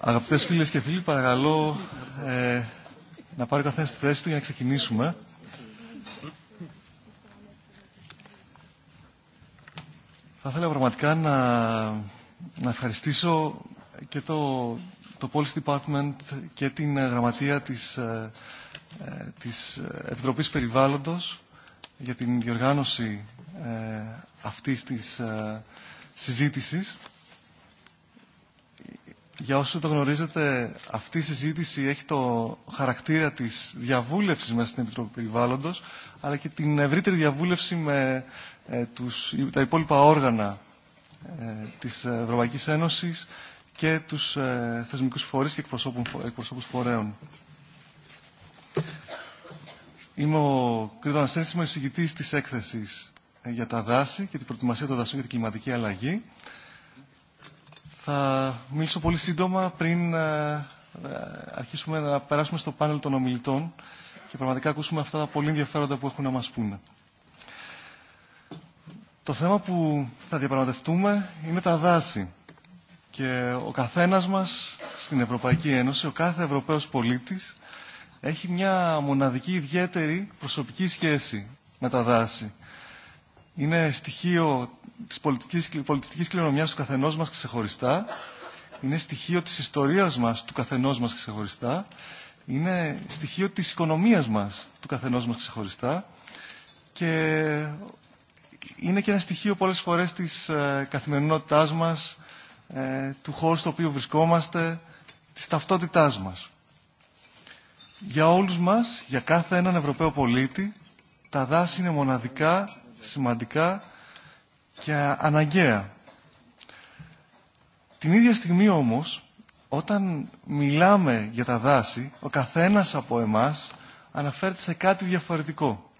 Αγαπητές φίλες και φίλοι, παρακαλώ ε, να πάρει ο καθένας τη θέση του για να ξεκινήσουμε. Θα ήθελα πραγματικά να, να ευχαριστήσω και το, το Policy Department και την γραμματεία της, ε, της Επιτροπής Περιβάλλοντος για την διοργάνωση ε, αυτής της ε, συζήτησης. Για όσους το γνωρίζετε, αυτή η συζήτηση έχει το χαρακτήρα της διαβούλευσης μέσα στην Επιτροπή Περιβάλλοντος, αλλά και την ευρύτερη διαβούλευση με ε, τους, τα υπόλοιπα όργανα ε, της Ευρωπαϊκής Ένωσης και τους ε, θεσμικούς φορείς και εκπροσώπους φορέων. Είμαι ο Κρήτο Ανασένης, είμαι ο εισηγητής της έκθεσης για τα δάση και την προετοιμασία των δασών για την κλιματική αλλαγή. Θα μιλήσω πολύ σύντομα πριν αρχίσουμε να περάσουμε στο πάνελ των ομιλητών και πραγματικά ακούσουμε αυτά τα πολύ ενδιαφέροντα που έχουν να μας πούνε. Το θέμα που θα διαπραγματευτούμε είναι τα δάση. Και ο καθένας μας στην Ευρωπαϊκή Ένωση, ο κάθε Ευρωπαίος πολίτης, έχει μια μοναδική ιδιαίτερη προσωπική σχέση με τα δάση. Είναι στοιχείο της πολιτικής, πολιτικής κληρονομιάς του καθενός μας ξεχωριστά, είναι στοιχείο της ιστορίας μας του καθενός μας ξεχωριστά, είναι στοιχείο της οικονομίας μας του καθενός μας ξεχωριστά και είναι και ένα στοιχείο πολλές φορές της ε, καθημερινότητάς μας, ε, του χώρου στο οποίο βρισκόμαστε, της ταυτότητάς μας. Για όλους μας, για κάθε έναν Ευρωπαίο πολίτη, τα δάση είναι μοναδικά, σημαντικά και αναγκαία. Την ίδια στιγμή όμως, όταν μιλάμε για τα δάση, ο καθένας από εμάς αναφέρεται σε κάτι διαφορετικό.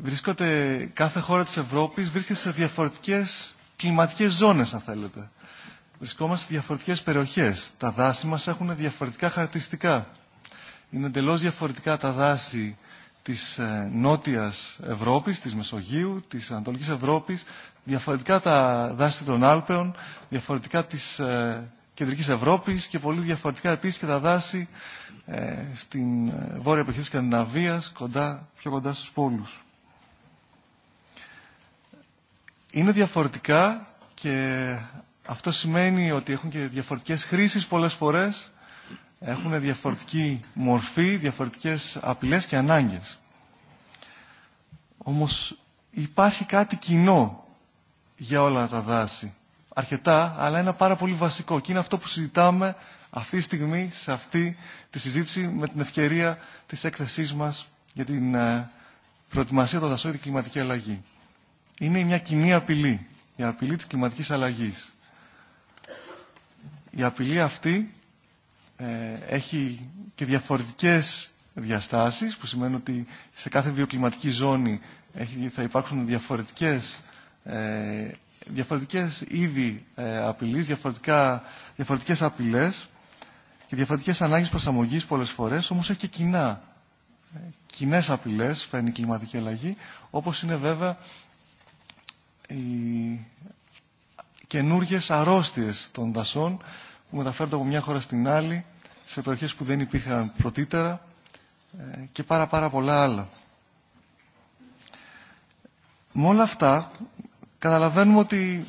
Βρίσκονται, κάθε χώρα της Ευρώπης βρίσκεται σε διαφορετικές κλιματικές ζώνες, αν θέλετε. Βρισκόμαστε σε διαφορετικές περιοχές. Τα δάση μας έχουν διαφορετικά χαρακτηριστικά. Είναι εντελώς διαφορετικά τα δάση της Νότιας Ευρώπης, της Μεσογείου, της Ανατολικής Ευρώπης, διαφορετικά τα δάση των Άλπαιων, διαφορετικά της Κεντρικής Ευρώπης και πολύ διαφορετικά επίσης και τα δάση στην βόρεια περιοχή της Σκανδιναβίας, κοντά, πιο κοντά στους πόλους. Είναι διαφορετικά και αυτό σημαίνει ότι έχουν και διαφορετικές χρήσεις πολλές φορές έχουν διαφορετική μορφή, διαφορετικές απειλές και ανάγκες. Όμως υπάρχει κάτι κοινό για όλα τα δάση. Αρκετά, αλλά ένα πάρα πολύ βασικό. Και είναι αυτό που συζητάμε αυτή τη στιγμή, σε αυτή τη συζήτηση, με την ευκαιρία της έκθεσής μας για την προετοιμασία των δασών για την κλιματική αλλαγή. Είναι μια κοινή απειλή. Η απειλή της κλιματικής αλλαγής. Η απειλή αυτή ε, έχει και διαφορετικές διαστάσεις, που σημαίνει ότι σε κάθε βιοκλιματική ζώνη έχει, θα υπάρξουν διαφορετικές, ε, διαφορετικές είδη ε, απειλής, διαφορετικά, διαφορετικές απειλές και διαφορετικές ανάγκες προσαρμογής πολλές φορές, όμως έχει και κοινά. Κοινέ απειλέ φέρνει η κλιματική αλλαγή, όπω είναι βέβαια οι καινούργιε αρρώστιε των δασών που μεταφέρονται από μια χώρα στην άλλη, σε περιοχές που δεν υπήρχαν πρωτήτερα και πάρα πάρα πολλά άλλα. Με όλα αυτά καταλαβαίνουμε ότι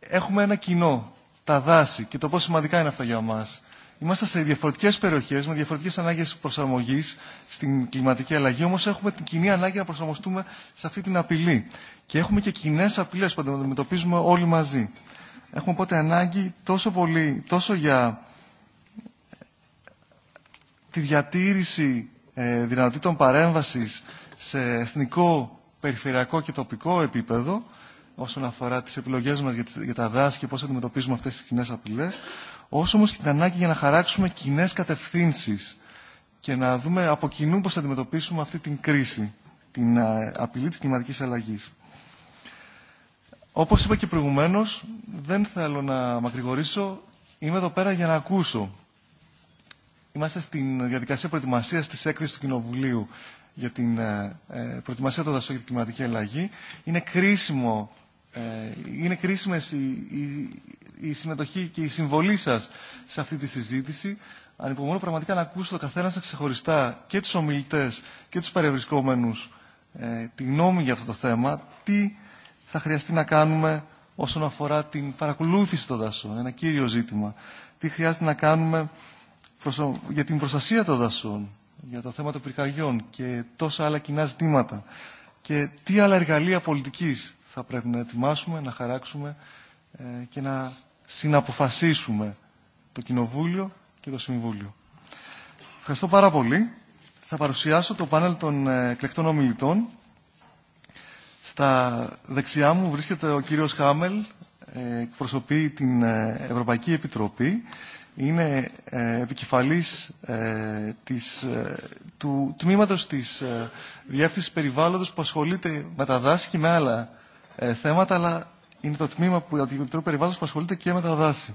έχουμε ένα κοινό, τα δάση και το πόσο σημαντικά είναι αυτά για μας. Είμαστε σε διαφορετικές περιοχές, με διαφορετικές ανάγκες προσαρμογής στην κλιματική αλλαγή, όμως έχουμε την κοινή ανάγκη να προσαρμοστούμε σε αυτή την απειλή. Και έχουμε και κοινέ απειλές που αντιμετωπίζουμε όλοι μαζί. Έχουμε πότε ανάγκη τόσο πολύ, τόσο για τη διατήρηση ε, δυνατοτήτων παρέμβασης σε εθνικό, περιφερειακό και τοπικό επίπεδο, όσον αφορά τις επιλογές μας για, για τα δάση και πώς αντιμετωπίζουμε αυτές τις κοινέ απειλές, όσο όμως και την ανάγκη για να χαράξουμε κοινέ κατευθύνσεις και να δούμε από κοινού πώς θα αντιμετωπίσουμε αυτή την κρίση, την απειλή της κλιματικής αλλαγής. Όπως είπα και προηγουμένως, δεν θέλω να μακρηγορήσω. Είμαι εδώ πέρα για να ακούσω. Είμαστε στην διαδικασία προετοιμασίας της έκθεσης του Κοινοβουλίου για την ε, προετοιμασία των δασών για την κλιματική αλλαγή. Είναι κρίσιμο ε, είναι κρίσιμες η, η, η συμμετοχή και η συμβολή σας σε αυτή τη συζήτηση. Ανυπομονώ πραγματικά να ακούσω το καθένα σας ξεχωριστά και τους ομιλητές και τους παρευρισκόμενους ε, τη γνώμη για αυτό το θέμα, τι θα χρειαστεί να κάνουμε όσον αφορά την παρακολούθηση των δασών, ένα κύριο ζήτημα. Τι χρειάζεται να κάνουμε για την προστασία των δασών, για το θέμα των πυρκαγιών και τόσα άλλα κοινά ζητήματα. Και τι άλλα εργαλεία πολιτικής θα πρέπει να ετοιμάσουμε, να χαράξουμε ε, και να συναποφασίσουμε το Κοινοβούλιο και το Συμβούλιο. Ευχαριστώ πάρα πολύ. Θα παρουσιάσω το πάνελ των εκλεκτών ομιλητών Στα δεξιά μου βρίσκεται ο κύριος Χάμελ, εκπροσωπεί την Ευρωπαϊκή Επιτροπή. Είναι επικεφαλής της, του τμήματος της Διεύθυνσης Περιβάλλοντος που ασχολείται με τα δάση και με άλλα θέματα, αλλά είναι το τμήμα που η Επιτροπή Περιβάλλοντος που ασχολείται και με τα δάση.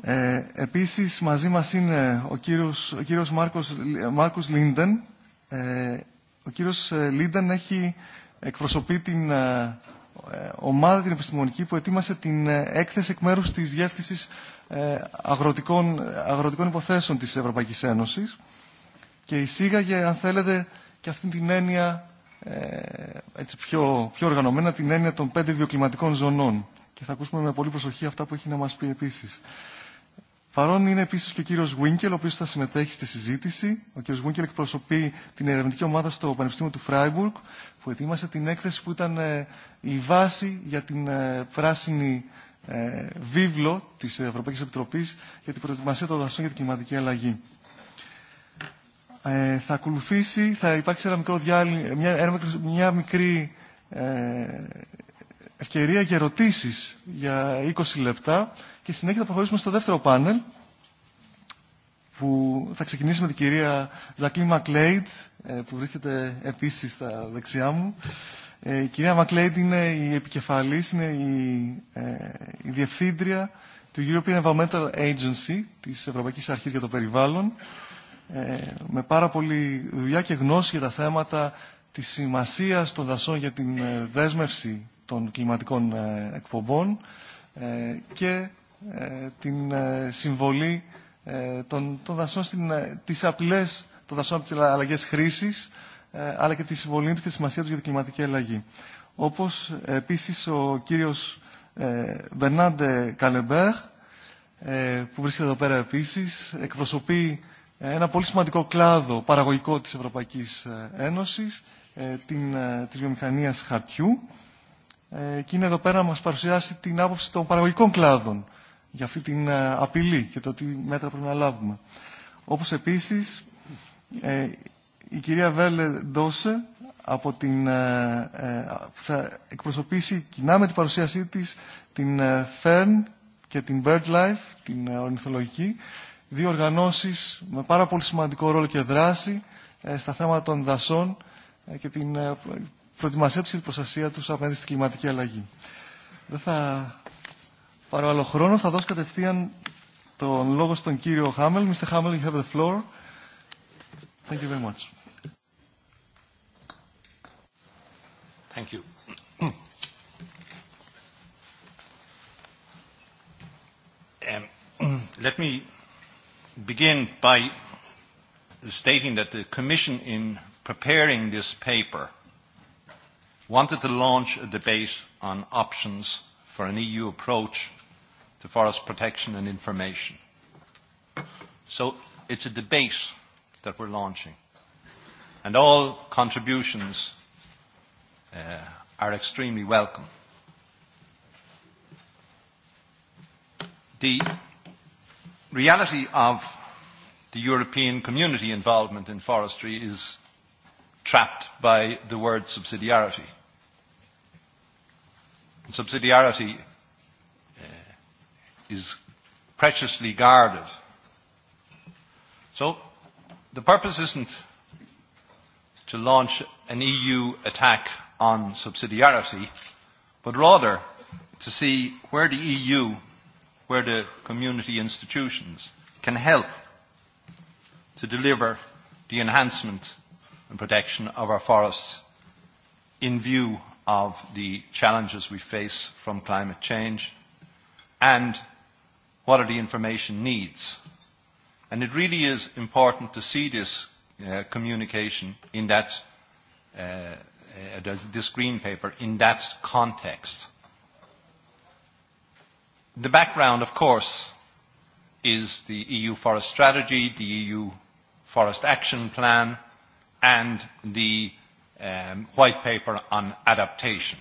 Ε, επίσης μαζί μας είναι ο κύριος, ο κύριος Μάρκος, Μάρκος Λίντεν. Ε, ο κύριος Λίντεν έχει εκπροσωπεί την ομάδα την επιστημονική που ετοίμασε την έκθεση εκ μέρους της Διεύθυνσης αγροτικών, αγροτικών Υποθέσεων της Ευρωπαϊκής Ένωσης και εισήγαγε, αν θέλετε, και αυτή την έννοια έτσι πιο, πιο οργανωμένα την έννοια των πέντε βιοκλιματικών ζωνών. Και θα ακούσουμε με πολύ προσοχή αυτά που έχει να μας πει επίσης. Παρόν είναι επίση και ο κύριο Γουίνκελ, ο οποίο θα συμμετέχει στη συζήτηση. Ο κύριο Γουίνκελ εκπροσωπεί την ερευνητική ομάδα στο Πανεπιστήμιο του Φράιμπουργκ, που ετοίμασε την έκθεση που ήταν η βάση για την πράσινη βίβλο τη Ευρωπαϊκή Επιτροπή για την προετοιμασία των δασών για την κλιματική αλλαγή. θα ακολουθήσει, θα υπάρξει ένα μικρό διάλειμμα, μια, μια μικρή ε, ευκαιρία για ερωτήσεις για 20 λεπτά και συνέχεια θα προχωρήσουμε στο δεύτερο πάνελ που θα ξεκινήσει με την κυρία Ζακλή Μακλέιτ που βρίσκεται επίσης στα δεξιά μου. Η κυρία Μακλέιτ είναι η επικεφαλής, είναι η, η διευθύντρια του European Environmental Agency της Ευρωπαϊκής Αρχής για το Περιβάλλον με πάρα πολύ δουλειά και γνώση για τα θέματα της σημασίας των δασών για την δέσμευση των κλιματικών εκπομπών και την συμβολή των, των δασών στην, τις απλές των δασών από τις αλλαγές χρήσης αλλά και τη συμβολή του και τη σημασία του για την κλιματική αλλαγή. Όπως επίσης ο κύριος Μπερνάντε Καλεμπέρ που βρίσκεται εδώ πέρα επίσης εκπροσωπεί ένα πολύ σημαντικό κλάδο παραγωγικό της Ευρωπαϊκής Ένωσης την, της βιομηχανίας χαρτιού ε, και είναι εδώ πέρα να μας παρουσιάσει την άποψη των παραγωγικών κλάδων για αυτή την ε, απειλή και το τι μέτρα πρέπει να λάβουμε. Όπως επίσης ε, η κυρία Βέλε Ντόσε από την, ε, ε, θα εκπροσωπήσει κοινά με την παρουσίασή της την FERN και την BirdLife, την ε, ορνηθολογική, δύο οργανώσεις με πάρα πολύ σημαντικό ρόλο και δράση ε, στα θέματα των δασών ε, και την ε, προετοιμασία του και την προστασία του απέναντι στην κλιματική αλλαγή. Δεν θα πάρω άλλο χρόνο, θα δώσω κατευθείαν τον λόγο στον κύριο Χάμελ. Mr. Χάμελ, you have the floor. Thank you very much. Thank you. um, let me begin by stating that the Commission in preparing this paper wanted to launch a debate on options for an EU approach to forest protection and information. So it's a debate that we're launching. And all contributions uh, are extremely welcome. The reality of the European community involvement in forestry is trapped by the word subsidiarity. Subsidiarity uh, is preciously guarded. So the purpose isn't to launch an EU attack on subsidiarity, but rather to see where the EU, where the community institutions can help to deliver the enhancement and protection of our forests in view of the challenges we face from climate change and what are the information needs. And it really is important to see this uh, communication in that, uh, uh, this green paper in that context. The background, of course, is the EU forest strategy, the EU forest action plan, and the uh, um, white paper on adaptation.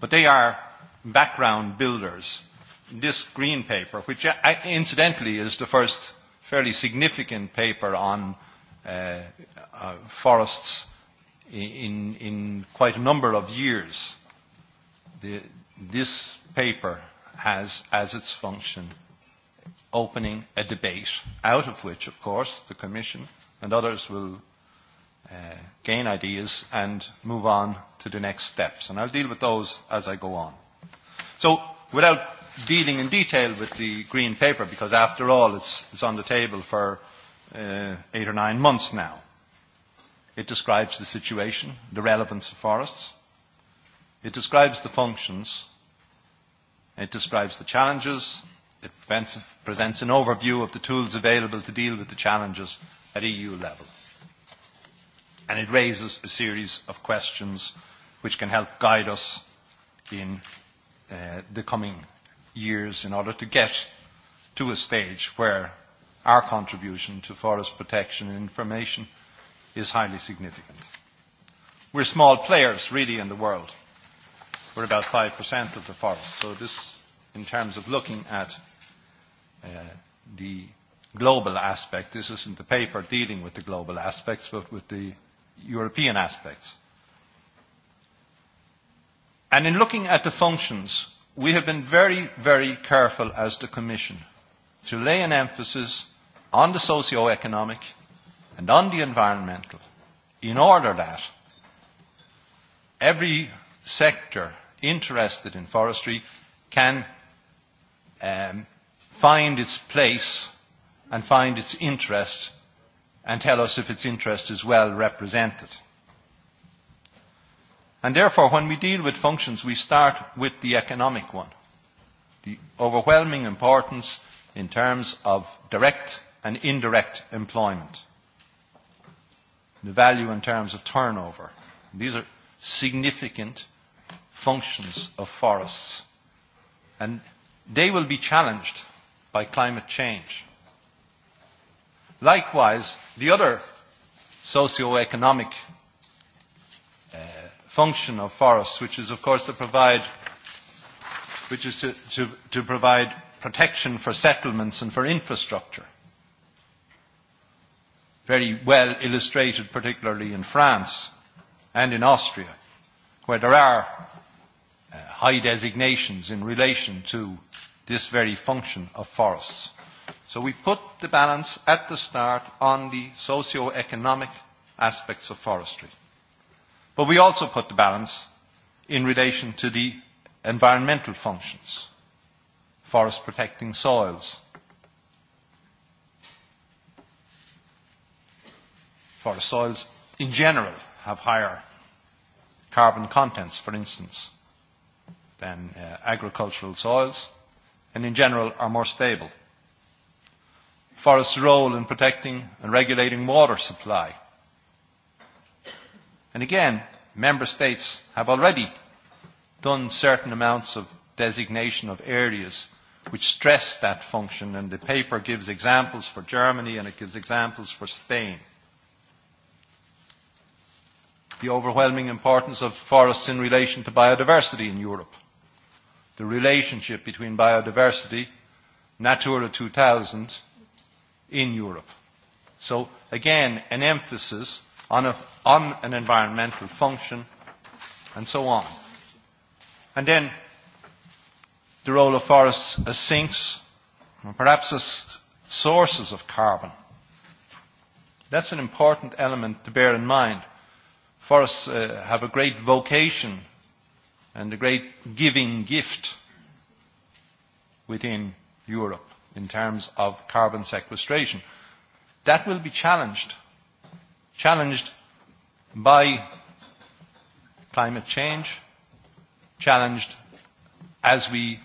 But they are background builders. This green paper, which uh, incidentally is the first fairly significant paper on uh, uh, forests in, in quite a number of years, the, this paper has as its function opening a debate, out of which, of course, the Commission and others will uh, gain ideas and move on to the next steps. And I'll deal with those as I go on. So without dealing in detail with the green paper, because after all it's, it's on the table for uh, eight or nine months now, it describes the situation, the relevance of forests. It describes the functions. It describes the challenges. It presents, presents an overview of the tools available to deal with the challenges at EU level and it raises a series of questions which can help guide us in uh, the coming years in order to get to a stage where our contribution to forest protection and information is highly significant. We're small players, really, in the world. We're about 5% of the forest. So this, in terms of looking at uh, the global aspect, this isn't the paper dealing with the global aspects, but with the European aspects. And in looking at the functions, we have been very, very careful as the Commission to lay an emphasis on the socio-economic and on the environmental in order that every sector interested in forestry can um, find its place and find its interest and tell us if its interest is well represented. And therefore, when we deal with functions, we start with the economic one. The overwhelming importance in terms of direct and indirect employment. The value in terms of turnover. These are significant functions of forests. And they will be challenged by climate change. Likewise, The other socio-economic uh, function of forests, which is of course to provide, which is to, to, to provide protection for settlements and for infrastructure. Very well illustrated particularly in France and in Austria, where there are uh, high designations in relation to this very function of forests. So we put the balance at the start on the socio-economic aspects of forestry. But we also put the balance in relation to the environmental functions, forest protecting soils, forest soils in general have higher carbon contents, for instance, than uh, agricultural soils, and in general are more stable forest's role in protecting and regulating water supply. And again, member states have already done certain amounts of designation of areas which stress that function, and the paper gives examples for Germany and it gives examples for Spain. The overwhelming importance of forests in relation to biodiversity in Europe. The relationship between biodiversity, Natura 2000, in Europe. So again, an emphasis on, a, on an environmental function and so on. And then the role of forests as sinks and perhaps as sources of carbon. That's an important element to bear in mind. Forests uh, have a great vocation and a great giving gift within Europe in terms of carbon sequestration. That will be challenged, challenged by climate change, challenged as we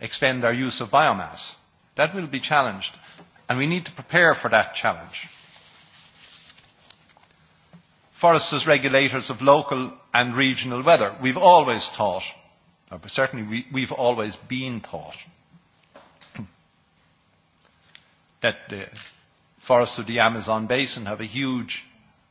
extend our use of biomass. That will be challenged, and we need to prepare for that challenge. Forests as regulators of local and regional weather. We've always thought, or certainly we, we've always been taught, that the forests of the Amazon basin have a huge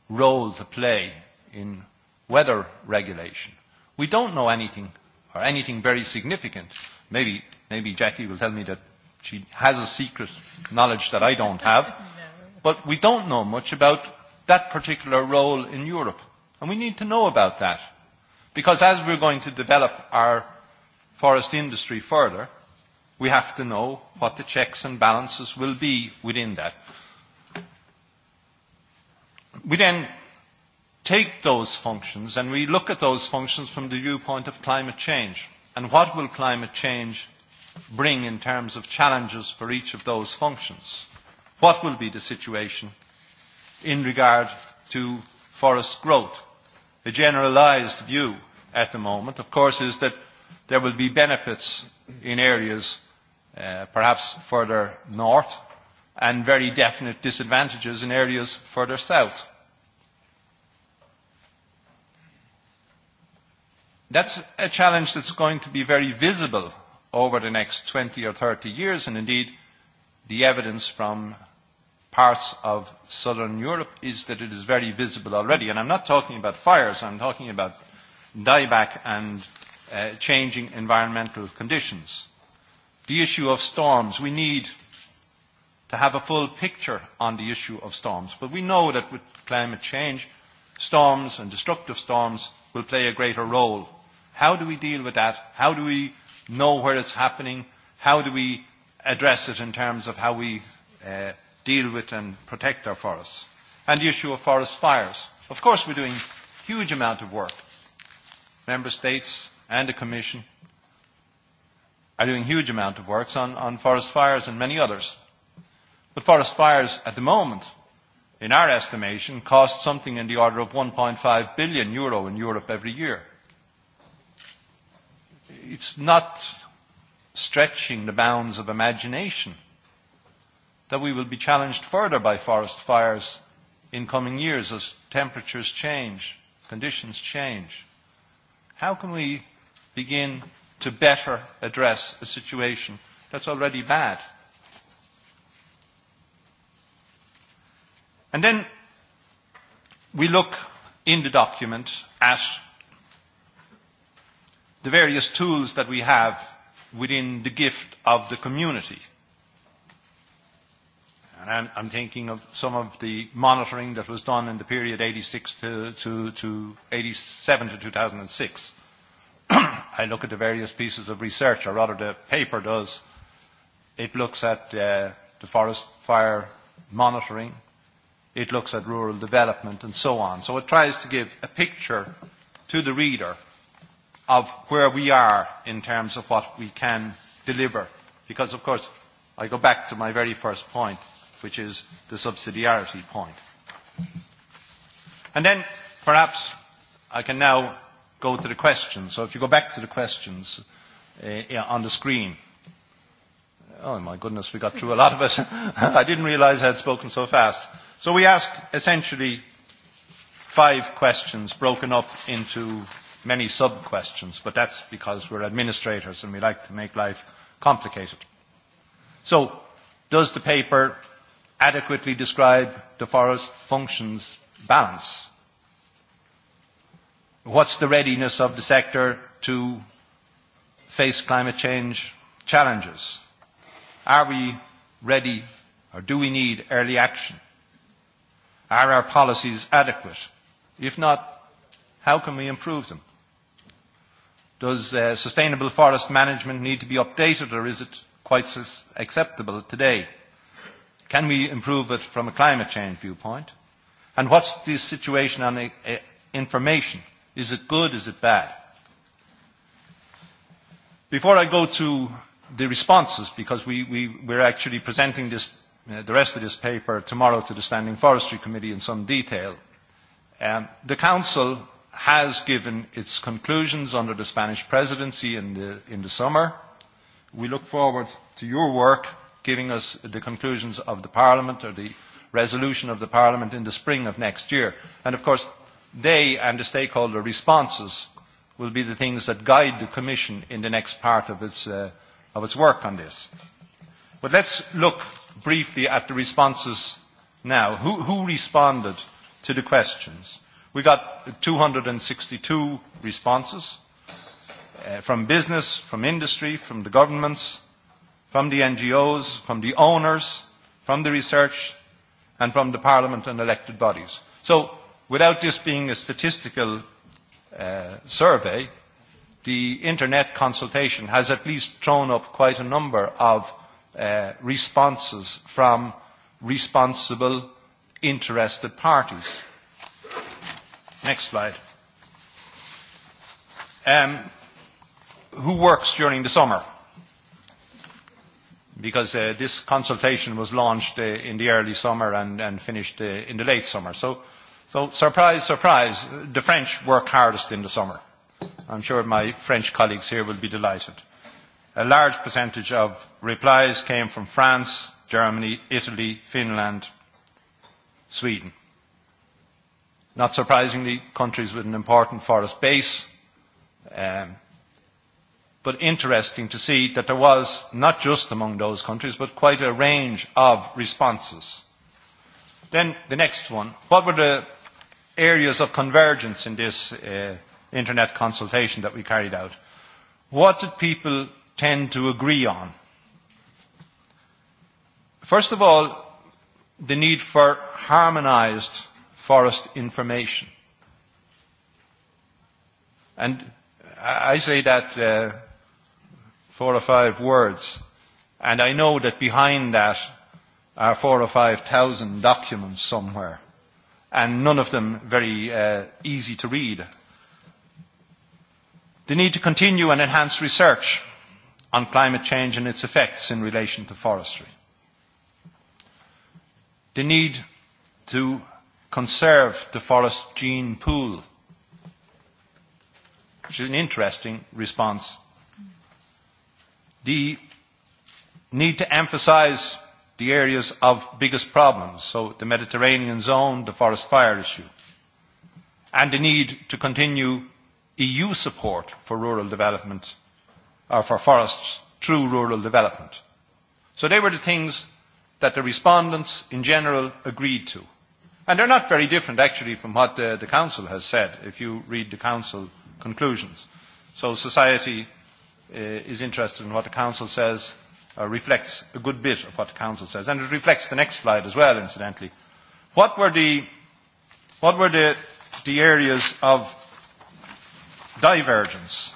role to play in weather regulation. We don't know anything or anything very significant. Maybe, maybe Jackie will tell me that she has a secret knowledge that I don't have. But we don't know much about that particular role in Europe. And we need to know about that. Because as we're going to develop our forest industry further, we have to know what the checks and balances will be within that. We then take those functions and we look at those functions from the viewpoint of climate change and what will climate change bring in terms of challenges for each of those functions. What will be the situation in regard to forest growth? The generalized view at the moment, of course, is that there will be benefits in areas uh, perhaps further north, and very definite disadvantages in areas further south. That's a challenge that's going to be very visible over the next 20 or 30 years, and indeed the evidence from parts of southern Europe is that it is very visible already. And I'm not talking about fires, I'm talking about dieback and uh, changing environmental conditions the issue of storms. We need to have a full picture on the issue of storms. But we know that with climate change, storms and destructive storms will play a greater role. How do we deal with that? How do we know where it's happening? How do we address it in terms of how we uh, deal with and protect our forests? And the issue of forest fires. Of course, we're doing huge amount of work. Member States and the Commission are doing huge amount of works on, on forest fires and many others. But forest fires at the moment, in our estimation, cost something in the order of 1.5 billion euro in Europe every year. It's not stretching the bounds of imagination that we will be challenged further by forest fires in coming years as temperatures change, conditions change. How can we begin to better address a situation that's already bad. And then we look in the document at the various tools that we have within the gift of the community. And I'm, I'm thinking of some of the monitoring that was done in the period 86 to, to, to 87 to 2006. I look at the various pieces of research, or rather the paper does. It looks at uh, the forest fire monitoring. It looks at rural development and so on. So it tries to give a picture to the reader of where we are in terms of what we can deliver. Because, of course, I go back to my very first point, which is the subsidiarity point. And then, perhaps, I can now go to the questions. So if you go back to the questions eh, on the screen. Oh my goodness, we got through a lot of it. I didn't realize I had spoken so fast. So we asked essentially five questions broken up into many sub-questions, but that's because we're administrators and we like to make life complicated. So, does the paper adequately describe the forest functions balance? what's the readiness of the sector to face climate change challenges? Are we ready or do we need early action? Are our policies adequate? If not, how can we improve them? Does uh, sustainable forest management need to be updated or is it quite acceptable today? Can we improve it from a climate change viewpoint? And what's the situation on uh, information? Is it good? Is it bad? Before I go to the responses, because we, we, we're actually presenting this, uh, the rest of this paper tomorrow to the Standing Forestry Committee in some detail, um, the Council has given its conclusions under the Spanish presidency in the, in the summer. We look forward to your work giving us the conclusions of the Parliament or the resolution of the Parliament in the spring of next year. And of course, They and the stakeholder responses will be the things that guide the Commission in the next part of its, uh, of its work on this. But let's look briefly at the responses now. Who, who responded to the questions? We got 262 responses uh, from business, from industry, from the governments, from the NGOs, from the owners, from the research, and from the parliament and elected bodies. So Without this being a statistical uh, survey, the internet consultation has at least thrown up quite a number of uh, responses from responsible interested parties. Next slide. Um, who works during the summer? Because uh, this consultation was launched uh, in the early summer and, and finished uh, in the late summer. So So, surprise, surprise, the French work hardest in the summer. I'm sure my French colleagues here will be delighted. A large percentage of replies came from France, Germany, Italy, Finland, Sweden. Not surprisingly, countries with an important forest base. Um, but interesting to see that there was, not just among those countries, but quite a range of responses. Then the next one. What were the areas of convergence in this uh, internet consultation that we carried out. What did people tend to agree on? First of all, the need for harmonized forest information. And I say that uh, four or five words, and I know that behind that are four or five thousand documents somewhere and none of them very uh, easy to read. The need to continue and enhance research on climate change and its effects in relation to forestry. The need to conserve the forest gene pool, which is an interesting response. The need to emphasize the areas of biggest problems, so the Mediterranean zone, the forest fire issue, and the need to continue EU support for rural development or uh, for forests through rural development. So they were the things that the respondents in general agreed to. And they're not very different actually from what the, the Council has said if you read the Council conclusions. So society uh, is interested in what the Council says Uh, reflects a good bit of what the Council says, and it reflects the next slide as well, incidentally. What were the, what were the, the areas of divergence?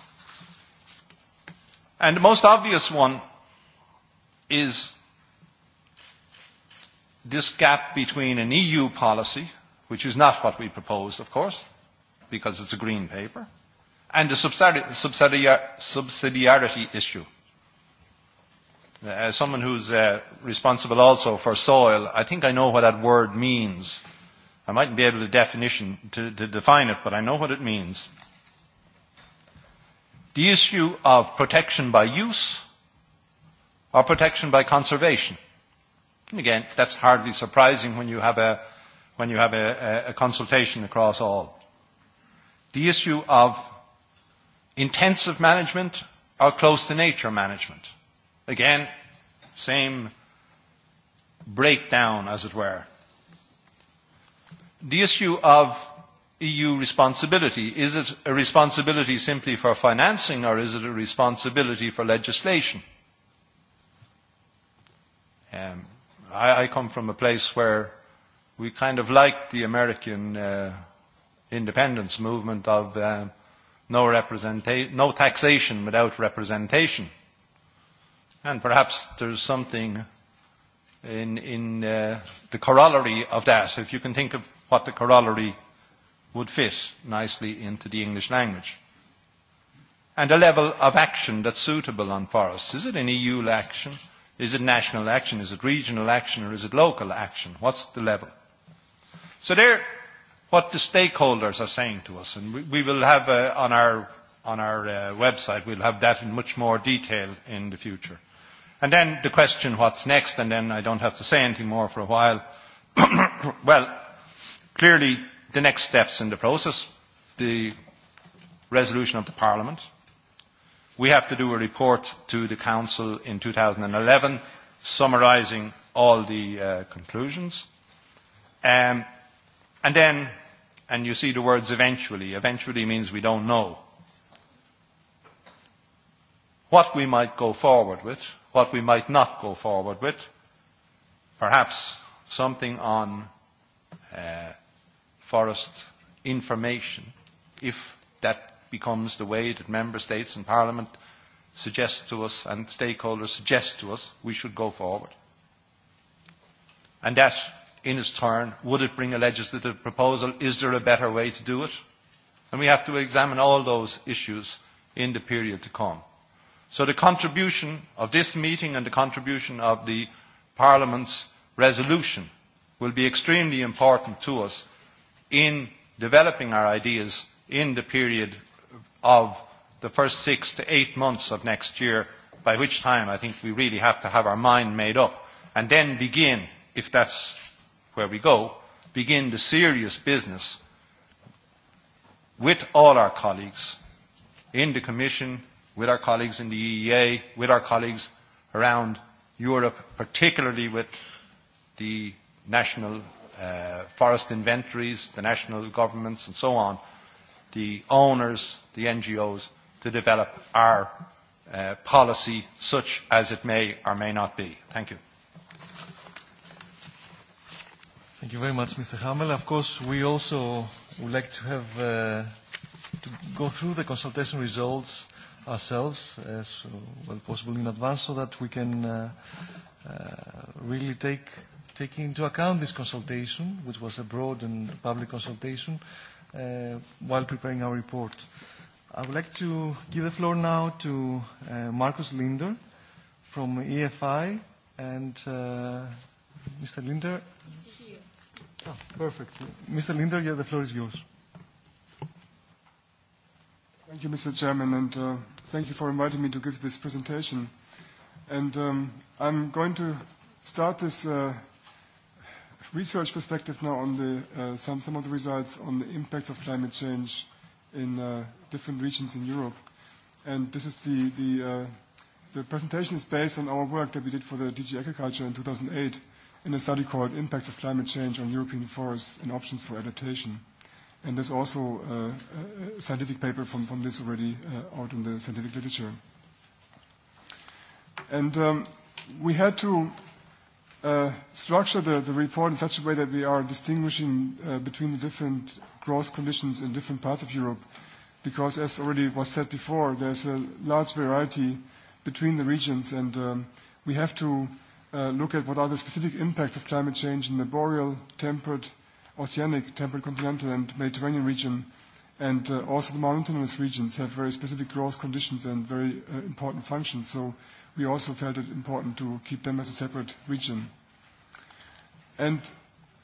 And the most obvious one is this gap between an EU policy, which is not what we proposed, of course, because it's a green paper, and the subsidiarity issue. As uh, someone who's uh, responsible also for soil, I think I know what that word means. I mightn't be able to definition to, to define it, but I know what it means. The issue of protection by use or protection by conservation. And again, that's hardly surprising when you have a, when you have a, a, a consultation across all. The issue of intensive management or close to nature management. Again, same breakdown, as it were. The issue of EU responsibility. Is it a responsibility simply for financing or is it a responsibility for legislation? Um, I, I come from a place where we kind of like the American uh, independence movement of uh, no, no taxation without representation. And perhaps there's something in, in uh, the corollary of that, if you can think of what the corollary would fit nicely into the English language. And a level of action that's suitable on forests. Is it an EU action? Is it national action? Is it regional action? Or is it local action? What's the level? So there, what the stakeholders are saying to us, and we, we will have uh, on our, on our uh, website, we'll have that in much more detail in the future then the question, what's next? then I don't have to say anything more for a while. well, clearly the next steps in the process, the resolution of the Parliament. We have to do a report to the Council in 2011 summarising all the uh, conclusions. Um, and then, and you see the words eventually. Eventually means we don't know. What we might go forward with what we might not go forward with. Perhaps something on uh, forest information, if that becomes the way that member states and parliament suggest to us and stakeholders suggest to us we should go forward. And that, in its turn, would it bring a legislative proposal? Is there a better way to do it? And we have to examine all those issues in the period to come. So the contribution of this meeting and the contribution of the Parliament's resolution will be extremely important to us in developing our ideas in the period of the first six to eight months of next year, by which time I think we really have to have our mind made up and then begin, if that's where we go, begin the serious business with all our colleagues in the Commission, with our colleagues in the EEA, with our colleagues around Europe, particularly with the national uh, forest inventories, the national governments and so on, the owners, the NGOs, to develop our uh, policy such as it may or may not be. Thank you. Thank you very much, Mr. Hamel. Of course, we also would like to have uh, to go through the consultation results ourselves as uh, well possible in advance so that we can uh, uh, really take, take into account this consultation, which was a broad and public consultation, uh, while preparing our report. I would like to give the floor now to uh, Markus Linder from EFI and uh, Mr. Linder. Oh, perfect. Mr. Linder, yeah, the floor is yours. Thank you, Mr. Chairman, and uh, Thank you for inviting me to give this presentation. And um, I'm going to start this uh, research perspective now on the, uh, some, some of the results on the impact of climate change in uh, different regions in Europe. And this is the, the, uh, the presentation is based on our work that we did for the DG Agriculture in 2008 in a study called Impacts of Climate Change on European Forests and Options for Adaptation. And there's also a uh, uh, uh, scientific paper from, this already out in the scientific literature. Um, we had to structure the, report in such a way that we are distinguishing between the different growth conditions in different parts of Europe, because as already was said before, there's a large variety between the regions, and um, we have to look at what are the specific impacts of climate change in the boreal, temperate, oceanic, temperate continental and Mediterranean region and uh, also the mountainous regions have very specific growth conditions and very uh, important functions. So we also felt it important to keep them as a separate region. And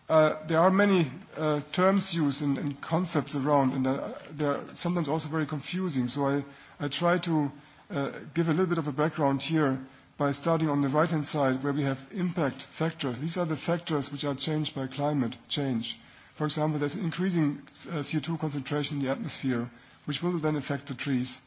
uh, there are many uh, terms used and, and concepts around, and uh, they're sometimes also very confusing. So I, I try to uh, give a little bit of a background here by starting on the right-hand side where we have impact factors. These are the factors which are changed by climate change. For example, there's increasing uh, CO2 concentration in the atmosphere, which will then affect the trees.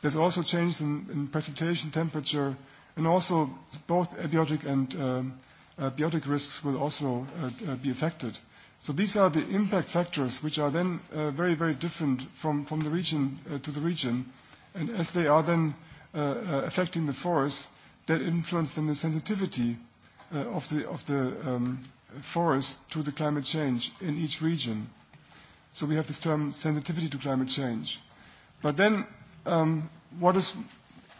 There's also changes in, precipitation temperature, and also both abiotic and um, biotic risks will also uh, uh, be affected. So these are the impact factors, which are then very, very different from, from the region to the region. And as they are then affecting the forest, that influence then the sensitivity uh, of the, of the um, forest to the climate change in each region. So we have this term sensitivity to climate change. But then um, what is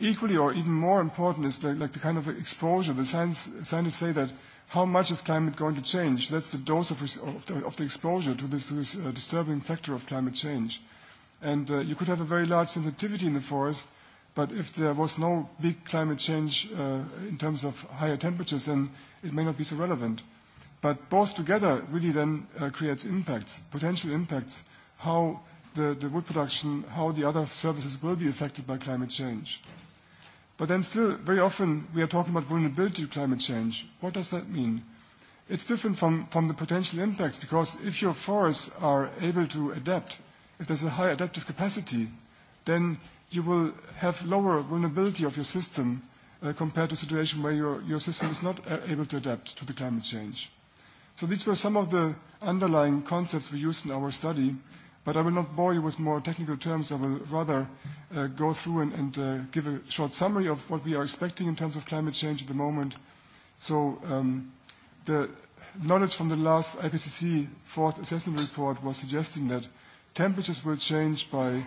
equally or even more important is the, like the kind of exposure. The science, scientists say that how much is climate going to change? That's the dose of, of, the, of the exposure to this, to this uh, disturbing factor of climate change. And uh, you could have a very large sensitivity in the forest, But if there was no big climate change uh, in terms of higher temperatures, then it may not be so relevant. But both together really then uh, creates impacts, potential impacts, how the, the wood production, how the other services will be affected by climate change. But then still, very often we are talking about vulnerability to climate change. What does that mean? It's different from, from the potential impacts because if your forests are able to adapt, if there's a high adaptive capacity, then you will have lower vulnerability of your system uh, compared to a situation where your, your system is not uh, able to adapt to the climate change. So these were some of the underlying concepts we used in our study, but I will not bore you with more technical terms. I will rather uh, go through and, and uh, give a short summary of what we are expecting in terms of climate change at the moment. So um, the knowledge from the last IPCC fourth assessment report was suggesting that temperatures will change by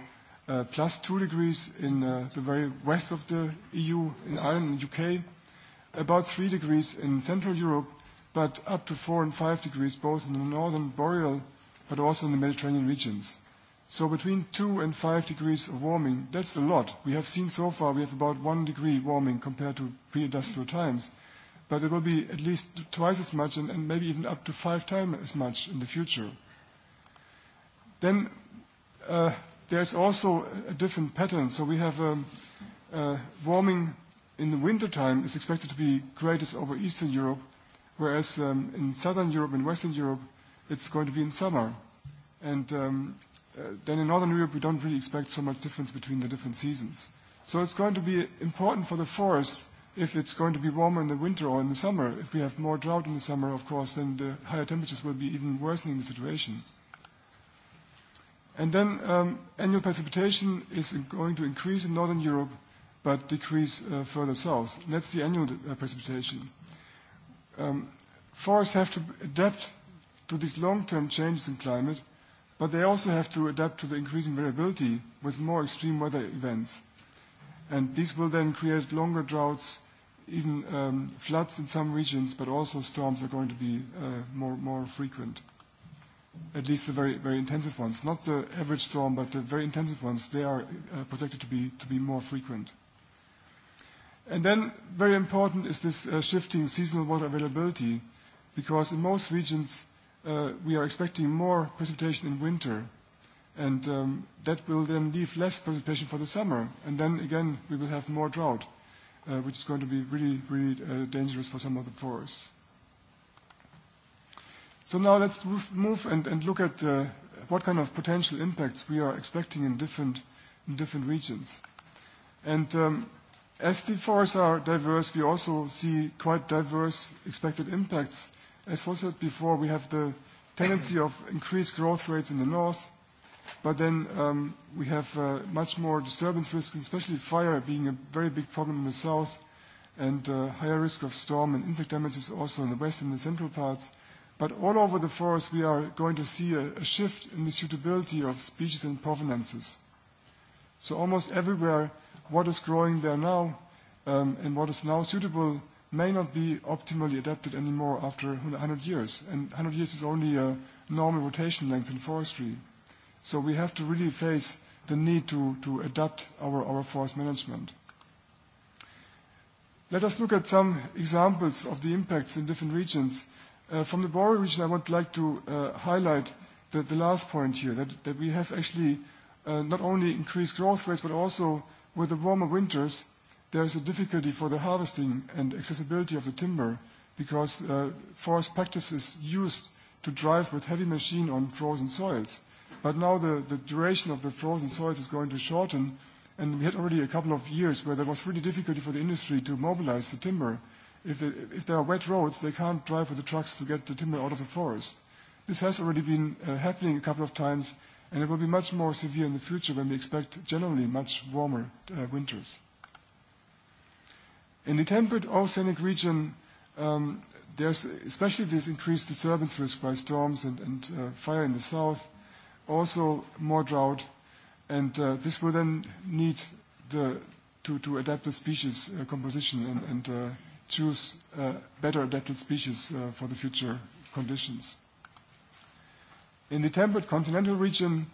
Uh, plus two degrees in uh, the very west of the EU, in Ireland and UK, about three degrees in Central Europe, but up to four and five degrees both in the northern boreal, but also in the Mediterranean regions. So between two and five degrees of warming, that's a lot. We have seen so far we have about one degree warming compared to pre-industrial times, but it will be at least twice as much and, maybe even up to five times as much in the future. Then uh, There's also a different pattern. So we have um, uh, warming in the wintertime is expected to be greatest over Eastern Europe, whereas um, in Southern Europe and Western Europe, it's going to be in summer. And um, uh, then in Northern Europe, we don't really expect so much difference between the different seasons. So it's going to be important for the forest if it's going to be warmer in the winter or in the summer. If we have more drought in the summer, of course, then the higher temperatures will be even worsening the situation. And then um, annual precipitation is going to increase in northern Europe but decrease uh, further south. that's the annual uh, precipitation. Um, forests have to adapt to these long-term changes in climate, but they also have to adapt to the increasing variability with more extreme weather events. And these will then create longer droughts, even um, floods in some regions, but also storms are going to be uh, more, more frequent at least the very, very intensive ones, not the average storm, but the very intensive ones, they are uh, projected to be, to be more frequent. And then very important is this uh, shifting seasonal water availability, because in most regions uh, we are expecting more precipitation in winter, and um, that will then leave less precipitation for the summer, and then again we will have more drought, uh, which is going to be really, really uh, dangerous for some of the forests. So now let's move and, and look at uh, what kind of potential impacts we are expecting in different, in different regions. And um, as the forests are diverse, we also see quite diverse expected impacts. As was said before, we have the tendency of increased growth rates in the north, but then um, we have uh, much more disturbance risk, especially fire being a very big problem in the south, and uh, higher risk of storm and insect damages also in the west and the central parts. But all over the forest, we are going to see a, a shift in the suitability of species and provenances. So almost everywhere, what is growing there now um, and what is now suitable may not be optimally adapted anymore after 100 years. And 100 years is only a normal rotation length in forestry. So we have to really face the need to, to adapt our, our forest management. Let us look at some examples of the impacts in different regions Uh, from the Boreal region, I would like to uh, highlight the, last point here, that, we have actually uh, not only increased growth rates, but also with the warmer winters, there is a difficulty for the harvesting and accessibility of the timber because forest practice is used to drive with heavy machine on frozen soils. But now the, the duration of the frozen soils is going to shorten, and we had already a couple of years where there was really difficulty for the industry to mobilize the timber. If, they, if there are wet roads, they can't drive with the trucks to get the timber out of the forest. This has already been uh, happening a couple of times, and it will be much more severe in the future when we expect generally much warmer uh, winters. In the temperate oceanic region, um, there's especially this increased disturbance risk by storms and, and uh, fire in the south, also more drought, and uh, this will then need the, to, to adapt the species uh, composition and, and uh, choose uh, better adapted species uh, for the future conditions. In the temperate continental region,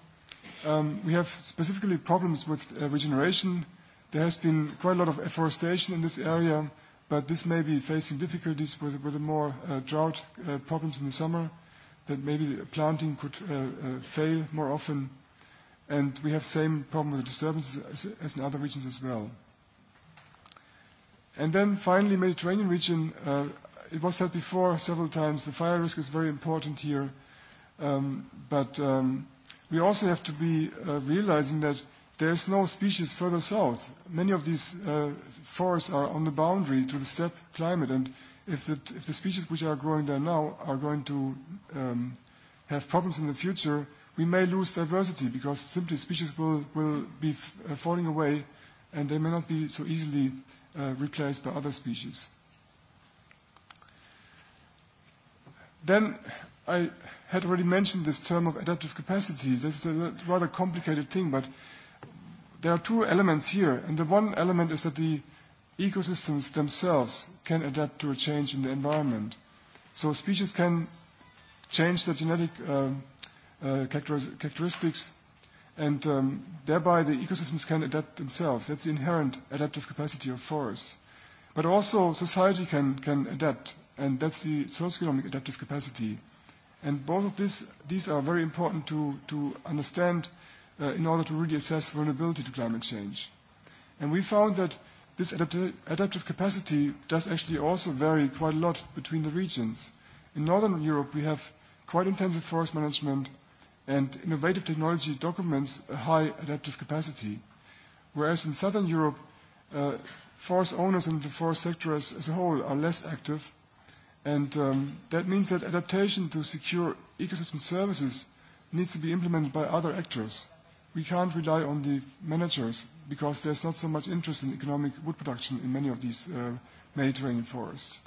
um, we have specifically problems with uh, regeneration. There has been quite a lot of afforestation in this area, but this may be facing difficulties with, with the more uh, drought uh, problems in the summer, that maybe planting could uh, uh, fail more often. And we have same problem with disturbances as, as in other regions as well. And then finally, Mediterranean region. Uh, it was said before several times, the fire risk is very important here. Um, but um, we also have to be uh, realizing that there is no species further south. Many of these uh, forests are on the boundary to the steppe climate. And if the, species which are growing there now are going to um, have problems in the future, we may lose diversity because simply species will, be falling away and they may not be so easily uh, replaced by other species. Then I had already mentioned this term of adaptive capacity. This is a rather complicated thing, but there are two elements here. And the one element is that the ecosystems themselves can adapt to a change in the environment. So species can change their genetic um, uh, uh, characteristics And um, thereby the ecosystems can adapt themselves. That's the inherent adaptive capacity of forests. But also society can, can adapt, and that's the socioeconomic adaptive capacity. And both of this, these are very important to, to understand uh, in order to really assess vulnerability to climate change. And we found that this adapt- adaptive capacity does actually also vary quite a lot between the regions. In Northern Europe, we have quite intensive forest management and innovative technology documents a high adaptive capacity. Whereas in Southern Europe, uh, forest owners and the forest sector as, as a whole are less active, and um, that means that adaptation to secure ecosystem services needs to be implemented by other actors. We can't rely on the managers because there's not so much interest in economic wood production in many of these uh, Mediterranean forests.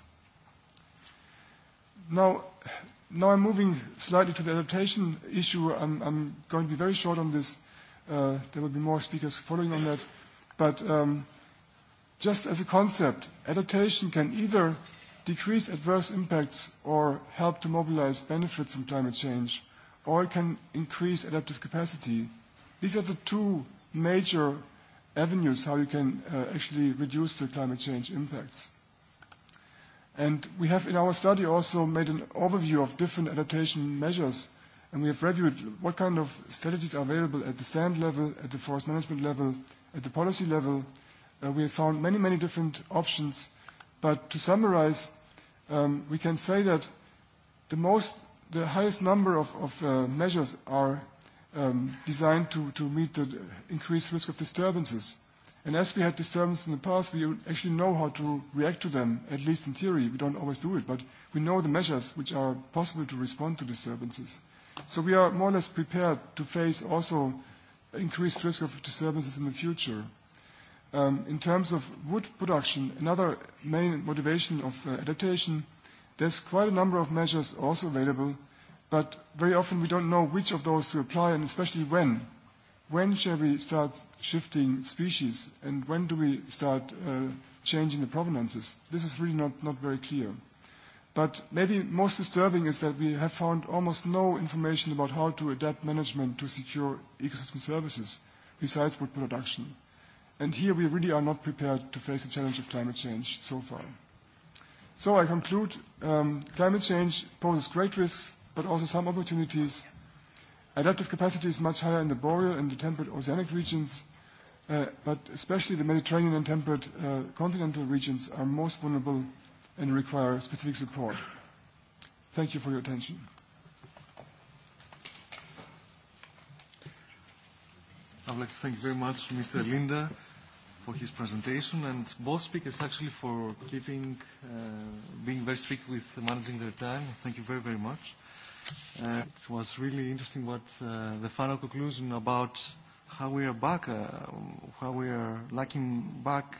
Now, Now I'm moving slightly to the adaptation issue. I'm, I'm going to be very short on this. Uh, there will be more speakers following on that. But um, just as a concept, adaptation can either decrease adverse impacts or help to mobilize benefits from climate change, or it can increase adaptive capacity. These are the two major avenues how you can uh, actually reduce the climate change impacts we have in our study also made an overview of different adaptation measures, and we have reviewed what kind of strategies are available at the stand level, at the forest management level, at the policy level. Uh, we have found many, many different options. But to summarize, um, we can say that the highest number of, uh, measures are um, designed to meet the increased risk of disturbances as we had disturbance in the past, we actually know how to react to them, at least in theory. We don't always do it, but we know the measures which are possible to respond to disturbances. we are more or less prepared to face also increased risk of disturbances in the future. Um, in terms of wood production, another main motivation of uh, adaptation, there's quite a number of measures also available, but very often we don't know which of those to apply and especially when when shall we start shifting species and when do we start uh, changing the provenances? This is really not, not very clear. But maybe most disturbing is that we have found almost no information about how to adapt management to secure ecosystem services besides wood production. And here we really are not prepared to face the challenge of climate change so far. So I conclude, um, climate change poses great risks, but also some opportunities Adaptive capacity is much higher in the boreal and the temperate oceanic regions, uh, but especially the Mediterranean and temperate uh, continental regions are most vulnerable and require specific support. Thank you for your attention. I would like to thank you very much, Mr. Linda, for his presentation and both speakers actually for keeping, uh, being very strict with managing their time. Thank you very, very much it was really interesting what uh, the final conclusion about how we are back, uh, how we are lacking back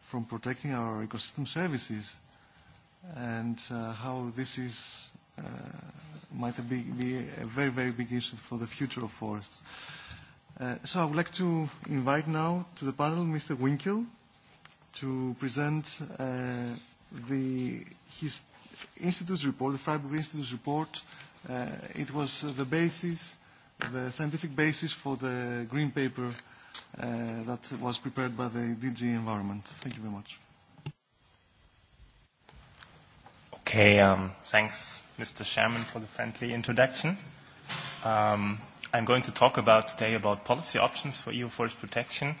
from protecting our ecosystem services, and uh, how this is uh, might be, be a very, very big issue for the future of forests. Uh, so I would like to invite now to the panel Mr. Winkel to present uh, the, his Institute's report, the Freiburg Institute's report, uh, Uh, it was the basis, the scientific basis for the green paper uh, that was prepared by the DG Environment. Thank you very much. Okay, um, thanks, Mr. Sherman, for the friendly introduction. Um, I'm going to talk about today about policy options for EU forest protection,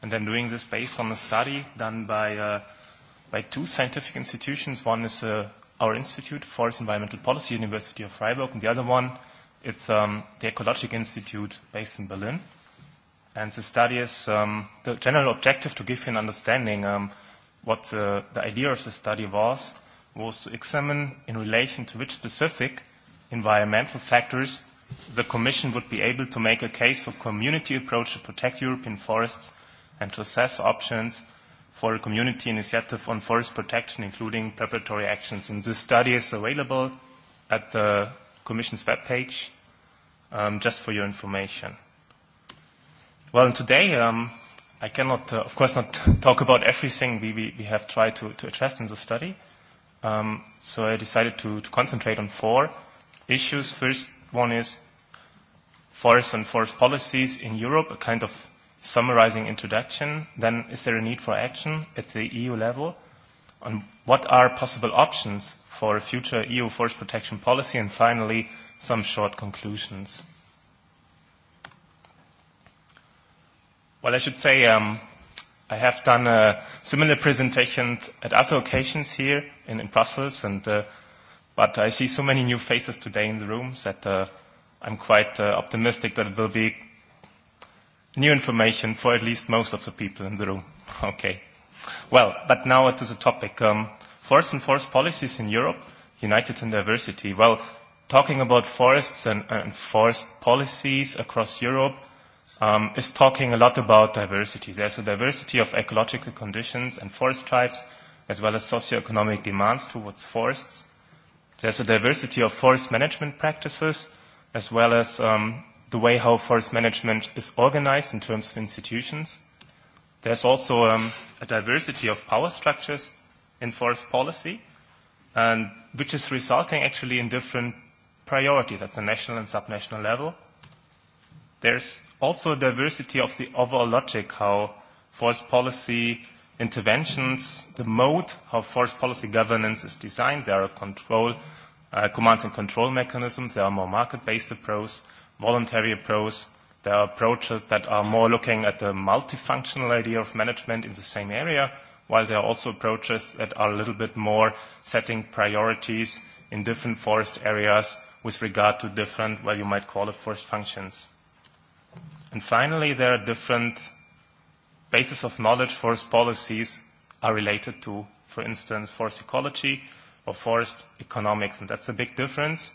and I'm doing this based on a study done by, uh, by two scientific institutions. One is a our institute, Forest Environmental Policy, University of Freiburg, and the other one is um, the Ecologic Institute based in Berlin. And the study is um, the general objective to give you an understanding um, what uh, the idea of the study was, was to examine in relation to which specific environmental factors the Commission would be able to make a case for community approach to protect European forests and to assess options – for a community initiative on forest protection, including preparatory actions. And this study is available at the Commission's webpage, um, just for your information. Well, and today um, I cannot, uh, of course, not talk about everything we, we, we have tried to, to address in the study. Um, so I decided to, to concentrate on four issues. First one is forests and forest policies in Europe, a kind of summarizing introduction, then is there a need for action at the EU level? On what are possible options for a future EU forest protection policy? And finally, some short conclusions. Well, I should say um, I have done a similar presentation at other occasions here in, in Brussels, and uh, but I see so many new faces today in the room that uh, I'm quite uh, optimistic that it will be New information for at least most of the people in the room. Okay. Well, but now to the topic. Um, forest and forest policies in Europe, united in diversity. Well, talking about forests and, and forest policies across Europe um, is talking a lot about diversity. There's a diversity of ecological conditions and forest types, as well as socioeconomic demands towards forests. There's a diversity of forest management practices, as well as um, the way how forest management is organized in terms of institutions. There's also um, a diversity of power structures in forest policy, and which is resulting actually in different priorities at the national and subnational level. There's also a diversity of the overall logic how forest policy interventions, the mode how forest policy governance is designed. There are control, uh, command and control mechanisms. There are more market-based approaches voluntary approach. There are approaches that are more looking at the multifunctional idea of management in the same area, while there are also approaches that are a little bit more setting priorities in different forest areas with regard to different, well, you might call it forest functions. And finally, there are different bases of knowledge forest policies are related to, for instance, forest ecology or forest economics. And that's a big difference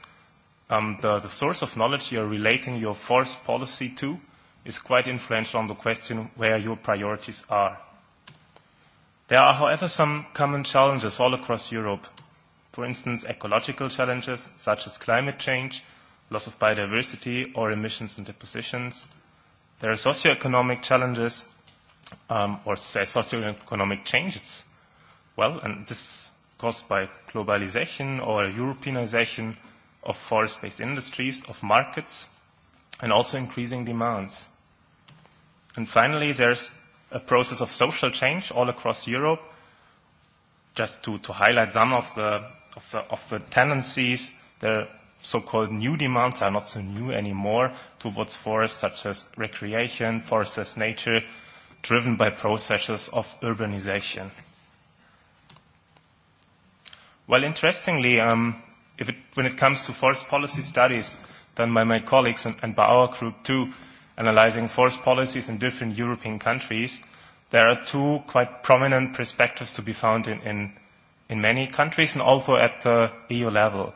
um, the, the source of knowledge you're relating your forest policy to is quite influential on the question where your priorities are. There are, however, some common challenges all across Europe. For instance, ecological challenges such as climate change, loss of biodiversity or emissions and depositions. There are socioeconomic challenges um, or uh, socioeconomic changes. Well, and this caused by globalization or Europeanization, of forest-based industries, of markets, and also increasing demands. And finally, there's a process of social change all across Europe. Just to, to highlight some of the, of the, of the tendencies, the so-called new demands are not so new anymore towards forests, such as recreation, forests as nature, driven by processes of urbanization. Well, interestingly, um, if it, when it comes to forest policy studies done by my colleagues and, and by our group too, analyzing forest policies in different European countries, there are two quite prominent perspectives to be found in, in, in many countries and also at the EU level.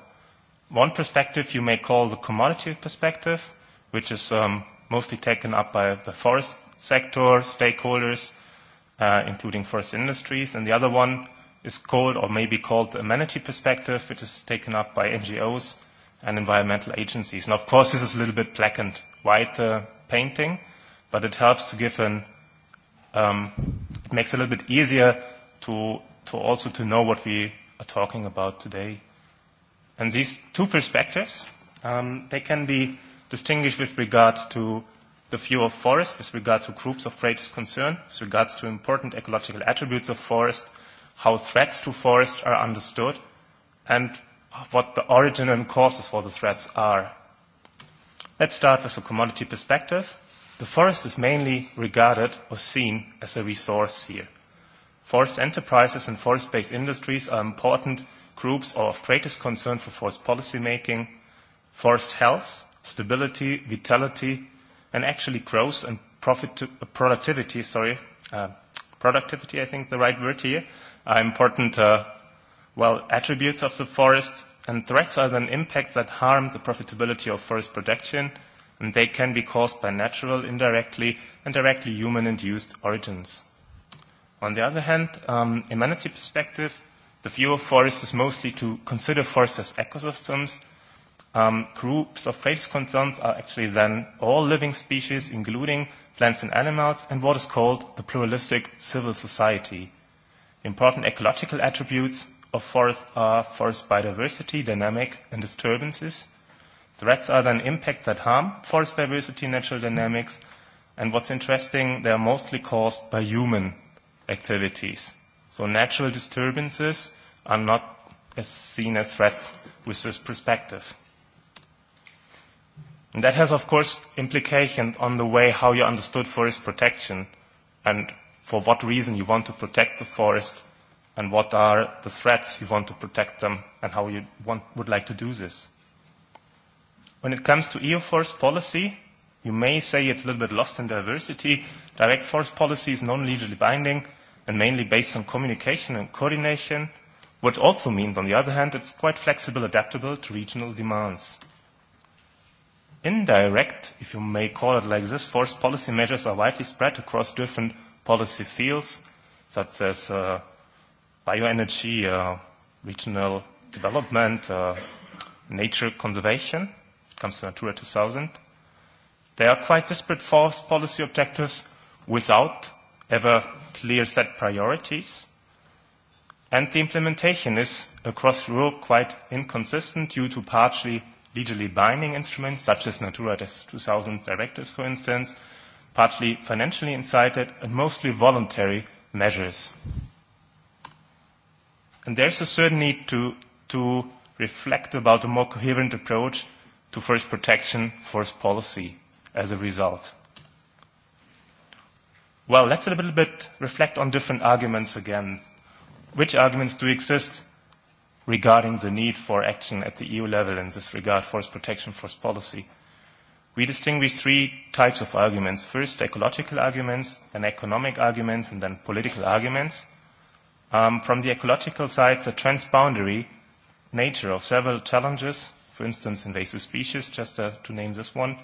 One perspective you may call the commodity perspective, which is um, mostly taken up by the forest sector, stakeholders, uh, including forest industries, and the other one is called or may be called the amenity perspective, which is taken up by NGOs and environmental agencies. Now, of course, this is a little bit black and white uh, painting, but it helps to give an, um, it makes it a little bit easier to, to also to know what we are talking about today. And these two perspectives, um, they can be distinguished with regard to the view of forest, with regard to groups of greatest concern, with regards to important ecological attributes of forest, how threats to forests are understood, and what the origin and causes for the threats are. Let's start with the commodity perspective. The forest is mainly regarded or seen as a resource here. Forest enterprises and forest-based industries are important groups or of greatest concern for forest policymaking. Forest health, stability, vitality, and actually growth and profit to, uh, productivity, sorry, uh, productivity, I think the right word here, are important, uh, well, attributes of the forest, and threats are then impacts that harm the profitability of forest production, and they can be caused by natural, indirectly, and directly human-induced origins. On the other hand, um, in manatee perspective, the view of forests is mostly to consider forests as ecosystems. Um, groups of greatest concerns are actually then all living species, including plants and animals, and what is called the pluralistic civil society. Important ecological attributes of forests are forest biodiversity, dynamic, and disturbances. Threats are then impacts that harm forest diversity, natural dynamics, and what's interesting, they are mostly caused by human activities. So natural disturbances are not as seen as threats with this perspective. And that has, of course, implications on the way how you understood forest protection and for what reason you want to protect the forest and what are the threats you want to protect them and how you want, would like to do this. When it comes to EU forest policy, you may say it's a little bit lost in diversity. Direct forest policy is non-legally binding and mainly based on communication and coordination, which also means, on the other hand, it's quite flexible, adaptable to regional demands. Indirect, if you may call it like this, forest policy measures are widely spread across different policy fields such as uh, bioenergy, uh, regional development, uh, nature conservation, when it comes to Natura 2000. They are quite disparate forest policy objectives without ever clear set priorities. And the implementation is across Europe quite inconsistent due to partially legally binding instruments such as Natura 2000 directives, for instance, partly financially incited, and mostly voluntary measures. And there's a certain need to, to reflect about a more coherent approach to forest protection, forest policy as a result. Well, let's a little bit reflect on different arguments again. Which arguments do exist regarding the need for action at the EU level in this regard, forest protection, forest policy? We distinguish three types of arguments. First, ecological arguments, then economic arguments, and then political arguments. Um, from the ecological side, the transboundary nature of several challenges, for instance, invasive species, just uh, to name this one,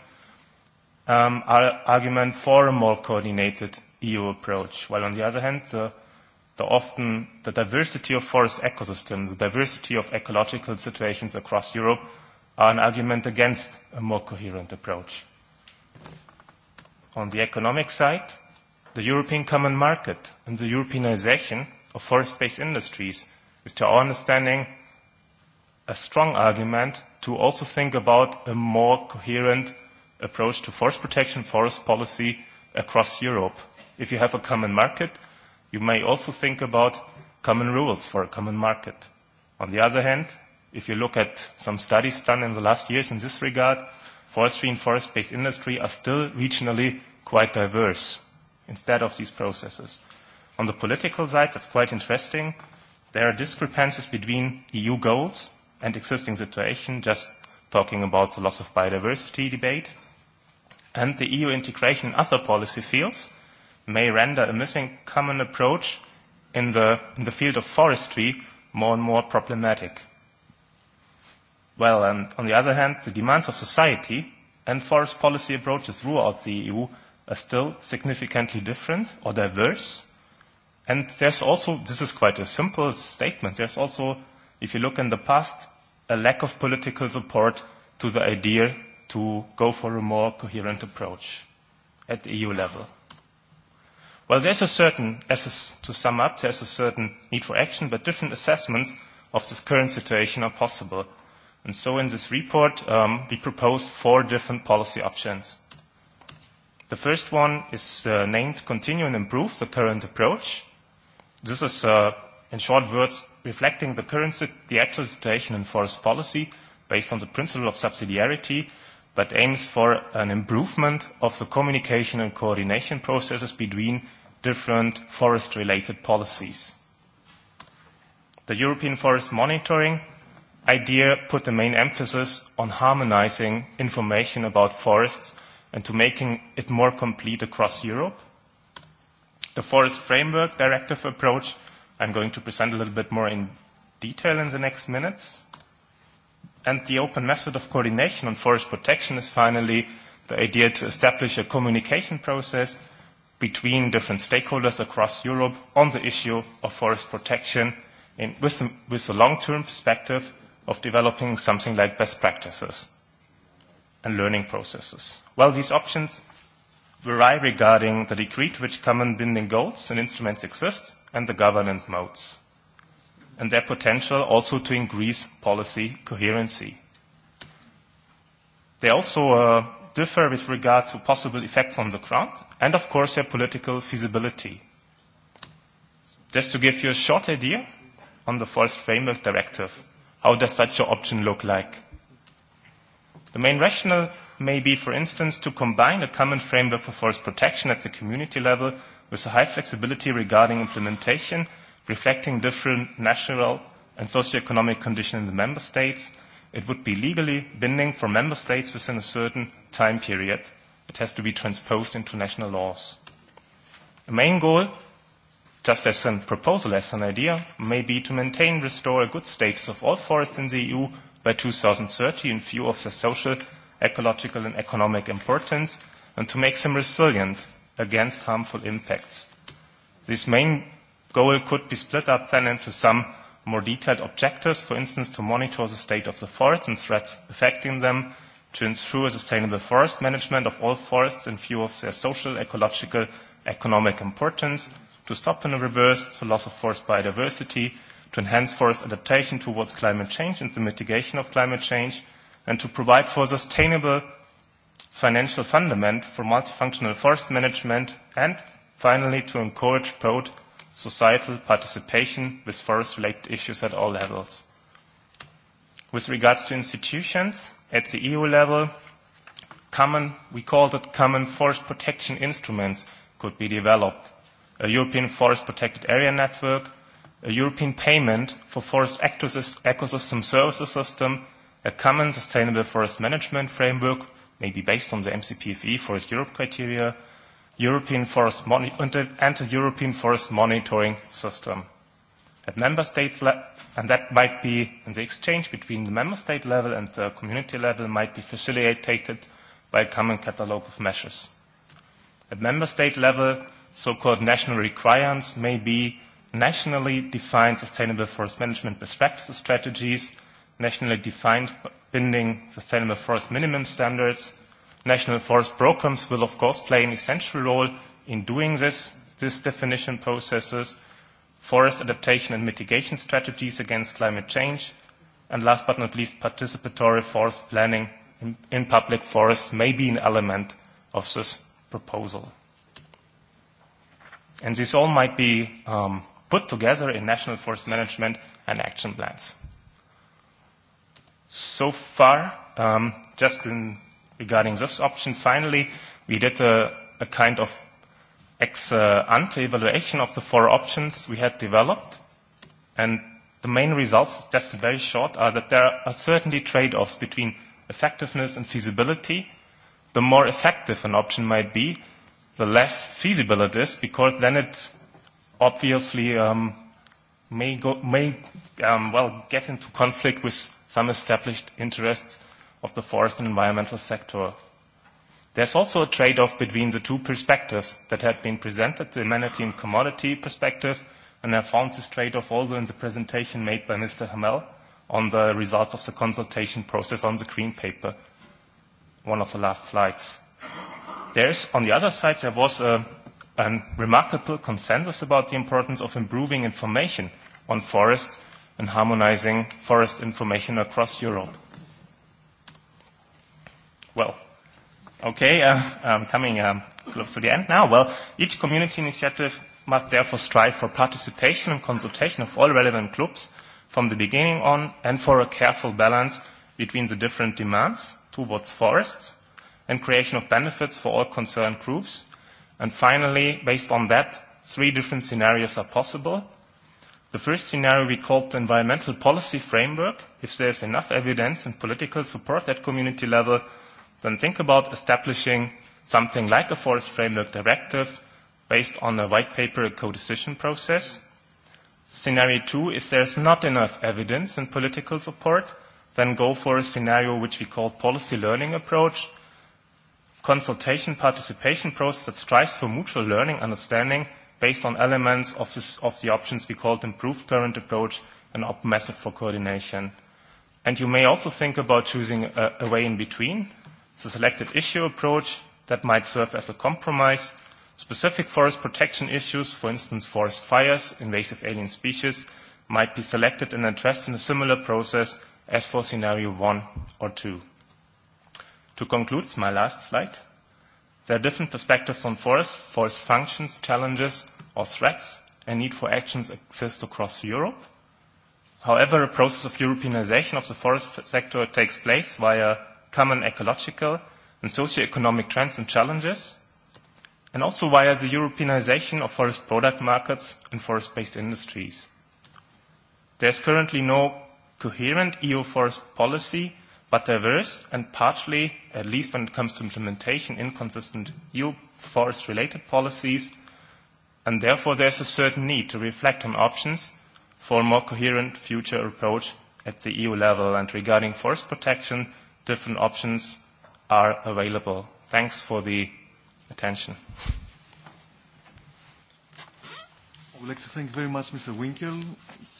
um, are argument for a more coordinated EU approach. While on the other hand, the, the often the diversity of forest ecosystems, the diversity of ecological situations across Europe are an argument against a more coherent approach. On the economic side, the European common market and the Europeanization of forest-based industries is, to our understanding, a strong argument to also think about a more coherent approach to forest protection, forest policy across Europe. If you have a common market, you may also think about common rules for a common market. On the other hand, If you look at some studies done in the last years in this regard, forestry and forest-based industry are still regionally quite diverse instead of these processes. On the political side, that's quite interesting. There are discrepancies between EU goals and existing situation, just talking about the loss of biodiversity debate. And the EU integration in other policy fields may render a missing common approach in the, in the field of forestry more and more problematic. Well, and on the other hand, the demands of society and forest policy approaches throughout the EU are still significantly different or diverse. And there's also, this is quite a simple statement, there's also, if you look in the past, a lack of political support to the idea to go for a more coherent approach at the EU level. Well, there's a certain, as a, to sum up, there's a certain need for action, but different assessments of this current situation are possible. And so in this report, um, we proposed four different policy options. The first one is uh, named Continue and Improve the Current Approach. This is, uh, in short words, reflecting the current, the actual situation in forest policy based on the principle of subsidiarity, but aims for an improvement of the communication and coordination processes between different forest-related policies. The European Forest Monitoring idea put the main emphasis on harmonizing information about forests and to making it more complete across Europe. The Forest Framework Directive approach I'm going to present a little bit more in detail in the next minutes. And the open method of coordination on forest protection is finally the idea to establish a communication process between different stakeholders across Europe on the issue of forest protection in, with, some, with a long-term perspective of developing something like best practices and learning processes? Well, these options vary regarding the degree to which common binding goals and instruments exist and the governance modes, and their potential also to increase policy coherency. They also uh, differ with regard to possible effects on the ground and, of course, their political feasibility. Just to give you a short idea on the Forest Framework Directive, How does such an option look like? The main rationale may be, for instance, to combine a common framework for forest protection at the community level with a high flexibility regarding implementation, reflecting different national and socioeconomic conditions in the member states. It would be legally binding for member states within a certain time period. It has to be transposed into national laws. The main goal just as a proposal, as an idea, may be to maintain, restore a good status of all forests in the EU by 2030 in view of their social, ecological and economic importance and to make them resilient against harmful impacts. This main goal could be split up then into some more detailed objectives, for instance, to monitor the state of the forests and threats affecting them, to ensure sustainable forest management of all forests in view of their social, ecological, economic importance, to stop and reverse the loss of forest biodiversity, to enhance forest adaptation towards climate change and the mitigation of climate change, and to provide for sustainable financial fundament for multifunctional forest management, and finally, to encourage broad societal participation with forest-related issues at all levels. With regards to institutions, at the EU level, common, we call it common forest protection instruments could be developed a European Forest Protected Area Network, a European payment for forest ecosystem services system, a common sustainable forest management framework, maybe based on the MCPFE Forest Europe criteria, European forest and a European forest monitoring system. At member state le- and that might be in the exchange between the member state level and the community level might be facilitated by a common catalogue of measures. At member state level, so-called national requirements may be nationally defined sustainable forest management best practices strategies, nationally defined binding sustainable forest minimum standards. National forest programs will, of course, play an essential role in doing this, this definition processes, forest adaptation and mitigation strategies against climate change, and last but not least, participatory forest planning in, in public forests may be an element of this proposal. And this all might be um, put together in national forest management and action plans. So far, um, just in regarding this option, finally, we did a, a kind of ex uh, ante evaluation of the four options we had developed. And the main results, just very short, are that there are certainly trade-offs between effectiveness and feasibility. The more effective an option might be, the less feasible it is, because then it obviously um, may, go, may um, well get into conflict with some established interests of the forest and environmental sector. There's also a trade-off between the two perspectives that have been presented, the amenity and commodity perspective, and I found this trade-off also in the presentation made by Mr. Hamel on the results of the consultation process on the Green Paper, one of the last slides there's, on the other side, there was a, a remarkable consensus about the importance of improving information on forest and harmonizing forest information across Europe. Well, okay, uh, I'm coming um, close to the end now. Well, each community initiative must therefore strive for participation and consultation of all relevant groups from the beginning on and for a careful balance between the different demands towards forests and creation of benefits for all concerned groups. And finally, based on that, three different scenarios are possible. The first scenario we called the environmental policy framework. If there's enough evidence and political support at community level, then think about establishing something like a forest framework directive based on a white paper co-decision process. Scenario two, if there's not enough evidence and political support, then go for a scenario which we call policy learning approach, consultation participation process that strives for mutual learning understanding based on elements of, this, of the options we called improved current approach and op method for coordination. And you may also think about choosing a, a way in between, the selected issue approach that might serve as a compromise, specific forest protection issues, for instance forest fires, invasive alien species, might be selected and addressed in a similar process as for scenario one or two. To conclude, my last slide, there are different perspectives on forests, forest functions, challenges or threats, and need for actions exist across Europe. However, a process of Europeanization of the forest sector takes place via common ecological and socio-economic trends and challenges, and also via the Europeanization of forest product markets and forest-based industries. There's currently no coherent EU forest policy but diverse and partly, at least when it comes to implementation, inconsistent EU forest-related policies, and therefore there's a certain need to reflect on options for a more coherent future approach at the EU level. And regarding forest protection, different options are available. Thanks for the attention. I would like to thank very much Mr. Winkel.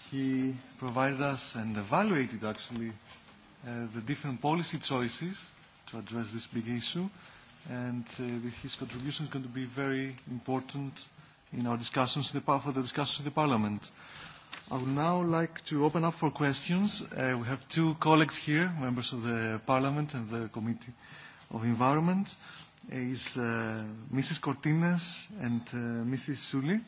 He provided us and evaluated actually Uh, the different policy choices to address this big issue, and uh, his contribution is going to be very important in our discussions in the, for the discussions in the Parliament. I would now like to open up for questions. Uh, we have two colleagues here, members of the Parliament and the Committee of Environment, is uh, Mrs. Cortines and uh, Mrs. Sully.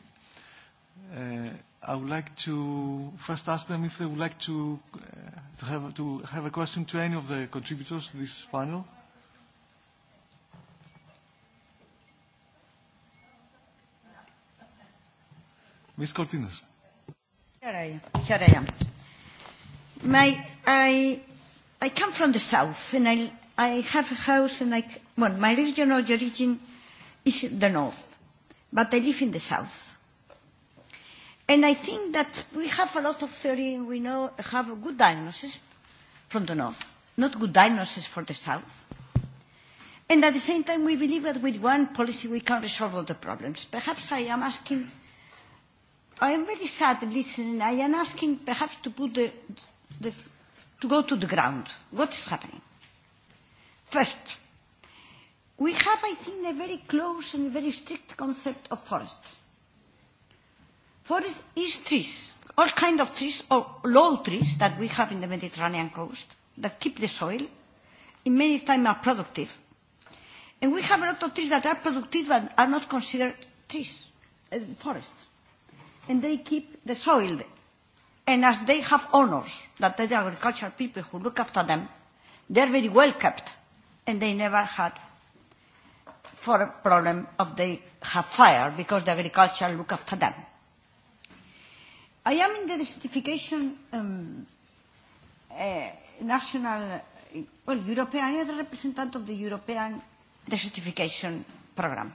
Uh, I would like to first ask them if they would like to uh, to have, to have a question to any of the contributors to this panel? Ms. Cortinas. Here I am. Here I am. My, I, I come from the south, and I, I have a house, and I, well, my regional origin is the north, but I live in the south. And I think that we have a lot of theory, we know, have a good diagnosis from the north, not good diagnosis for the south. And at the same time, we believe that with one policy we can resolve all the problems. Perhaps I am asking, I am very sad listening, I am asking perhaps to put the, the to go to the ground. What is happening? First, we have, I think, a very close and very strict concept of forests Forest is trees, all kind of trees or low trees that we have in the Mediterranean coast that keep the soil, in many times are productive. And we have a lot of trees that are productive but are not considered trees, uh, forests. And they keep the soil. And as they have owners, that are the agricultural people who look after them, they are very well kept. And they never had for a problem of they have fire because the agriculture look after them. I am in the justification um, uh, national, well, European, I am the representative of the European desertification program.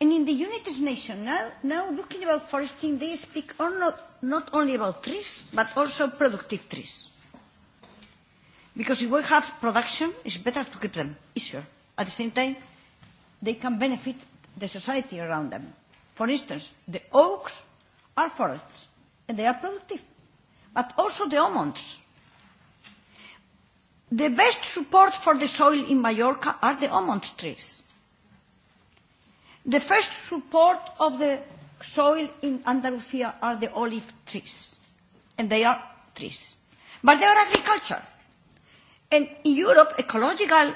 And in the United Nations now, now looking about foresting, they speak or not, not only about trees, but also productive trees. Because if we have production, it's better to keep them, easier. At the same time, they can benefit the society around them. For instance, the oaks are forests and they are productive, but also the almonds. The best support for the soil in Mallorca are the almond trees. The first support of the soil in Andalusia are the olive trees, and they are trees. But they are agriculture. And in Europe, ecological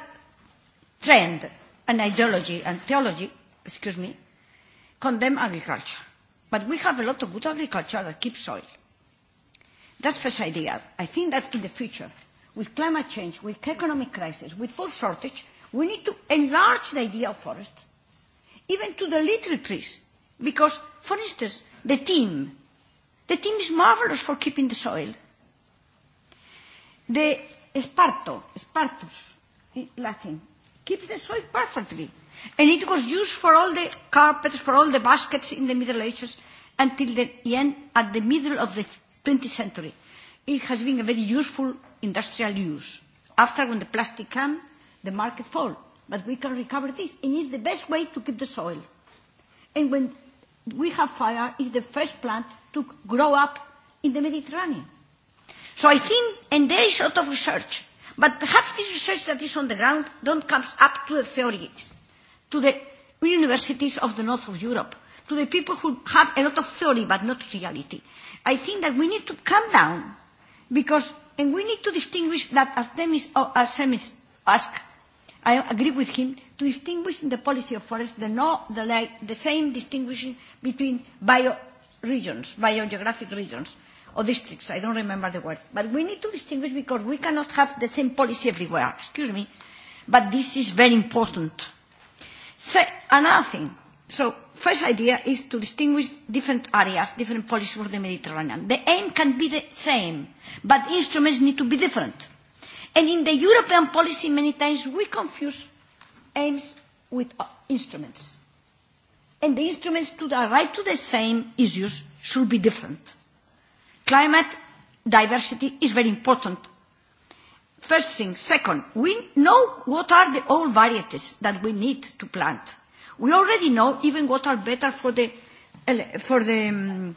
trend and ideology and theology, excuse me, condemn agriculture. But we have a lot of good agriculture that keeps soil. That's the first idea. I think that in the future, with climate change, with economic crisis, with food shortage, we need to enlarge the idea of forest, even to the little trees. Because, for instance, the team, the team is marvelous for keeping the soil. The esparto, spartus, in Latin, keeps the soil perfectly And it was used for all the carpets, for all the baskets in the Middle Ages until the end, at the middle of the 20th century. It has been a very useful industrial use. After, when the plastic came, the market fall. But we can recover this, and it's the best way to keep the soil. And when we have fire, it's the first plant to grow up in the Mediterranean. So I think, and there is a lot of research, but perhaps this research that is on the ground don't comes up to the theories to the universities of the north of Europe, to the people who have a lot of theory but not reality. I think that we need to calm down because, and we need to distinguish that Artemis, or Artemis ask, I agree with him, to distinguish in the policy of forest the, no, the, like, the same distinguishing between bioregions, biogeographic regions, or districts, I don't remember the word. But we need to distinguish because we cannot have the same policy everywhere, excuse me. But this is very important say, another thing. So first idea is to distinguish different areas, different policies for the Mediterranean. The aim can be the same, but instruments need to be different. And in the European policy, many times we confuse aims with uh, instruments. And the instruments to arrive to the same issues should be different. Climate diversity is very important First thing. Second, we know what are the old varieties that we need to plant. We already know even what are better for the, for the um,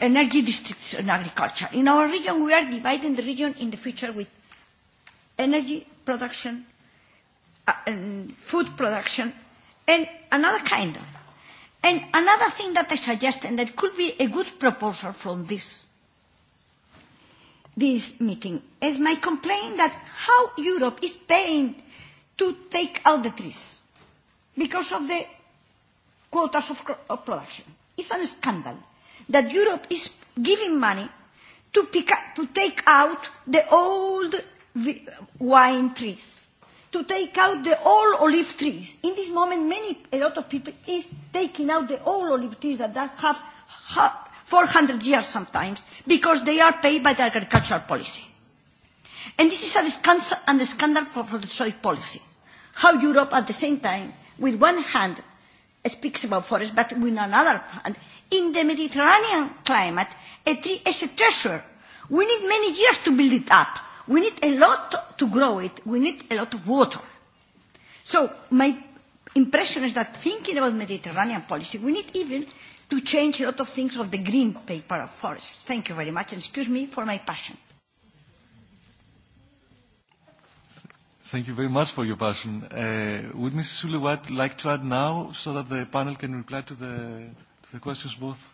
energy districts in agriculture. In our region, we are dividing the region in the future with energy production, uh, and food production, and another kind. Of. And another thing that I suggest, and that could be a good proposal from this this meeting is my complaint that how Europe is paying to take out the trees because of the quotas of, of production. It's a scandal that Europe is giving money to, pick up, to take out the old wine trees, to take out the old olive trees. In this moment, many, a lot of people is taking out the old olive trees that, that have, have 400 years sometimes, because they are paid by the agricultural policy. And this is a scandal, and a scandal for, for the soil policy. How Europe, at the same time, with one hand, speaks about forests, but with another hand, in the Mediterranean climate, a tree is a treasure. We need many years to build it up. We need a lot to grow it. We need a lot of water. So my impression is that thinking about Mediterranean policy, we need even to change a lot of things of the green paper of forests. Thank you very much, and excuse me for my passion. Thank you very much for your passion. Uh, would Mrs. Sulewat like to add now so that the panel can reply to the, to the questions both?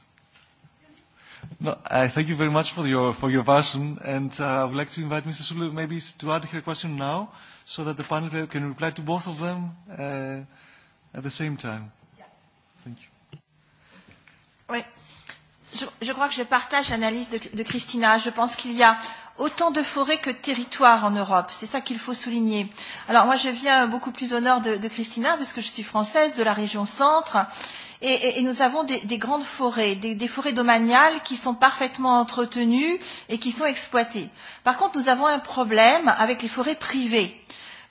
No, I uh, thank you very much for your, for your passion, and uh, I would like to invite Mrs. Sulu maybe to add her question now so that the panel can reply to both of them uh, at the same time. Oui. Je, je crois que je partage l'analyse de, de Christina. Je pense qu'il y a autant de forêts que de territoires en Europe. C'est ça qu'il faut souligner. Alors moi, je viens beaucoup plus au nord de, de Christina, puisque je suis française, de la région centre. Et, et, et nous avons des, des grandes forêts, des, des forêts domaniales qui sont parfaitement entretenues et qui sont exploitées. Par contre, nous avons un problème avec les forêts privées.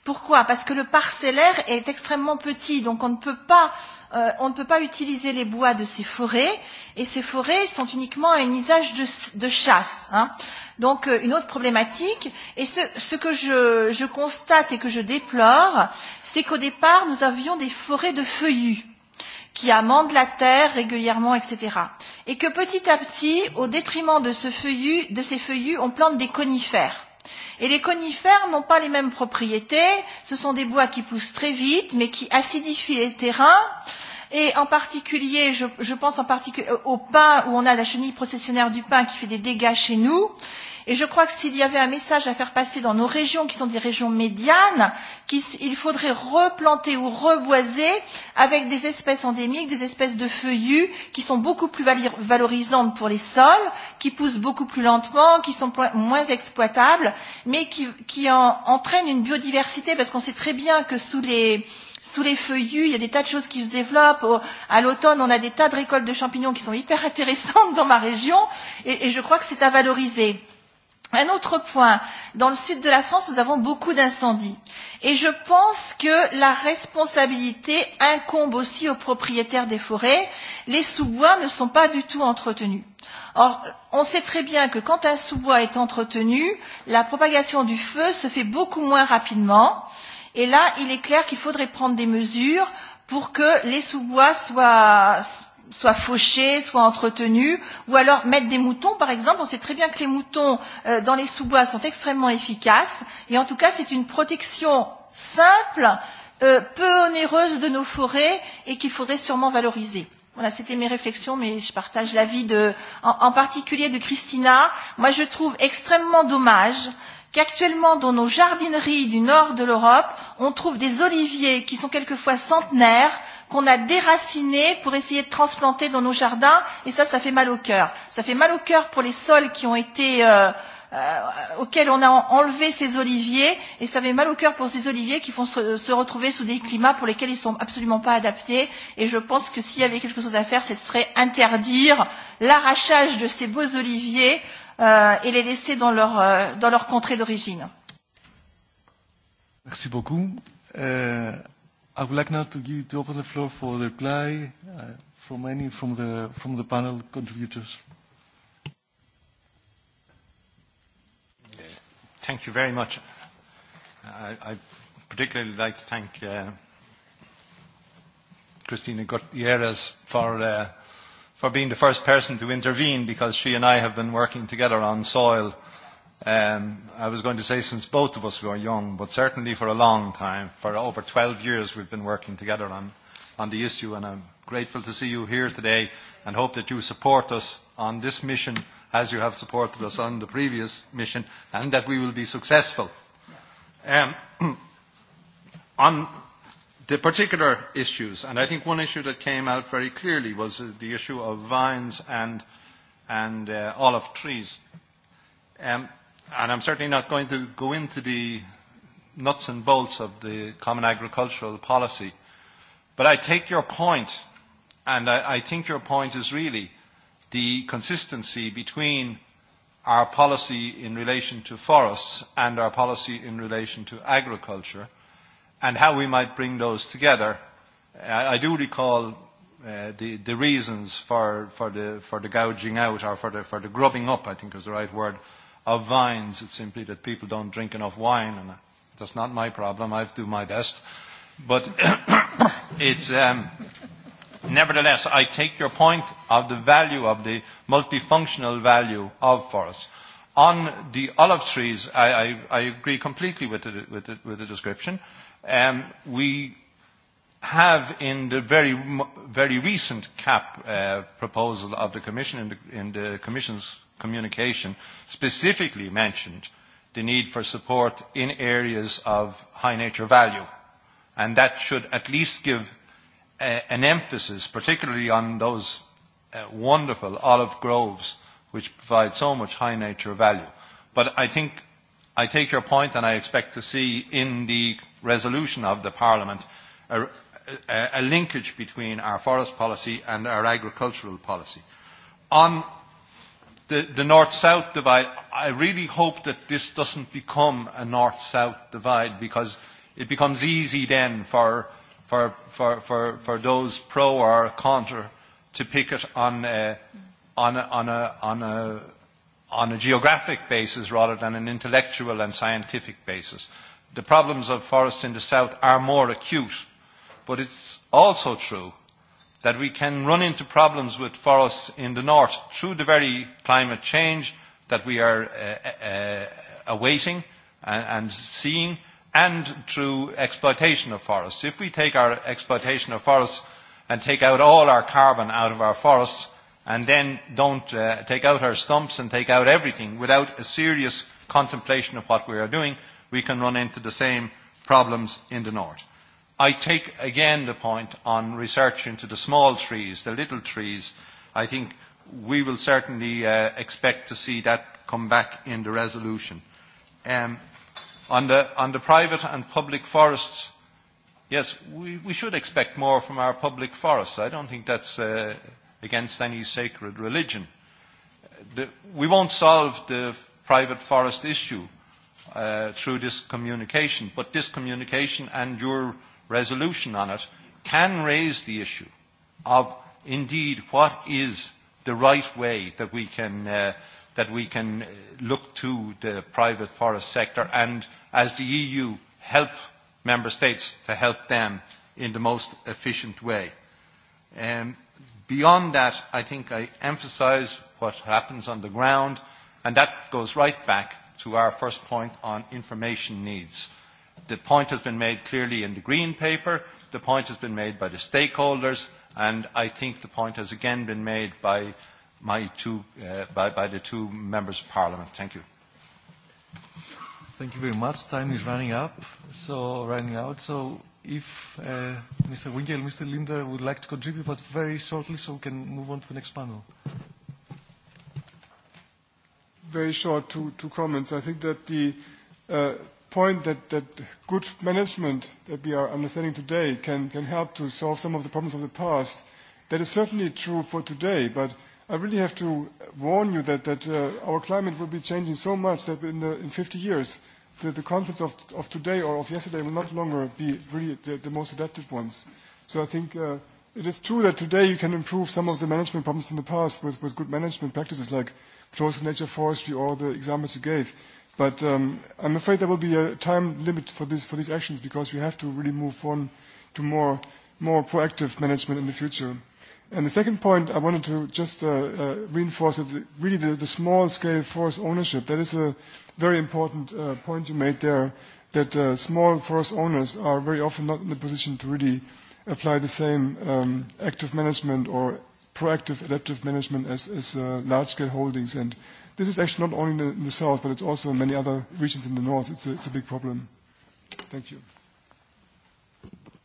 Pourquoi Parce que le parcellaire est extrêmement petit, donc on ne peut pas euh, on ne peut pas utiliser les bois de ces forêts, et ces forêts sont uniquement un usage de, de chasse. Hein. Donc euh, une autre problématique, et ce, ce que je, je constate et que je déplore, c'est qu'au départ, nous avions des forêts de feuillus qui amendent la terre régulièrement, etc. Et que petit à petit, au détriment de, ce feuillu, de ces feuillus, on plante des conifères et les conifères n'ont pas les mêmes propriétés. Ce sont des bois qui poussent très vite, mais qui acidifient les terrains. Et en particulier, je, je pense en particulier au pain, où on a la chenille processionnaire du pain qui fait des dégâts chez nous. Et je crois que s'il y avait un message à faire passer dans nos régions, qui sont des régions médianes, qu'il faudrait replanter ou reboiser avec des espèces endémiques, des espèces de feuillus, qui sont beaucoup plus valorisantes pour les sols, qui poussent beaucoup plus lentement, qui sont moins exploitables, mais qui, qui en, entraînent une biodiversité, parce qu'on sait très bien que sous les sous les feuillus, il y a des tas de choses qui se développent. à l'automne, on a des tas de récoltes de champignons qui sont hyper intéressantes dans ma région et, et je crois que c'est à valoriser. Un autre point, dans le sud de la France, nous avons beaucoup d'incendies. Et je pense que la responsabilité incombe aussi aux propriétaires des forêts. Les sous-bois ne sont pas du tout entretenus. Or, on sait très bien que quand un sous-bois est entretenu, la propagation du feu se fait beaucoup moins rapidement. Et là, il est clair qu'il faudrait prendre des mesures pour que les sous-bois soient soit fauché, soit entretenu, ou alors mettre des moutons, par exemple. On sait très bien que les moutons euh, dans les sous-bois sont extrêmement efficaces, et en tout cas, c'est une protection simple, euh, peu onéreuse de nos forêts, et qu'il faudrait sûrement valoriser. Voilà, c'était mes réflexions, mais je partage l'avis de, en, en particulier de Christina. Moi, je trouve extrêmement dommage qu'actuellement, dans nos jardineries du nord de l'Europe, on trouve des oliviers qui sont quelquefois centenaires, qu'on a déraciné pour essayer de transplanter dans nos jardins, et ça, ça fait mal au cœur. Ça fait mal au cœur pour les sols qui ont été euh, euh, auxquels on a enlevé ces oliviers, et ça fait mal au cœur pour ces oliviers qui vont se, se retrouver sous des climats pour lesquels ils ne sont absolument pas adaptés. Et je pense que s'il y avait quelque chose à faire, ce serait interdire l'arrachage de ces beaux oliviers euh, et les laisser dans leur, euh, dans leur contrée d'origine. Merci beaucoup. Euh, I would like now to, give, to open the floor for the reply uh, from any from the from the panel contributors. Thank you very much. I, I particularly like to thank uh, Christina Gutierrez for uh, for being the first person to intervene because she and I have been working together on soil Um, I was going to say since both of us were young, but certainly for a long time, for over 12 years we've been working together on, on the issue, and I'm grateful to see you here today and hope that you support us on this mission as you have supported us on the previous mission and that we will be successful. Um, on the particular issues, and I think one issue that came out very clearly was the issue of vines and, and uh, olive trees. Um, and I'm certainly not going to go into the nuts and bolts of the common agricultural policy. But I take your point, and I, I think your point is really the consistency between our policy in relation to forests and our policy in relation to agriculture and how we might bring those together. I, I do recall uh, the, the reasons for, for, the, for the gouging out or for the, for the grubbing up, I think is the right word, uh, of vines, It's simply that people don't drink enough wine, and that's not my problem. I do my best. But it's um, nevertheless, I take your point of the value of the multifunctional value of forests. On the olive trees, I, I, I agree completely with the, with the, with the description. Um, we have in the very, very recent CAP uh, proposal of the Commission, in the, in the Commission's communication specifically mentioned the need for support in areas of high nature value. And that should at least give a, uh, an emphasis, particularly on those uh, wonderful olive groves which provide so much high nature value. But I think I take your point and I expect to see in the resolution of the Parliament a, a, a linkage between our forest policy and our agricultural policy. On the, the north-south divide, I really hope that this doesn't become a north-south divide because it becomes easy then for, for, for, for, for those pro or contra to pick it on a, on a, on a, on a, on a geographic basis rather than an intellectual and scientific basis. The problems of forests in the south are more acute, but it's also true that we can run into problems with forests in the north through the very climate change that we are uh, uh, awaiting and, and seeing and through exploitation of forests. If we take our exploitation of forests and take out all our carbon out of our forests and then don't uh, take out our stumps and take out everything without a serious contemplation of what we are doing, we can run into the same problems in the north. I take again the point on research into the small trees, the little trees. I think we will certainly uh, expect to see that come back in the resolution. Um, on, the, on the private and public forests, yes, we, we should expect more from our public forests. I don't think that's uh, against any sacred religion. The, we won't solve the private forest issue uh, through this communication, but this communication and your resolution on it can raise the issue of indeed what is the right way that we can uh, that we can uh, look to the private forest sector and as the EU help member states to help them in the most efficient way. Um, beyond that, I think I emphasize what happens on the ground, and that goes right back to our first point on information needs. The point has been made clearly in the Green Paper. The point has been made by the stakeholders. And I think the point has again been made by, my two, uh, by, by the two members of Parliament. Thank you. Thank you very much. Time is running up, so running out. So if uh, Mr. Wingel, Mr. Linder would like to contribute, but very shortly, so we can move on to the next panel. Very short, two, two comments. I think that the uh, point that, that good management that we are understanding today can, can help to solve some of the problems of the past, that is certainly true for today, but I really have to warn you that, that uh, our climate will be changing so much that in, the, in 50 years, the, the concepts of, of today or of yesterday will not longer be really the, the most adapted ones. So I think uh, it is true that today you can improve some of the management problems from the past with, with good management practices like close to nature forestry or the examples you gave. But um, I'm afraid there will be a time limit for, this, for these actions because we have to really move on to more, more proactive management in the future. And the second point, I wanted to just uh, uh, reinforce that really the, the small-scale forest ownership, that is a very important uh, point you made there, that uh, small forest owners are very often not in the position to really apply the same um, active management or proactive adaptive management as, as uh, large-scale holdings. And This is actually not only in the, in the south, but it's also in many other regions in the north. It's a, it's a big problem. Thank you.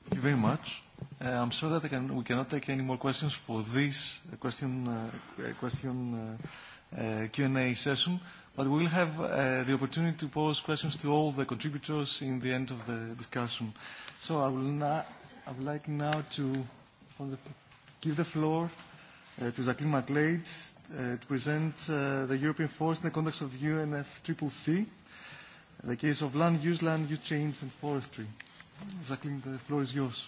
Thank you very much. Uh, I'm sure that I can, we cannot take any more questions for this question, uh, question uh, uh, Q&A uh, uh, session, but we'll have uh, the opportunity to pose questions to all the contributors in the end of the discussion. So I will na- I would like now to give the floor uh, to Jacqueline McLeod, uh, to present uh, the European forest in the context of UNFCCC, the case of land use, land use change and forestry. Jacqueline, the floor is yours.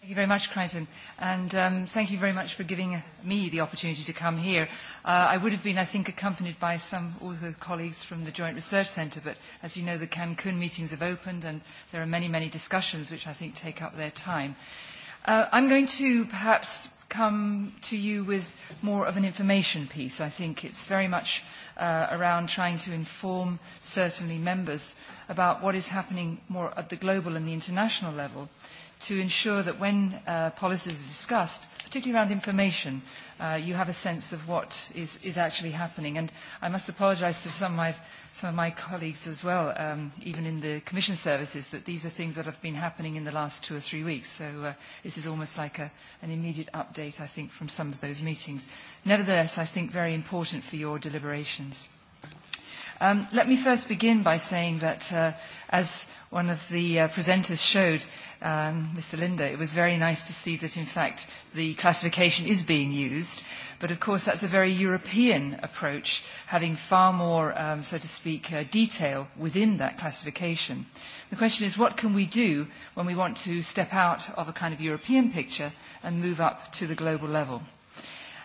Thank you very much, Crichton, and um, thank you very much for giving uh, me the opportunity to come here. Uh, I would have been, I think, accompanied by some other colleagues from the Joint Research Centre, but as you know, the Cancun meetings have opened, and there are many, many discussions which I think take up their time. Uh, I'm going to perhaps come to you with more of an information piece. I think it's very much uh, around trying to inform certainly members about what is happening more at the global and the international level to ensure that when uh, policies are discussed, particularly around information, uh, you have a sense of what is, is actually happening. And I must apologise to some of, my, some of my colleagues as well, um, even in the Commission services, that these are things that have been happening in the last two or three weeks. So uh, this is almost like a, an immediate update, I think, from some of those meetings. Nevertheless, I think very important for your deliberations. Um, let me first begin by saying that uh, as one of the uh, presenters showed, um, Mr. Linda, it was very nice to see that, in fact, the classification is being used. But, of course, that's a very European approach, having far more, um, so to speak, uh, detail within that classification. The question is, what can we do when we want to step out of a kind of European picture and move up to the global level?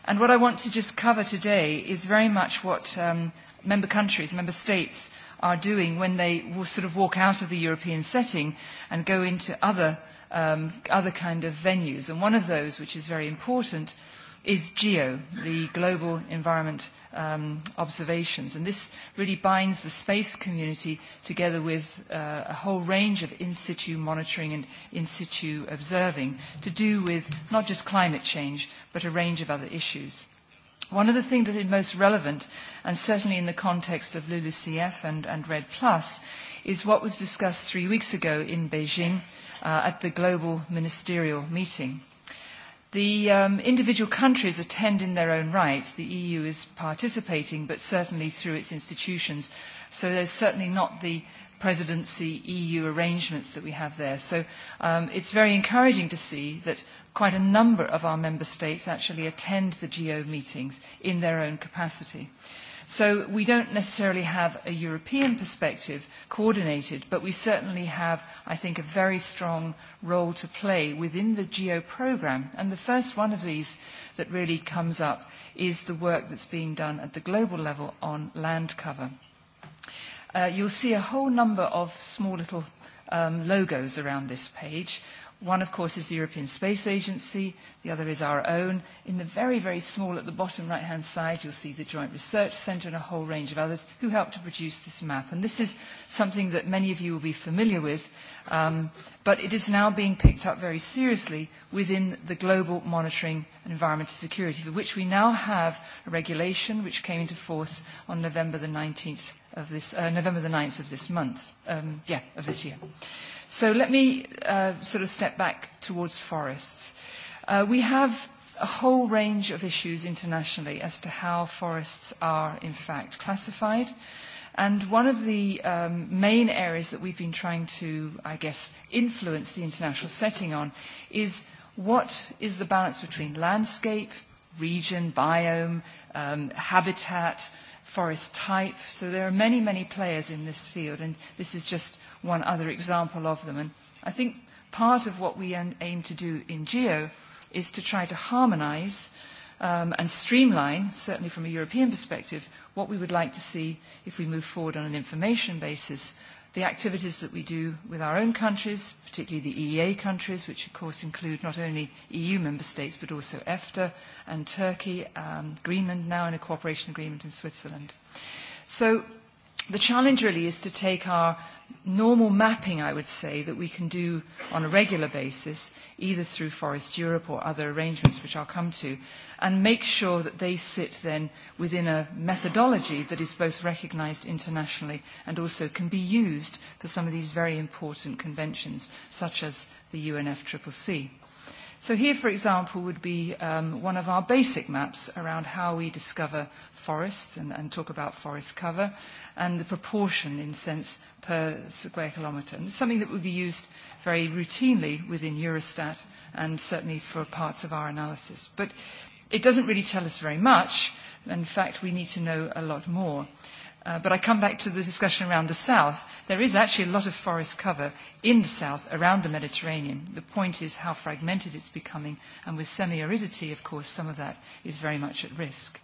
And what I want to just cover today is very much what um, member countries, member states are doing when they will sort of walk out of the European setting and go into other, um, other kind of venues. And one of those, which is very important, is GEO, the Global Environment um, Observations. And this really binds the space community together with uh, a whole range of in situ monitoring and in situ observing to do with not just climate change, but a range of other issues. One of the things that is most relevant, and certainly in the context of LULUCF and, and RED Plus, is what was discussed three weeks ago in Beijing uh, at the global ministerial meeting. The um, individual countries attend in their own right. The EU is participating, but certainly through its institutions. So there's certainly not the, presidency EU arrangements that we have there. So um, it's very encouraging to see that quite a number of our member states actually attend the GO meetings in their own capacity. So we don't necessarily have a European perspective coordinated, but we certainly have, I think, a very strong role to play within the GEO program. And the first one of these that really comes up is the work that's being done at the global level on land cover uh, you'll see a whole number of small little um, logos around this page. One, of course, is the European Space Agency. The other is our own. In the very, very small at the bottom right-hand side, you'll see the Joint Research Centre and a whole range of others who helped to produce this map. And this is something that many of you will be familiar with, um, but it is now being picked up very seriously within the global monitoring and environmental security, for which we now have a regulation which came into force on November the 19th of this, uh, November the 9th of this month, um, yeah, of this year. So let me uh, sort of step back towards forests. Uh, we have a whole range of issues internationally as to how forests are in fact classified. And one of the um, main areas that we've been trying to, I guess, influence the international setting on is what is the balance between landscape, region, biome, um, habitat, forest type. So there are many, many players in this field, and this is just one other example of them. And I think part of what we aim to do in GEO is to try to harmonise um, and streamline, certainly from a European perspective, what we would like to see if we move forward on an information basis the activities that we do with our own countries, particularly the EEA countries, which of course include not only EU member states but also EFTA and Turkey, um, Greenland now in a cooperation agreement in Switzerland. So the challenge really is to take our normal mapping, I would say, that we can do on a regular basis, either through Forest Europe or other arrangements, which I'll come to, and make sure that they sit then within a methodology that is both recognised internationally and also can be used for some of these very important conventions, such as the UNFCCC. So here, for example, would be um, one of our basic maps around how we discover forests and, and talk about forest cover and the proportion in sense per square kilometre. And it's something that would be used very routinely within Eurostat and certainly for parts of our analysis. But it doesn't really tell us very much. In fact, we need to know a lot more. Uh, but I come back to the discussion around the south. There is actually a lot of forest cover in the south around the Mediterranean. The point is how fragmented it's becoming, and with semi-aridity, of course, some of that is very much at risk.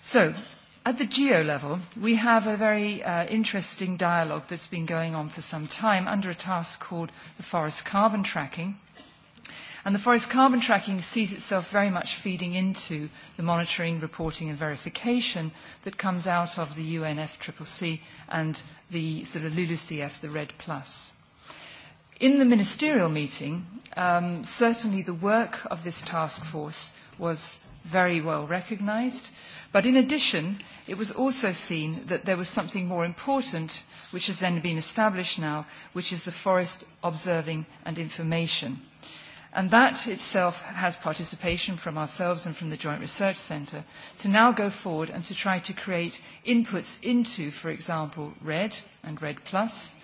So at the geo level, we have a very uh, interesting dialogue that's been going on for some time under a task called the Forest Carbon Tracking – And the forest carbon tracking sees itself very much feeding into the monitoring, reporting and verification that comes out of the UNFCCC and the sort of LULUCF, the Red Plus. In the ministerial meeting, um, certainly the work of this task force was very well recognised. But in addition, it was also seen that there was something more important, which has then been established now, which is the forest observing and information. And that itself has participation from ourselves and from the Joint Research Centre to now go forward and to try to create inputs into, for example, RED and RED Plus.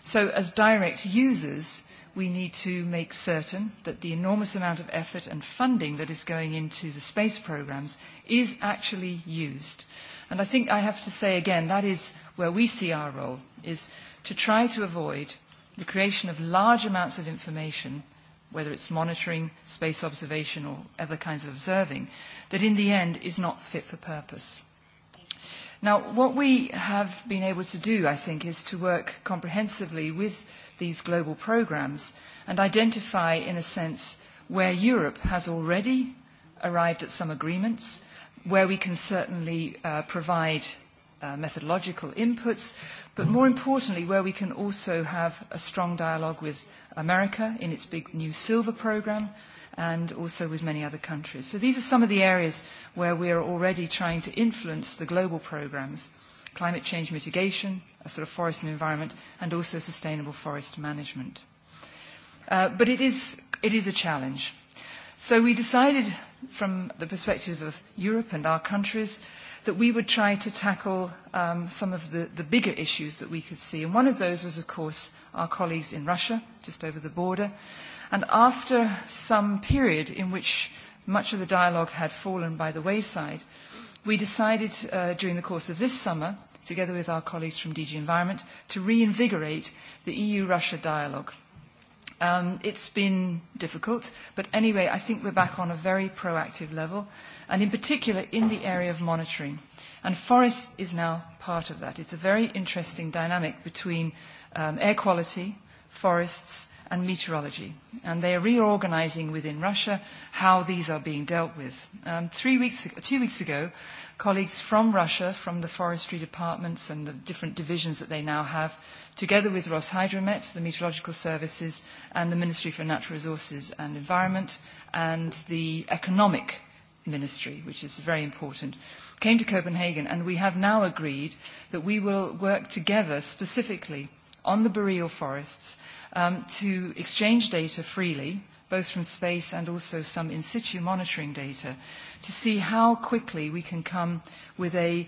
So as direct users, we need to make certain that the enormous amount of effort and funding that is going into the space programmes is actually used. And I think I have to say again, that is where we see our role, is to try to avoid the creation of large amounts of information whether it's monitoring, space observation, or other kinds of observing, that in the end is not fit for purpose. Now, what we have been able to do, I think, is to work comprehensively with these global programs and identify, in a sense, where Europe has already arrived at some agreements, where we can certainly uh, provide Uh, methodological inputs, but more importantly, where we can also have a strong dialogue with America in its big new silver program and also with many other countries. So these are some of the areas where we are already trying to influence the global programs, climate change mitigation, a sort of forest and environment, and also sustainable forest management. Uh, but it is, it is a challenge. So we decided from the perspective of Europe and our countries that we would try to tackle um, some of the, the bigger issues that we could see. And one of those was, of course, our colleagues in Russia, just over the border. And after some period in which much of the dialogue had fallen by the wayside, we decided uh, during the course of this summer, together with our colleagues from DG Environment, to reinvigorate the EU-Russia dialogue. Um, it's been difficult, but anyway, I think we're back on a very proactive level and in particular in the area of monitoring. And forests is now part of that. It's a very interesting dynamic between um, air quality, forests, and meteorology. And they are reorganizing within Russia how these are being dealt with. Um, three weeks, two weeks ago, colleagues from Russia, from the forestry departments and the different divisions that they now have, together with Roshydromet, the meteorological services, and the Ministry for Natural Resources and Environment, and the economic ministry, which is very important, came to Copenhagen, and we have now agreed that we will work together specifically on the boreal forests um, to exchange data freely, both from space and also some in situ monitoring data, to see how quickly we can come with a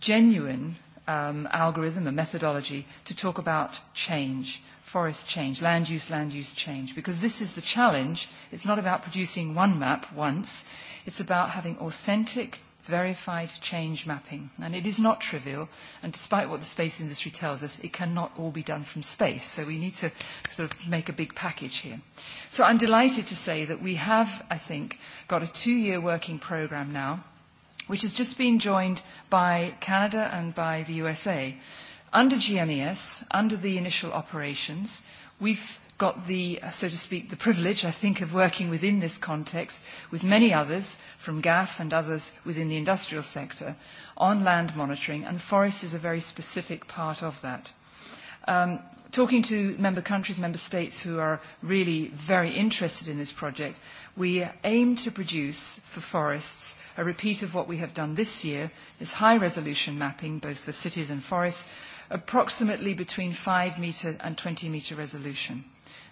genuine um, algorithm, a methodology, to talk about change, forest change, land use, land use change, because this is the challenge. It's not about producing one map once. It's about having authentic, verified change mapping. And it is not trivial, and despite what the space industry tells us, it cannot all be done from space. So we need to sort of make a big package here. So I'm delighted to say that we have, I think, got a two-year working program now, which has just been joined by Canada and by the USA. Under GMES, under the initial operations, we've got the, uh, so to speak, the privilege, I think, of working within this context with many others from GAF and others within the industrial sector on land monitoring, and forest is a very specific part of that. Um, talking to member countries, member states who are really very interested in this project, we aim to produce for forests a repeat of what we have done this year, this high resolution mapping, both for cities and forests, approximately between 5 metre and 20 metre resolution.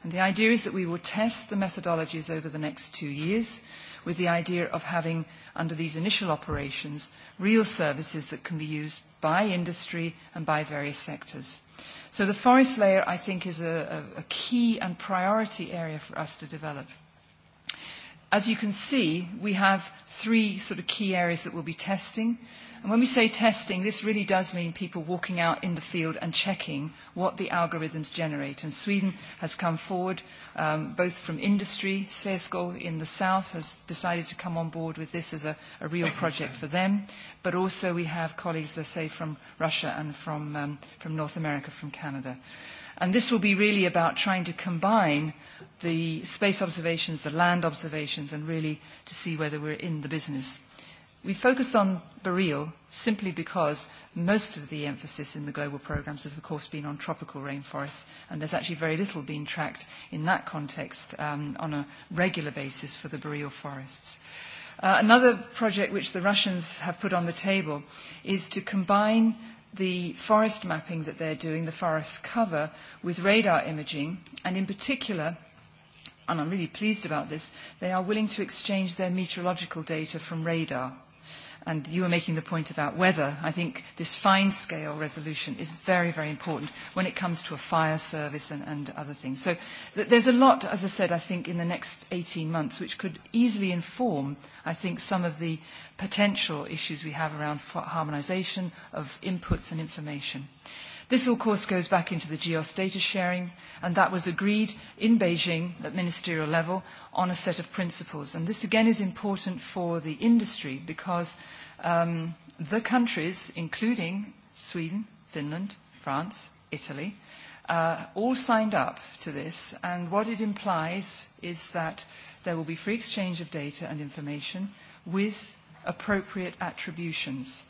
And the idea is that we will test the methodologies over the next two years with the idea of having, under these initial operations, real services that can be used by industry and by various sectors. So the forest layer, I think, is a, a, a key and priority area for us to develop. As you can see, we have three sort of key areas that we'll be testing. And when we say testing, this really does mean people walking out in the field and checking what the algorithms generate. And Sweden has come forward, um, both from industry, Svesko in the south has decided to come on board with this as a, a real project for them, but also we have colleagues, let's say, from Russia and from, um, from North America, from Canada. And this will be really about trying to combine the space observations, the land observations, and really to see whether we're in the business. We focused on Boreal simply because most of the emphasis in the global programs has, of course, been on tropical rainforests, and there's actually very little being tracked in that context um, on a regular basis for the Boreal forests. Uh, another project which the Russians have put on the table is to combine the forest mapping that they're doing, the forest cover, with radar imaging, and in particular, and I'm really pleased about this, they are willing to exchange their meteorological data from radar and you were making the point about weather. I think this fine scale resolution is very, very important when it comes to a fire service and, and other things. So th- there's a lot, as I said, I think in the next 18 months, which could easily inform, I think, some of the potential issues we have around harmonisation of inputs and information. Uh, This, of course, goes back into the GEOS data sharing, and that was agreed in Beijing at ministerial level on a set of principles. And this, again, is important for the industry because um, the countries, including Sweden, Finland, France, Italy, uh, all signed up to this. And what it implies is that there will be free exchange of data and information with appropriate attributions.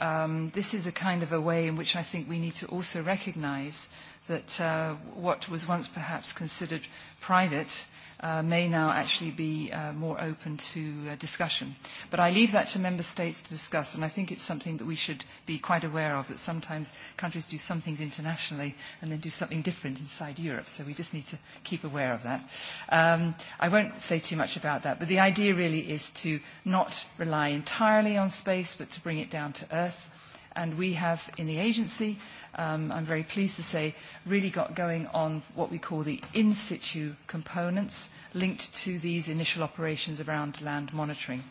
Um, this is a kind of a way in which I think we need to also recognize that uh, what was once perhaps considered private uh, may now actually be uh, more open to uh, discussion. But I leave that to member states to discuss, and I think it's something that we should be quite aware of, that sometimes countries do some things internationally and then do something different inside Europe, so we just need to keep aware of that. Um, I won't say too much about that, but the idea really is to not rely entirely on space, but to bring it down to earth and we have in the agency, um, I'm very pleased to say, really got going on what we call the in situ components linked to these initial operations around land monitoring.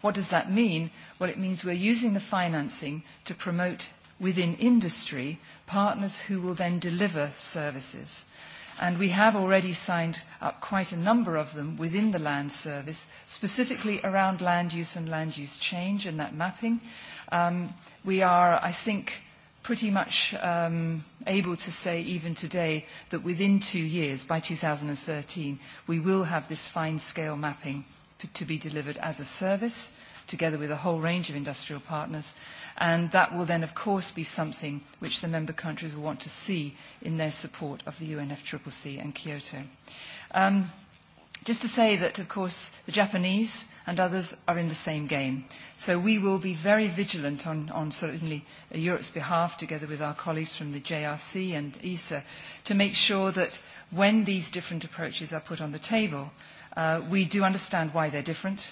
What does that mean? Well, it means we're using the financing to promote within industry partners who will then deliver services. And we have already signed up quite a number of them within the land service, specifically around land use and land use change and that mapping. Um, we are, I think, pretty much um, able to say even today that within two years, by 2013, we will have this fine-scale mapping to be delivered as a service together with a whole range of industrial partners. that will then, of course, be something which the member countries will want to see in their support of the UNFCCC and Kyoto. Um, just to say that, of course, the Japanese and others are in the same game. So we will be very vigilant on, on certainly Europe's behalf, together with our colleagues from the JRC and ESA, to make sure that when these different approaches are put on the table, uh, we do understand why they're different.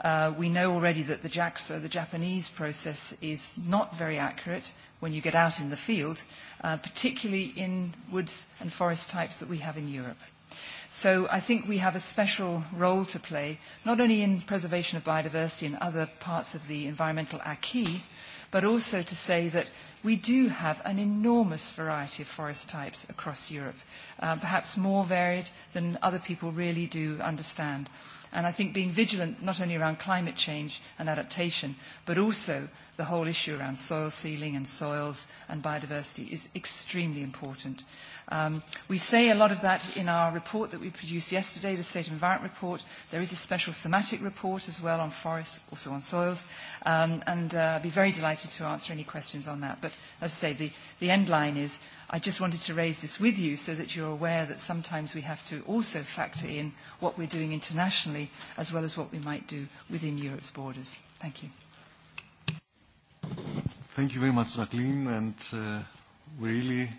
Uh, we know already that the JAXA, uh, the Japanese process, is not very accurate when you get out in the field, uh, particularly in woods and forest types that we have in Europe. So I think we have a special role to play, not only in preservation of biodiversity and other parts of the environmental acquis, but also to say that we do have an enormous variety of forest types across Europe, uh, perhaps more varied than other people really do understand. And I think being vigilant not only around climate change and adaptation, but also the whole issue around soil sealing and soils and biodiversity is extremely important. Um, we say a lot of that in our report that we produced yesterday, the State Environment Report. There is a special thematic report as well on forests, also on soils, um, and uh, I'd be very delighted to answer any questions on that. But as I say, the, the end line is I just wanted to raise this with you so that you're aware that sometimes we have to also factor in what we're doing internationally as well as what we might do within Europe's borders. Thank you. Thank you very much, Jacqueline. And uh, we really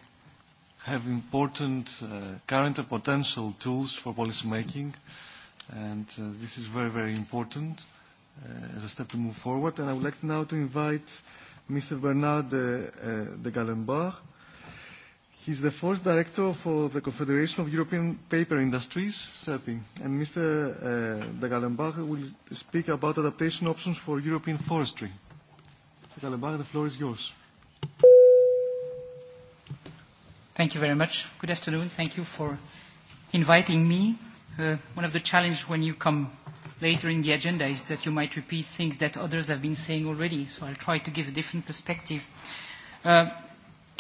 have important uh, current and potential tools for policymaking. And uh, this is very, very important uh, as a step to move forward. And I would like now to invite Mr. Bernard de, uh, de Gallenbach. He's the first director for the Confederation of European Paper Industries, SEPI. And Mr. Uh, de Gallenbach will speak about adaptation options for European forestry. Mr. Calabar, the floor is yours. Thank you very much. Good afternoon. Thank you for inviting me. Uh, one of the challenges when you come later in the agenda is that you might repeat things that others have been saying already, so I'll try to give a different perspective. Uh,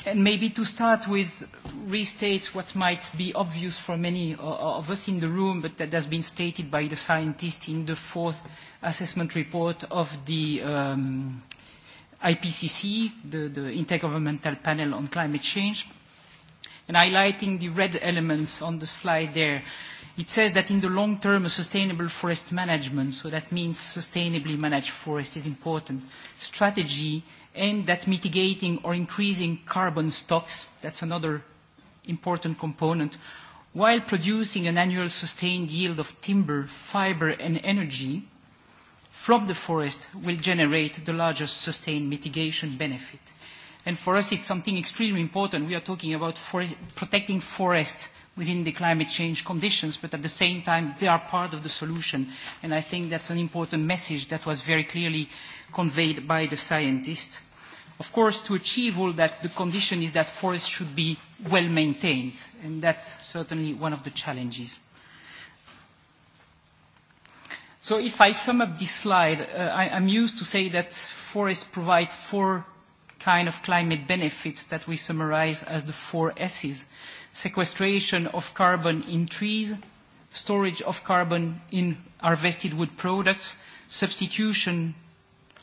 and maybe to start with, restate what might be obvious for many of us in the room, but that has been stated by the scientists in the fourth assessment report of the um, IPCC, the, the Intergovernmental Panel on Climate Change. And highlighting the red elements on the slide there, it says that in the long term, a sustainable forest management, so that means sustainably managed forest is important, strategy aimed at mitigating or increasing carbon stocks, that's another important component, while producing an annual sustained yield of timber, fiber, and energy, from the forest will generate the largest sustained mitigation benefit. And for us, it's something extremely important. We are talking about for protecting forests within the climate change conditions, but at the same time, they are part of the solution. And I think that's an important message that was very clearly conveyed by the scientists. Of course, to achieve all that, the condition is that forests should be well maintained, and that's certainly one of the challenges. So if I sum up this slide, uh, I'm used to say that forests provide four kind of climate benefits that we summarize as the four S's. Sequestration of carbon in trees, storage of carbon in harvested wood products, substitution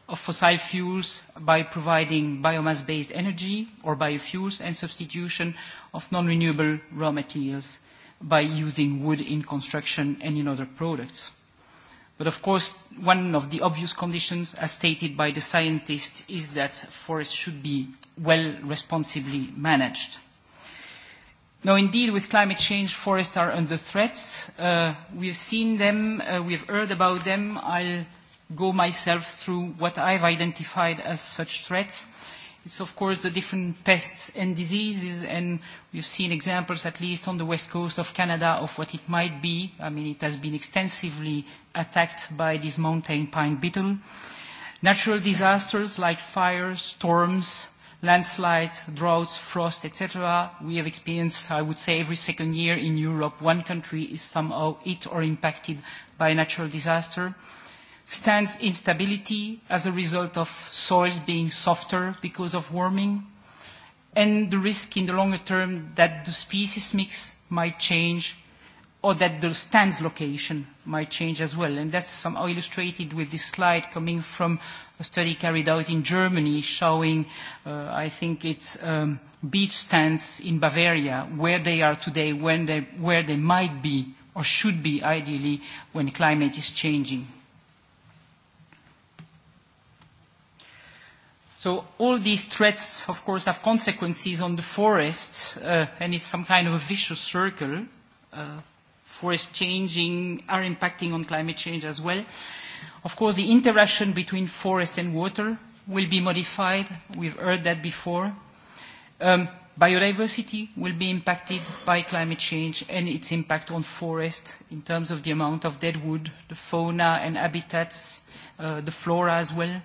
of fossil fuels by providing biomass-based energy or biofuels, and substitution of non-renewable raw materials by using wood in construction and in other products. But of course, one of the obvious conditions, as stated by the scientists, is that forests should be well responsibly managed. Now, indeed, with climate change, forests are under threat. Uh, we've seen them, uh, we've heard about them. I'll go myself through what I've identified as such threats It's of course the different pests and diseases, and we've seen examples, at least on the west coast of Canada, of what it might be. I mean, it has been extensively attacked by this mountain pine beetle. Natural disasters like fires, storms, landslides, droughts, frost, etc. We have experienced, I would say, every second year in Europe, one country is somehow hit or impacted by a natural disaster stands instability as a result of soils being softer because of warming, and the risk in the longer term that the species mix might change or that the stands location might change as well. And that's somehow illustrated with this slide coming from a study carried out in Germany showing, uh, I think it's um, beach stands in Bavaria, where they are today, when they, where they might be or should be ideally when climate is changing. So all these threats, of course, have consequences on the forest, uh, and it's some kind of a vicious circle. Uh, forest changing are impacting on climate change as well. Of course, the interaction between forest and water will be modified. We've heard that before. Um, biodiversity will be impacted by climate change and its impact on forest in terms of the amount of dead wood, the fauna and habitats, uh, the flora as well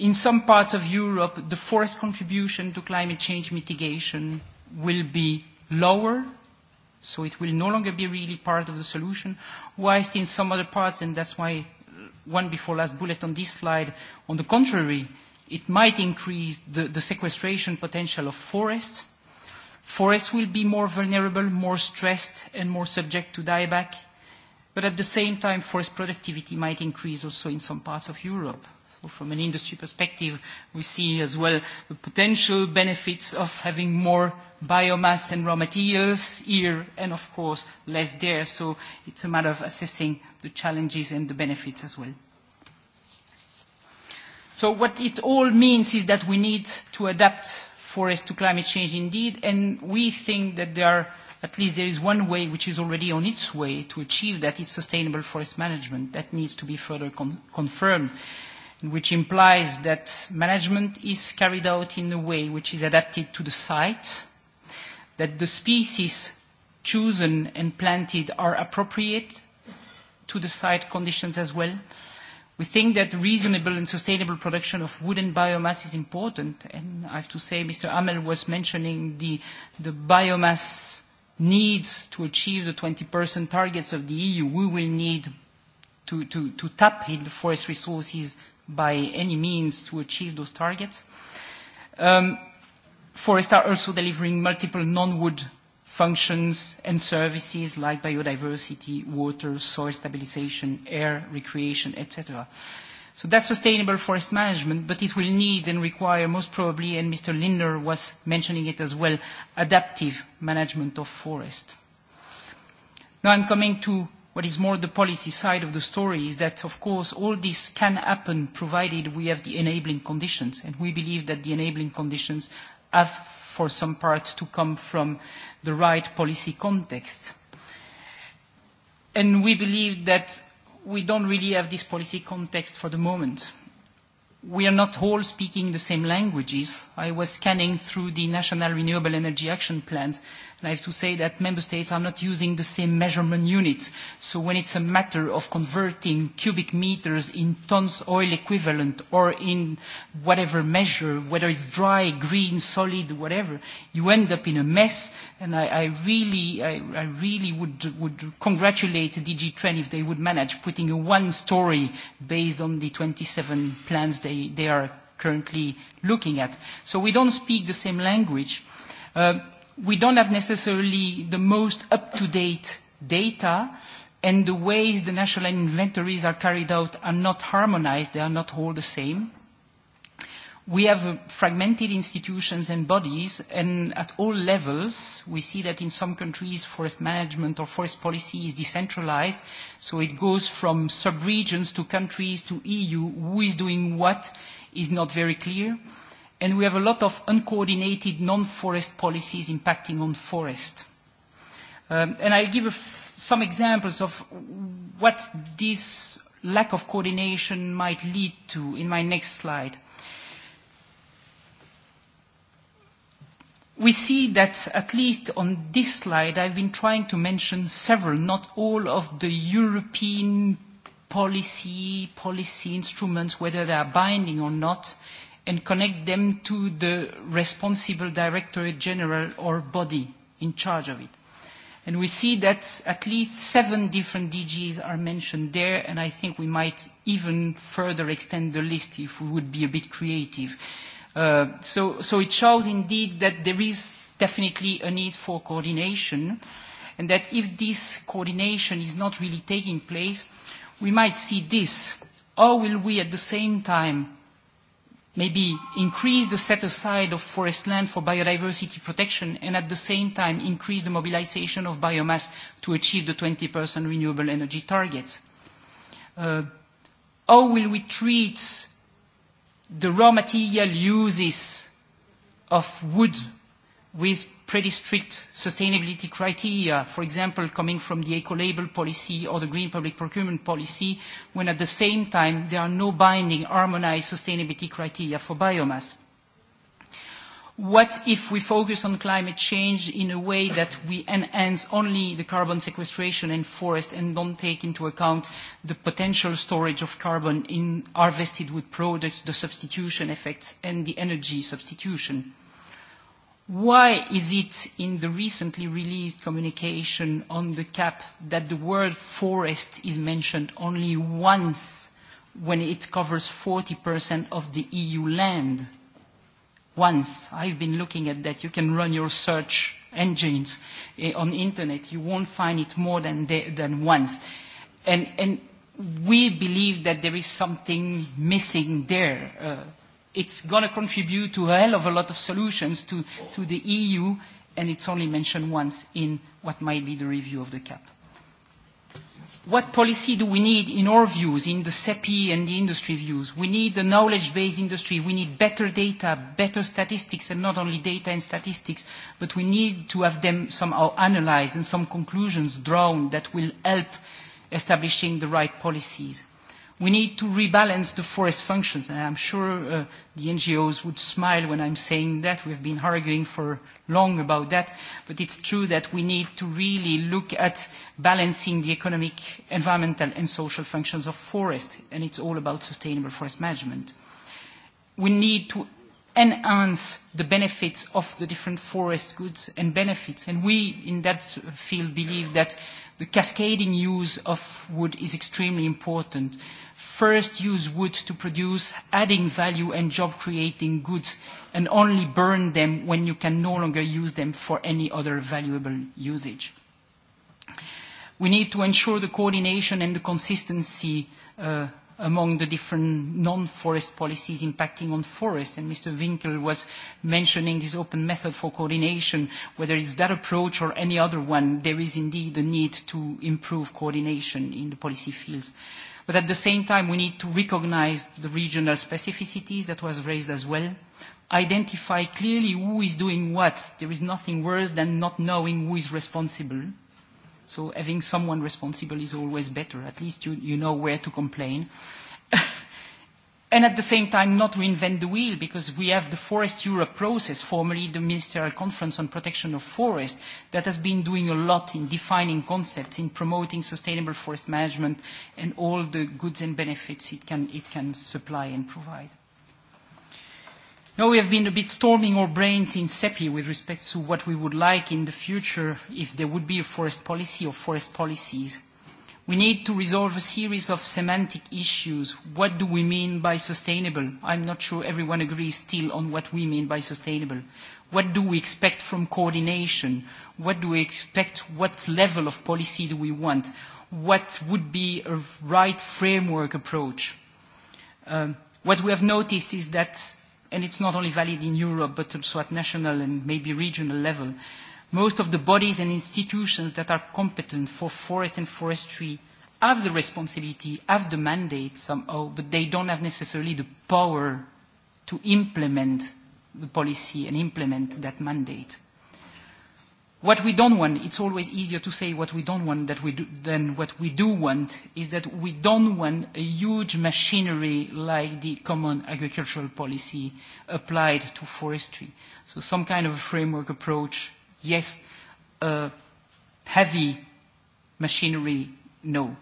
in some parts of Europe, the forest contribution to climate change mitigation will be lower, so it will no longer be really part of the solution, whilst in some other parts, and that's why uh, one before last bullet on this slide, on the contrary, it might increase the, the sequestration potential of forests. Forests will be more vulnerable, more stressed, and more subject to dieback. But at the same time, forest productivity might increase also in some parts of Europe from an industry perspective, we see as well the potential benefits of having more biomass and raw materials here and, of course, less there. So it's a matter of assessing the challenges and the benefits as well. So what it all means is that we need to adapt forests to climate change indeed, and we think that there are at least there is one way which is already on its way to achieve that, it's sustainable forest management. That needs to be further con confirmed which implies that management is carried out in a way which is adapted to the site, that the species chosen and planted are appropriate to the site conditions as well. We think that reasonable and sustainable production of wood and biomass is important, and I have to say Mr. Amel was mentioning the, the biomass needs to achieve the 20% targets of the EU. We will need to, to, to tap in the forest resources by any means to achieve those targets. Um, forests are also delivering multiple non-wood functions and services like biodiversity, water, soil stabilization, air, recreation, etc. So that's sustainable forest management, but it will need and require most probably, and Mr. Lindner was mentioning it as well, adaptive management of forest. Now I'm coming to What is more the policy side of the story is that, of course, all this can happen provided we have the enabling conditions. And we believe that the enabling conditions have, for some part, to come from the right policy context. And we believe that we don't really have this policy context for the moment. We are not all speaking the same languages. I was scanning through the National Renewable Energy Action Plans And I have to say that member states are not using the same measurement units. So when it's a matter of converting cubic meters in tons oil equivalent or in whatever measure, whether it's dry, green, solid, whatever, you end up in a mess. And I, I really, I, I really would, would congratulate DG Trend if they would manage putting a one story based on the 27 plans they, they are currently looking at. So we don't speak the same language. Uh, we don't have necessarily the most up-to-date data, and the ways the national inventories are carried out are not harmonized, they are not all the same. We have uh, fragmented institutions and bodies, and at all levels, we see that in some countries, forest management or forest policy is decentralized, so it goes from sub-regions to countries to EU. Who is doing what is not very clear and we have a lot of uncoordinated non-forest policies impacting on forest. Um, and I'll give some examples of what this lack of coordination might lead to in my next slide. We see that, at least on this slide, I've been trying to mention several, not all, of the European policy, policy instruments, whether they are binding or not, and connect them to the responsible directorate general or body in charge of it. And we see that at least seven different DGs are mentioned there, and I think we might even further extend the list if we would be a bit creative. Uh, so, so it shows indeed that there is definitely a need for coordination, and that if this coordination is not really taking place, we might see this. How will we at the same time maybe increase the set aside of forest land for biodiversity protection and at the same time increase the mobilization of biomass to achieve the 20% renewable energy targets? Uh, how will we treat the raw material uses of wood with pretty strict sustainability criteria, for example, coming from the eco-label policy or the green public procurement policy, when at the same time there are no binding harmonized sustainability criteria for biomass. What if we focus on climate change in a way that we enhance only the carbon sequestration in forest and don't take into account the potential storage of carbon in harvested wood products, the substitution effects, and the energy substitution? Why is it in the recently released communication on the CAP that the word forest is mentioned only once when it covers 40% of the EU land? Once. I've been looking at that. You can run your search engines eh, on internet. You won't find it more than, than once. And, and we believe that there is something missing there. Uh, it's going to contribute to a hell of a lot of solutions to, to the EU, and it's only mentioned once in what might be the review of the CAP. What policy do we need in our views, in the CEPI and the industry views? We need a knowledge-based industry. We need better data, better statistics, and not only data and statistics, but we need to have them somehow analyzed and some conclusions drawn that will help establishing the right policies. We need to rebalance the forest functions, and I'm sure uh, the NGOs would smile when I'm saying that. We've been arguing for long about that, but it's true that we need to really look at balancing the economic, environmental, and social functions of forest, and it's all about sustainable forest management. We need to enhance the benefits of the different forest goods and benefits. And we, in that field, believe that the cascading use of wood is extremely important first use wood to produce adding value and job creating goods and only burn them when you can no longer use them for any other valuable usage. We need to ensure the coordination and the consistency uh, among the different non-forest policies impacting on forest. And Mr. Winkel was mentioning this open method for coordination, whether it's that approach or any other one, there is indeed a need to improve coordination in the policy fields. Uh, But at the same time, we need to recognize the regional specificities that was raised as well, identify clearly who is doing what. There is nothing worse than not knowing who is responsible. So having someone responsible is always better. At least you, you know where to complain and at the same time not reinvent the wheel because we have the Forest Europe process, formerly the Ministerial Conference on Protection of Forest, that has been doing a lot in defining concepts, in promoting sustainable forest management and all the goods and benefits it can, it can supply and provide. Now we have been a bit storming our brains in CEPI with respect to what we would like in the future if there would be a forest policy or forest policies We need to resolve a series of semantic issues. What do we mean by sustainable? I'm not sure everyone agrees still on what we mean by sustainable. What do we expect from coordination? What do we expect? What level of policy do we want? What would be a right framework approach? Um, what we have noticed is that, and it's not only valid in Europe, but also at national and maybe regional level, uh, Most of the bodies and institutions that are competent for forest and forestry have the responsibility, have the mandate somehow, but they don't have necessarily the power to implement the policy and implement that mandate. What we don't want, it's always easier to say what we don't want that we do, than what we do want, is that we don't want a huge machinery like the common agricultural policy applied to forestry. So some kind of framework approach yes. Uh, heavy machinery, no.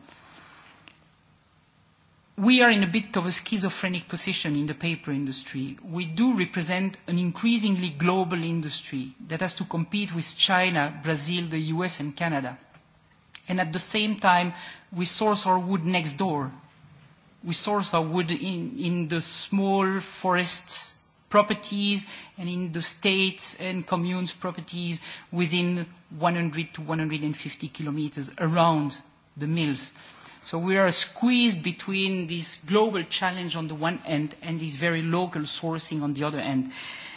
We are in a bit of a schizophrenic position in the paper industry. We do represent an increasingly global industry that has to compete with China, Brazil, the US, and Canada. And at the same time, we source our wood next door. We source our wood in, in the small forests properties and in the states and communes properties within 100 to 150 kilometers around the mills. So we are squeezed between this global challenge on the one end and this very local sourcing on the other end.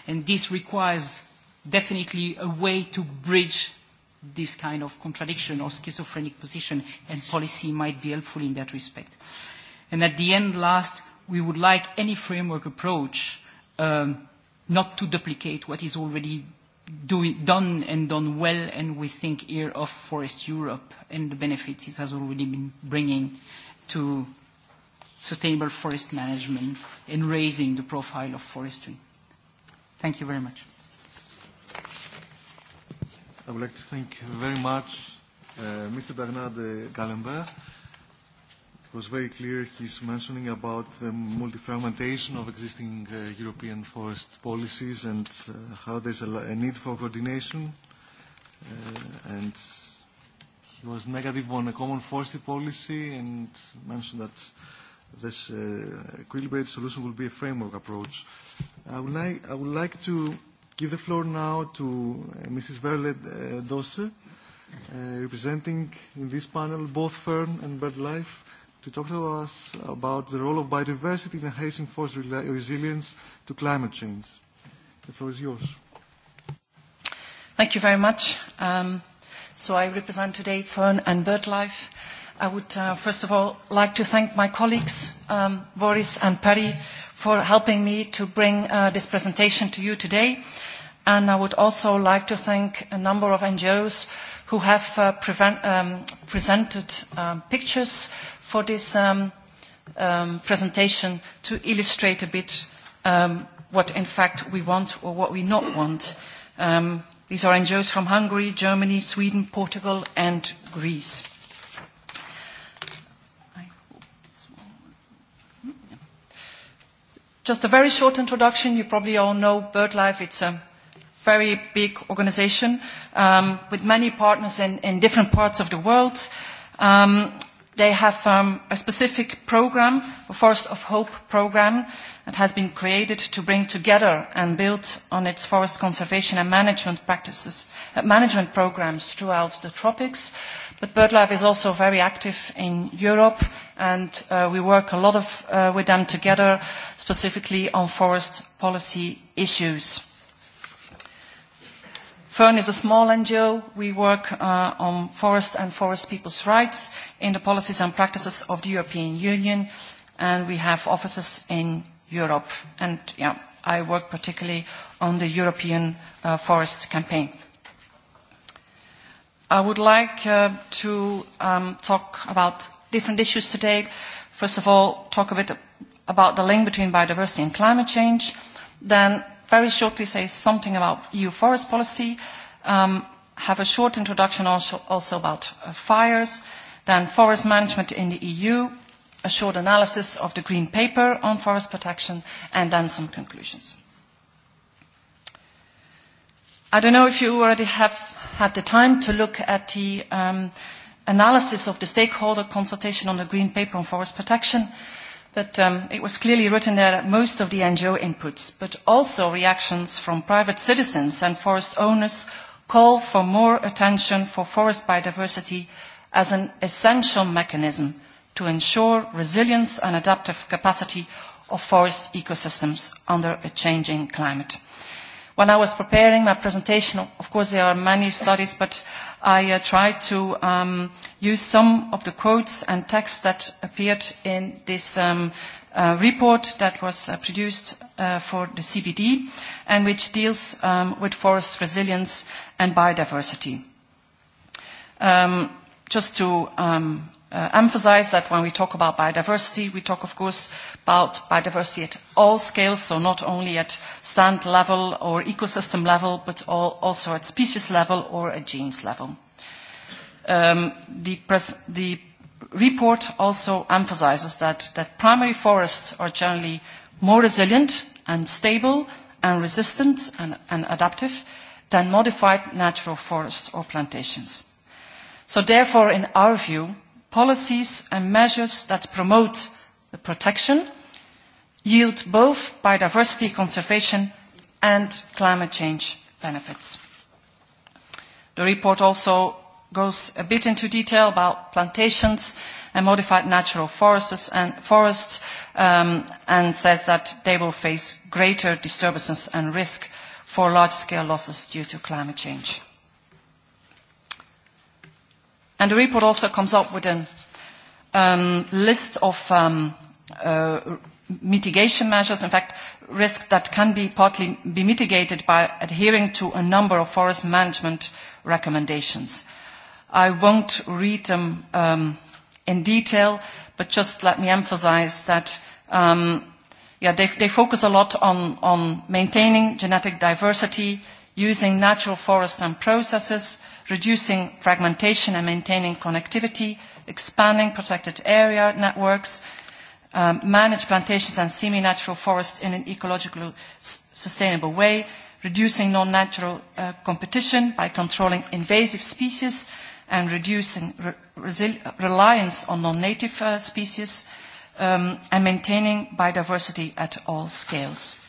And this requires definitely a way to bridge this kind of contradiction or schizophrenic position, and policy might be helpful in that respect. And at the end, last, we would like any framework approach Um, not to duplicate what is already do, done and done well, and we think here of Forest Europe and the benefits it has already been bringing to sustainable forest management and raising the profile of forestry. Thank you very much. I would like to thank very much uh, Mr. Bernard Gallenberg. It was very clear. He's mentioning about the multi-fragmentation of existing uh, European forest policies and uh, how there's a, a need for coordination. Uh, and he was negative on a common forestry policy and mentioned that this uh, equilibrated solution will be a framework approach. I would like, I would like to give the floor now to uh, Mrs. Verlet uh, Dosser, uh, representing in this panel both Fern and BirdLife to talk to us about the role of biodiversity in enhancing forest resilience to climate change. The floor is yours. Thank you very much. Um, so I represent today Fern and BirdLife. I would uh, first of all like to thank my colleagues, um, Boris and Perry, for helping me to bring uh, this presentation to you today. And I would also like to thank a number of NGOs who have uh, prevent, um, presented um, pictures for this um, um, presentation to illustrate a bit um, what in fact we want or what we not want. Um, these are NGOs from Hungary, Germany, Sweden, Portugal and Greece. Just a very short introduction. You probably all know BirdLife. It's a very big organization um, with many partners in, in different parts of the world. Um, They have um, a specific program, a Forest of Hope program, that has been created to bring together and build on its forest conservation and management practices, uh, management programs throughout the tropics. But BirdLife is also very active in Europe, and uh, we work a lot of, uh, with them together, specifically on forest policy issues. Fern is a small NGO. We work uh, on forest and forest people's rights in the policies and practices of the European Union, and we have offices in Europe. And yeah, I work particularly on the European uh, Forest Campaign. I would like uh, to um, talk about different issues today. First of all, talk a bit about the link between biodiversity and climate change, then very shortly say something about EU forest policy, um, have a short introduction also, also about uh, fires, then forest management in the EU, a short analysis of the Green Paper on forest protection, and then some conclusions. I don't know if you already have had the time to look at the um, analysis of the stakeholder consultation on the Green Paper on forest protection. But um, it was clearly written there that most of the NGO inputs, but also reactions from private citizens and forest owners, call for more attention for forest biodiversity as an essential mechanism to ensure resilience and adaptive capacity of forest ecosystems under a changing climate. When I was preparing my presentation, of course there are many studies, but I uh, tried to um, use some of the quotes and texts that appeared in this um, uh, report that was uh, produced uh, for the CBD and which deals um, with forest resilience and biodiversity. Um, just to um, uh, emphasize that when we talk about biodiversity, we talk, of course, about biodiversity at all scales, so not only at stand level or ecosystem level, but all, also at species level or at genes level. Um, the, pres- the report also emphasizes that, that primary forests are generally more resilient and stable and resistant and, and adaptive than modified natural forests or plantations. So therefore, in our view, policies and measures that promote the protection yield both biodiversity conservation and climate change benefits. The report also goes a bit into detail about plantations and modified natural forests and forests um, and says that they will face greater disturbances and risk for large-scale losses due to climate change. And the report also comes up with a um, list of um, uh, mitigation measures, in fact, risks that can be partly be mitigated by adhering to a number of forest management recommendations. I won't read them um, in detail, but just let me emphasize that um, yeah, they, they focus a lot on, on maintaining genetic diversity, using natural forests and processes, reducing fragmentation and maintaining connectivity, expanding protected area networks, um, manage plantations and semi-natural forests in an ecological sustainable way, reducing non-natural uh, competition by controlling invasive species and reducing re reliance on non-native uh, species, um, and maintaining biodiversity at all scales.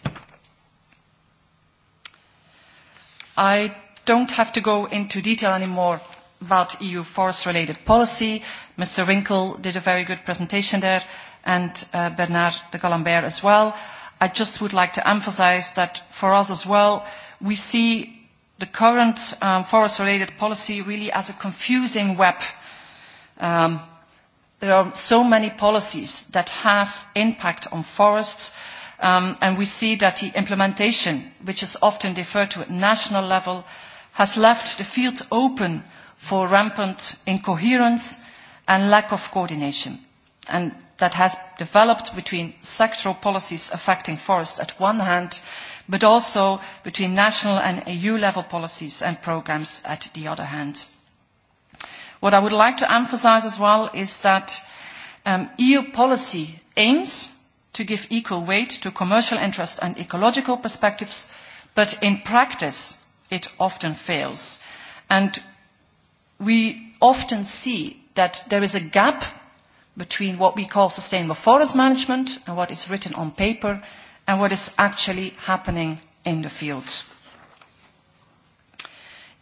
I don't have to go into detail anymore about EU forest-related policy. Mr. Winkle did a very good presentation there, and uh, Bernard de Galambert as well. I just would like to emphasize that for us as well, we see the current um, forest-related policy really as a confusing web. Um, there are so many policies that have impact on forests, um, and we see that the implementation, which is often deferred to at national level, has left the field open for rampant incoherence and lack of coordination. And that has developed between sectoral policies affecting forests at one hand, but also between national and EU-level policies and programs at the other hand. What I would like to emphasize as well is that um, EU policy aims to give equal weight to commercial interests and ecological perspectives, but in practice, it often fails. And we often see that there is a gap between what we call sustainable forest management and what is written on paper and what is actually happening in the field.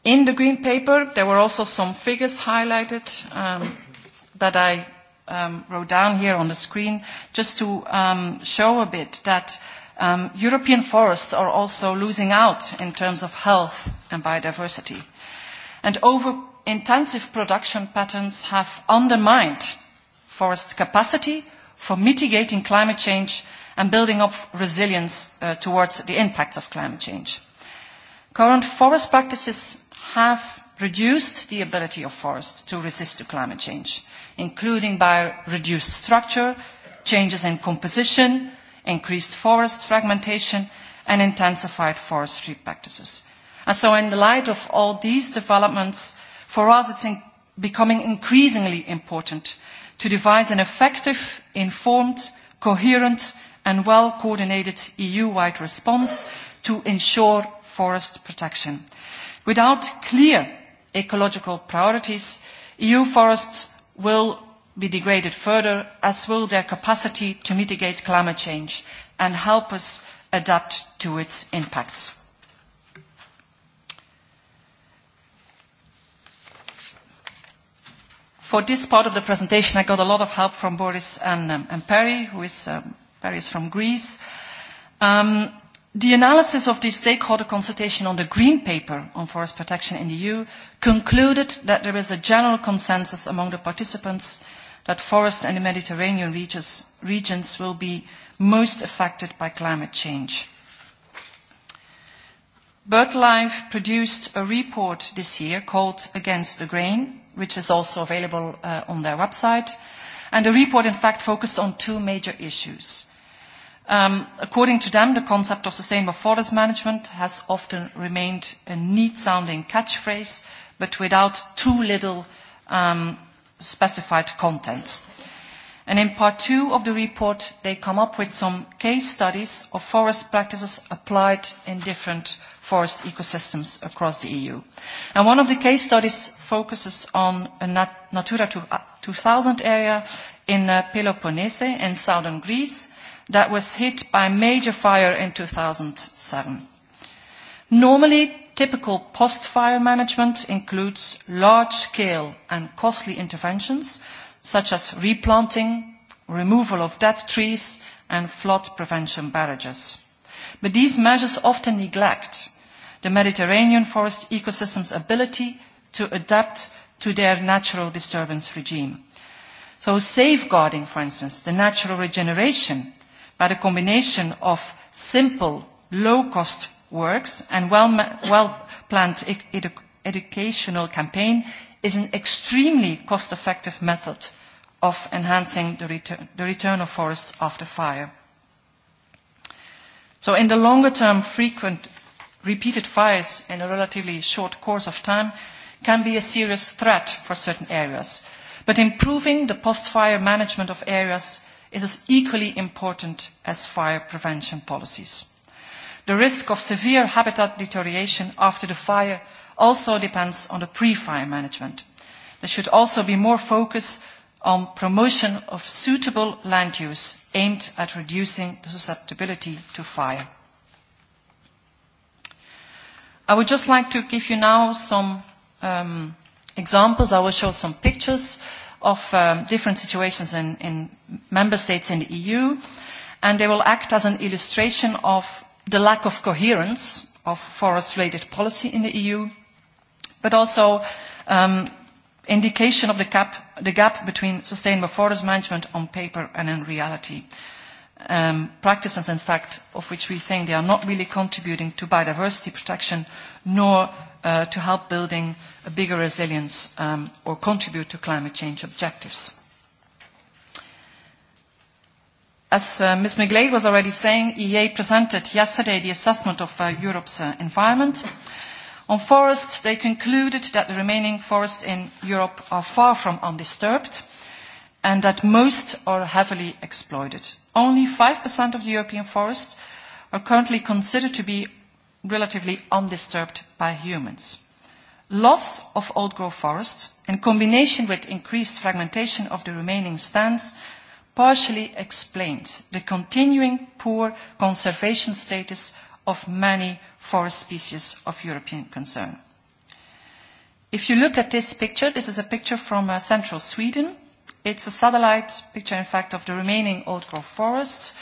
In the green paper, there were also some figures highlighted um, that I um, wrote down here on the screen just to um, show a bit that Um, European forests are also losing out in terms of health and biodiversity. And over-intensive production patterns have undermined forest capacity for mitigating climate change and building up resilience uh, towards the impact of climate change. Current forest practices have reduced the ability of forests to resist to climate change, including by reduced structure, changes in composition, increased forest fragmentation, and intensified forestry practices. And so in the light of all these developments, for us it's in becoming increasingly important to devise an effective, informed, coherent and well-coordinated EU-wide response to ensure forest protection. Without clear ecological priorities, EU forests will be degraded further, as will their capacity to mitigate climate change and help us adapt to its impacts. For this part of the presentation, I got a lot of help from Boris and, um, and Perry, who is, um, Perry is from Greece. Um, the analysis of the stakeholder consultation on the Green Paper on Forest Protection in the EU concluded that there is a general consensus among the participants that forests and the Mediterranean regions, regions will be most affected by climate change. BirdLife produced a report this year called Against the Grain, which is also available uh, on their website. And the report, in fact, focused on two major issues. Um, according to them, the concept of sustainable forest management has often remained a neat-sounding catchphrase, but without too little um, specified content. And in part two of the report, they come up with some case studies of forest practices applied in different forest ecosystems across the EU. And one of the case studies focuses on a Natura 2000 uh, area in uh, Peloponnese in southern Greece that was hit by a major fire in 2007. Normally, Typical post-fire management includes large-scale and costly interventions such as replanting, removal of dead trees, and flood prevention barrages. But these measures often neglect the Mediterranean forest ecosystem's ability to adapt to their natural disturbance regime. So safeguarding, for instance, the natural regeneration by the combination of simple, low-cost works and well, well planned e, edu educational campaign is an extremely cost effective method of enhancing the the return of forests after fire. So in the longer term, frequent repeated fires in a relatively short course of time can be a serious threat for certain areas. But improving the post-fire management of areas is as equally important as fire prevention policies. The risk of severe habitat deterioration after the fire also depends on the pre-fire management. There should also be more focus on promotion of suitable land use aimed at reducing the susceptibility to fire. I would just like to give you now some um, examples. I will show some pictures of um, different situations in, in member states in the EU, and they will act as an illustration of the lack of coherence of forest-related policy in the EU, but also um, indication of the gap, the gap between sustainable forest management on paper and in reality. Um, practices, in fact, of which we think they are not really contributing to biodiversity protection, nor uh, to help building a bigger resilience um, or contribute to climate change objectives. As uh, Ms. McGlade was already saying, EA presented yesterday the assessment of uh, Europe's uh, environment. On forests, they concluded that the remaining forests in Europe are far from undisturbed and that most are heavily exploited. Only 5% of the European forests are currently considered to be relatively undisturbed by humans. Loss of old growth forests in combination with increased fragmentation of the remaining stands partially explained the continuing poor conservation status of many forest species of European concern. If you look at this picture, this is a picture from uh, central Sweden. It's a satellite picture, in fact, of the remaining old growth forests.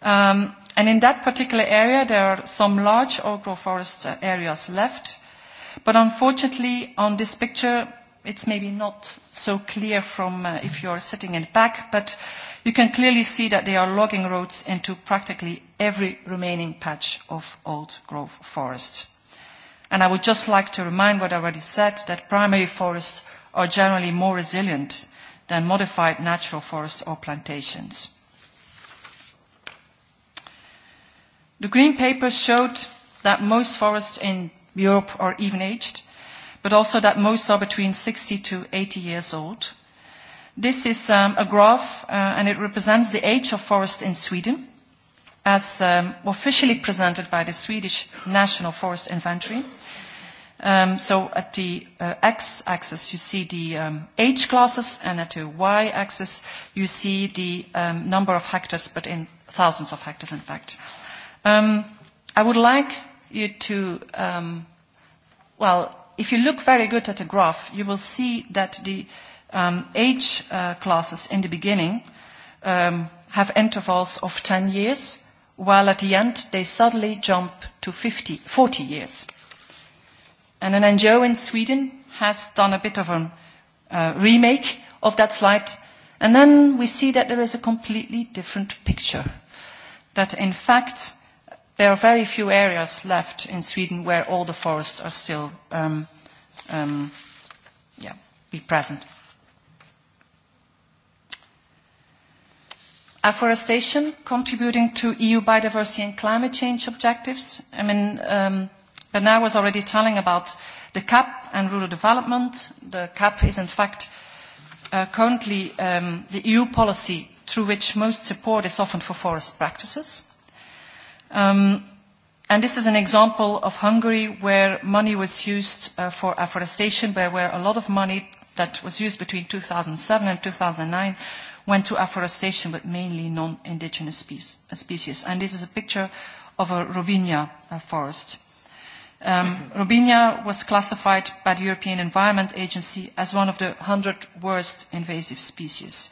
Um, and in that particular area, there are some large old growth forest uh, areas left. But unfortunately, on this picture, it's maybe not so clear from uh, if you're sitting in the back, but you can clearly see that they are logging roads into practically every remaining patch of old growth forest. And I would just like to remind what I already said, that primary forests are generally more resilient than modified natural forests or plantations. The Green Paper showed that most forests in Europe are even aged, but also that most are between 60 to 80 years old. This is um, a graph, uh, and it represents the age of forest in Sweden, as um, officially presented by the Swedish National Forest Inventory. Um, so at the uh, x-axis, you see the um, age classes, and at the y-axis, you see the um, number of hectares, but in thousands of hectares, in fact. Um, I would like you to, um, well, if you look very good at the graph, you will see that the um, age uh, classes in the beginning um, have intervals of 10 years, while at the end they suddenly jump to 50, 40 years. And an NGO in Sweden has done a bit of a uh, remake of that slide, and then we see that there is a completely different picture. That in fact, There are very few areas left in Sweden where all the forests are still um, um, yeah, be present. Afforestation contributing to EU biodiversity and climate change objectives. I mean, um, Bernard was already telling about the CAP and rural development. The CAP is in fact uh, currently um, the EU policy through which most support is often for forest practices. Um, and this is an example of Hungary where money was used uh, for afforestation, but where a lot of money that was used between 2007 and 2009 went to afforestation, but mainly non-indigenous uh, species. And this is a picture of a Robinia uh, forest. Um, Robinia was classified by the European Environment Agency as one of the 100 worst invasive species,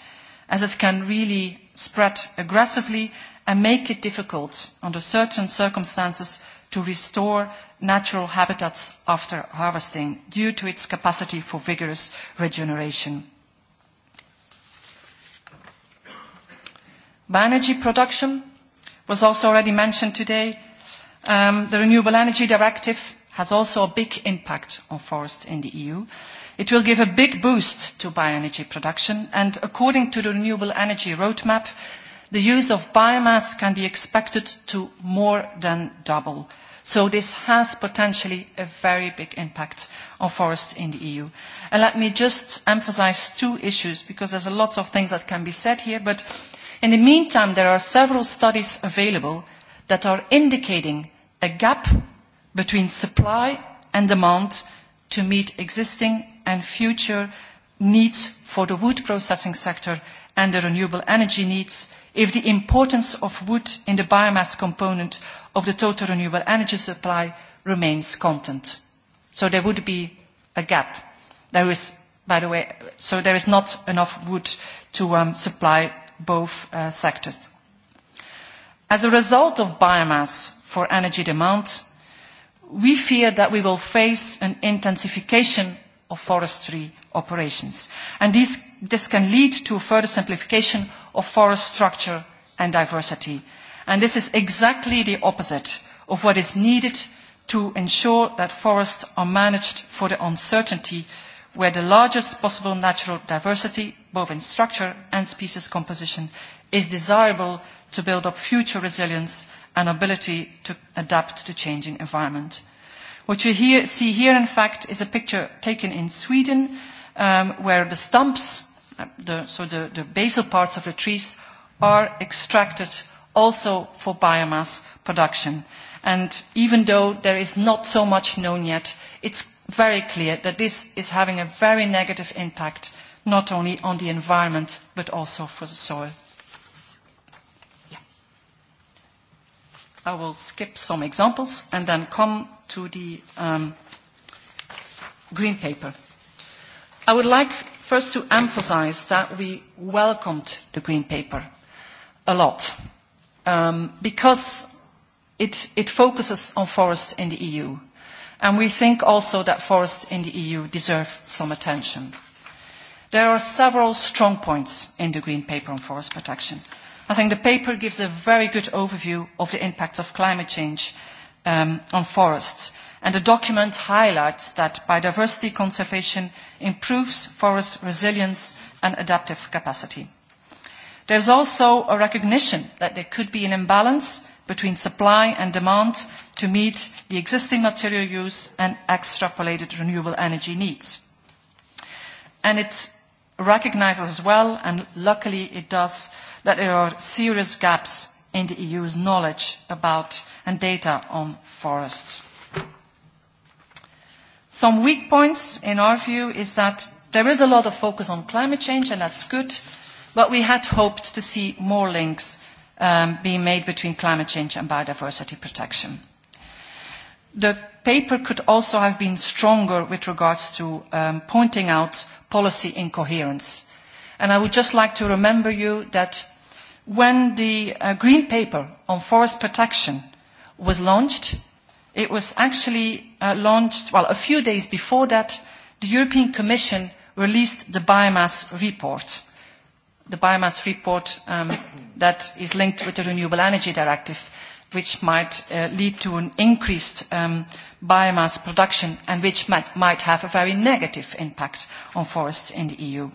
as it can really spread aggressively and make it difficult under certain circumstances to restore natural habitats after harvesting due to its capacity for vigorous regeneration. Bioenergy production was also already mentioned today. Um, the Renewable Energy Directive has also a big impact on forests in the EU. It will give a big boost to bioenergy production, and according to the Renewable Energy Roadmap, The use of biomass can be expected to more than double. So this has potentially a very big impact on forests in the EU. And let me just emphasize two issues because there's a lot of things that can be said here. But in the meantime, there are several studies available that are indicating a gap between supply and demand to meet existing and future needs for the wood processing sector and the renewable energy needs if the importance of wood in the biomass component of the total renewable energy supply remains constant. So there would be a gap. There is, by the way, so there is not enough wood to um, supply both uh, sectors. As a result of biomass for energy demand, we fear that we will face an intensification of forestry operations. And this, this can lead to further simplification of forest structure and diversity. And this is exactly the opposite of what is needed to ensure that forests are managed for the uncertainty where the largest possible natural diversity, both in structure and species composition, is desirable to build up future resilience and ability to adapt to changing environment. What you hear, see here, in fact, is a picture taken in Sweden um, where the stumps, uh, the, so the, the basal parts of the trees, are extracted also for biomass production. And even though there is not so much known yet, it's very clear that this is having a very negative impact not only on the environment but also for the soil. Yeah. I will skip some examples and then come to the um, green paper. I would like first to emphasize that we welcomed the Green Paper a lot um, because it, it focuses on forests in the EU. And we think also that forests in the EU deserve some attention. There are several strong points in the Green Paper on forest protection. I think the paper gives a very good overview of the impact of climate change um, on forests and the document highlights that biodiversity conservation improves forest resilience and adaptive capacity. There is also a recognition that there could be an imbalance between supply and demand to meet the existing material use and extrapolated renewable energy needs. And it recognises as well, and luckily it does, that there are serious gaps in the EU's knowledge about and data on forests. Some weak points, in our view, is that there is a lot of focus on climate change, and that's good, but we had hoped to see more links um, being made between climate change and biodiversity protection. The paper could also have been stronger with regards to um, pointing out policy incoherence. And I would just like to remember you that when the uh, Green Paper on Forest Protection was launched, it was actually uh, launched, well, a few days before that, the European Commission released the biomass report. The biomass report um, that is linked with the Renewable Energy Directive, which might uh, lead to an increased um, biomass production and which might, might have a very negative impact on forests in the EU.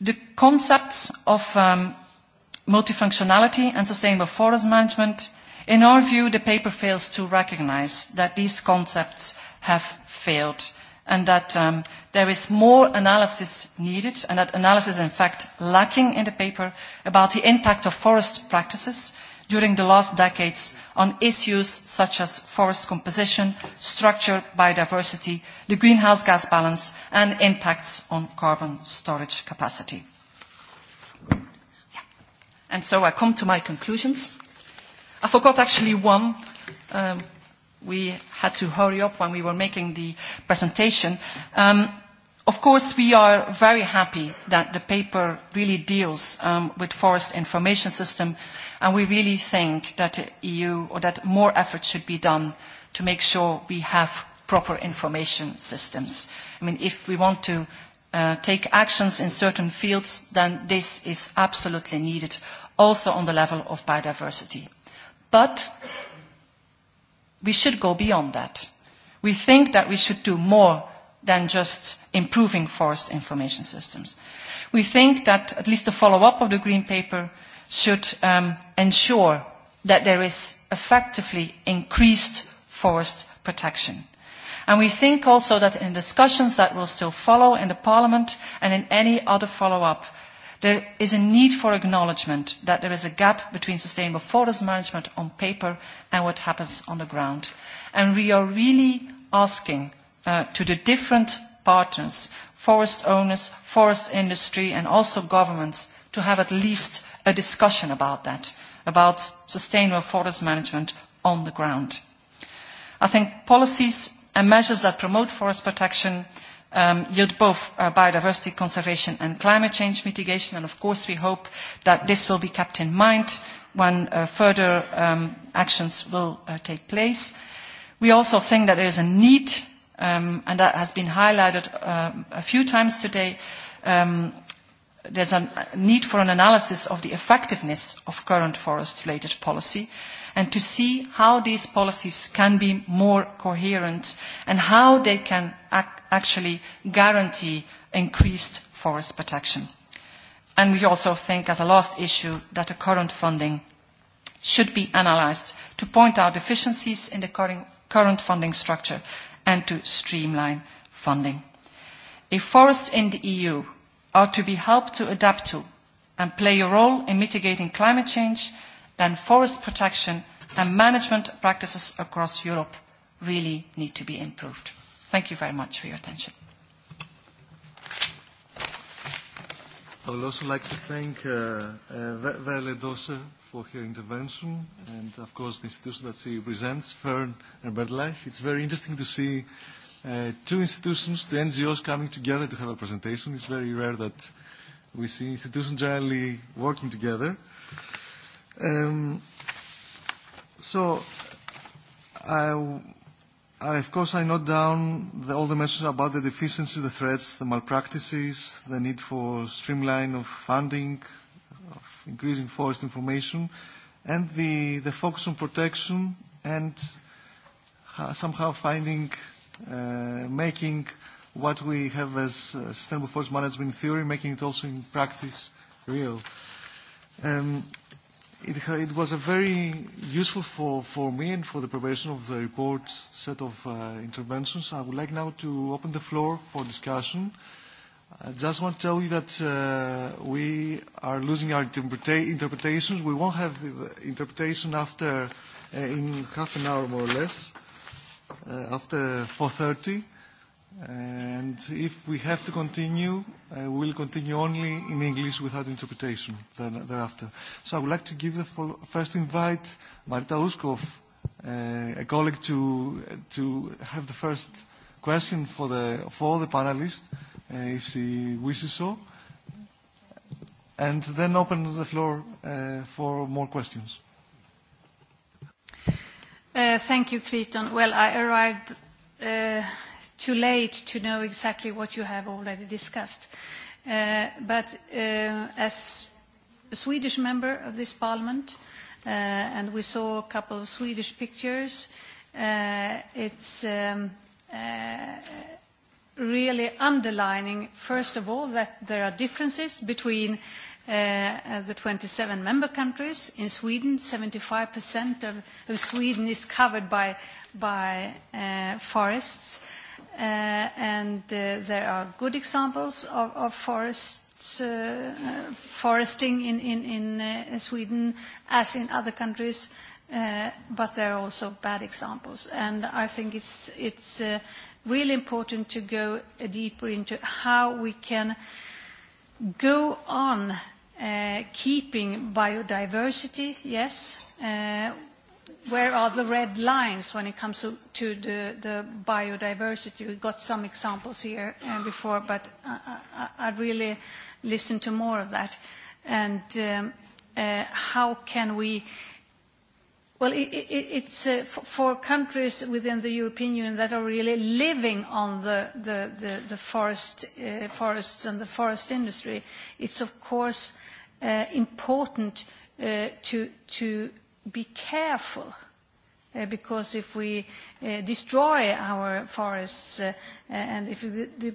The concepts of um, multifunctionality and sustainable forest management – In our view, the paper fails to recognize that these concepts have failed and that um, there is more analysis needed, and that analysis is in fact lacking in the paper about the impact of forest practices during the last decades on issues such as forest composition, structure, biodiversity, the greenhouse gas balance, and impacts on carbon storage capacity. And so I come to my conclusions. I forgot actually one. Um, we had to hurry up when we were making the presentation. Um, of course, we are very happy that the paper really deals um, with forest information system, and we really think that the EU or that more effort should be done to make sure we have proper information systems. I mean, if we want to uh, take actions in certain fields, then this is absolutely needed, also on the level of biodiversity. But we should go beyond that. We think that we should do more than just improving forest information systems. We think that at least the follow-up of the Green Paper should um, ensure that there is effectively increased forest protection. And we think also that in discussions that will still follow in the Parliament and in any other follow-up, There is a need for acknowledgement that there is a gap between sustainable forest management on paper and what happens on the ground. And we are really asking uh, to the different partners, forest owners, forest industry and also governments to have at least a discussion about that, about sustainable forest management on the ground. I think policies and measures that promote forest protection um, yield both uh, biodiversity conservation and climate change mitigation. And of course, we hope that this will be kept in mind when uh, further um, actions will uh, take place. We also think that there is a need, um, and that has been highlighted um, a few times today, um, there's a need for an analysis of the effectiveness of current forest-related policy and to see how these policies can be more coherent and how they can act actually guarantee increased forest protection. And we also think, as a last issue, that the current funding should be analysed to point out deficiencies in the current funding structure and to streamline funding. If forests in the EU are to be helped to adapt to and play a role in mitigating climate change, then forest protection and management practices across Europe really need to be improved. Thank you very much for your attention. I would also like to thank uh, uh, for her intervention and, of course, the institution that she represents, Fern and BirdLife. It's very interesting to see uh, two institutions, two NGOs coming together to have a presentation. It's very rare that we see institutions generally working together. Um, so I Of course, I note down the, all the mentions about the deficiencies, the threats, the malpractices, the need for streamline of funding, of increasing forest information, and the, the focus on protection and uh, somehow finding, uh, making what we have as uh, sustainable forest management theory, making it also in practice real. Um, it, it was a very useful for, for me and for the preparation of the report set of uh, interventions. I would like now to open the floor for discussion. I just want to tell you that uh, we are losing our interpreta interpretations. We won't have the interpretation after uh, in half an hour more or less, uh, after 4.30. And if we have to continue, uh, we'll continue only in English without interpretation thereafter. So I would like to give the follow- first invite Marita Uskov, uh, a colleague, to, to have the first question for the, for the panelists, uh, if she wishes so, and then open the floor uh, for more questions. Uh, thank you, Creton. Well, I arrived uh, too late to know exactly what you have already discussed. Uh, but uh, as a Swedish member of this parliament, uh, and we saw a couple of Swedish pictures, uh, it's um, uh, really underlining, first of all, that there are differences between uh, uh the 27 member countries. In Sweden, 75% of, of Sweden is covered by, by uh, forests. Uh, Uh, and uh, there are good examples of, of forests uh, foresting in, in, in Sweden as in other countries, uh, but there are also bad examples. And I think it's, it's uh, really important to go deeper into how we can go on uh, keeping biodiversity, yes where are the red lines when it comes to, to the, the biodiversity? We got some examples here uh, before, but I, I, I'd really listen to more of that. And um, uh, how can we... Well, it, it, it's uh, for, for countries within the European Union that are really living on the, the, the, the forest, uh, forests and the forest industry, it's of course uh, important uh, to, to be careful uh, because if we uh, destroy our forests uh, and if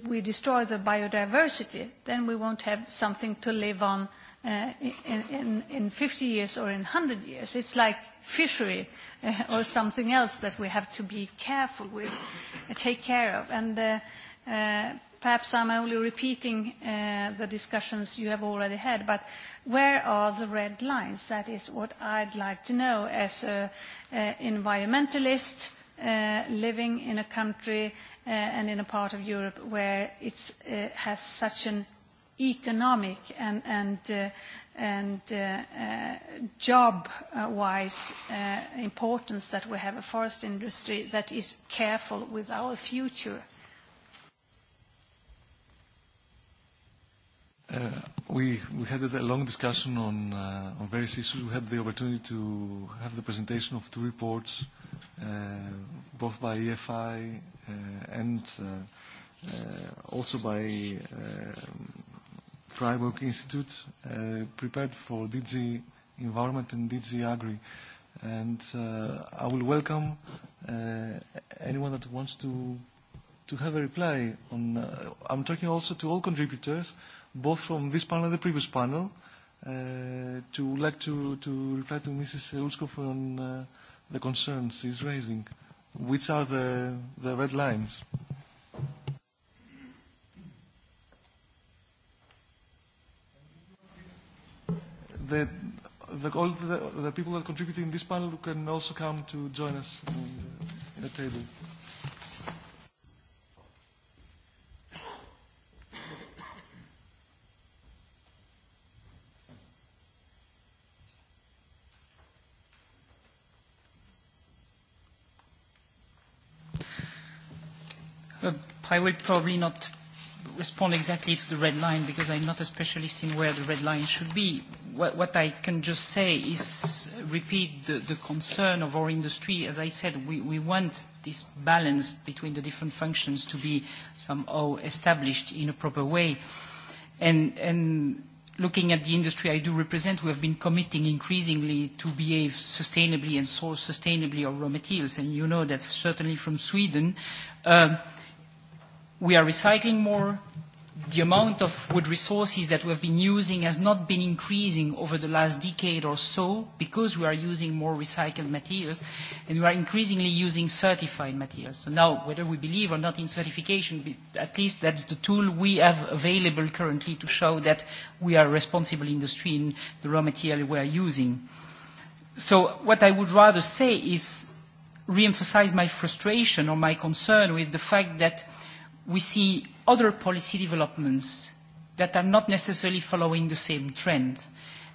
we destroy the biodiversity, then we won't have something to live on uh, in, in, in 50 years or in 100 years. It's like fishery uh, or something else that we have to be careful with, uh, take care of. And uh, uh, perhaps I'm only repeating uh, the discussions you have already had, but Where are the red lines? That is what I'd like to know as an environmentalist uh, living in a country uh, and in a part of Europe where it uh, has such an economic and, and, uh, and uh, uh, job-wise uh, importance that we have a forest industry that is careful with our future. Uh, we, we had a long discussion on, uh, on various issues. We had the opportunity to have the presentation of two reports, uh, both by EFI uh, and uh, uh, also by uh, Freiburg Institute, uh, prepared for DG Environment and DG Agri. And uh, I will welcome uh, anyone that wants to, to have a reply. On, uh, I'm talking also to all contributors, both from this panel and the previous panel. Uh, to like to, reply to Mrs. Ulskov on uh, the concerns she's raising. Which are the, red lines? The, all the, people that contributed in this panel can also come to join us in uh, the table. Uh, I will probably not respond exactly to the red line because I'm not a specialist in where the red line should be. What, what I can just say is uh, repeat the, the concern of our industry. As I said, we, we want this balance between the different functions to be somehow established in a proper way. And, and looking at the industry I do represent, we have been committing increasingly to behave sustainably and source sustainably our raw materials. And you know that certainly from Sweden, uh, We are recycling more. The amount of wood resources that we have been using has not been increasing over the last decade or so because we are using more recycled materials, and we are increasingly using certified materials. So now, whether we believe or not in certification, at least that's the tool we have available currently to show that we are a responsible industry in the raw material we are using. So what I would rather say is re-emphasize my frustration or my concern with the fact that we see other policy developments that are not necessarily following the same trend.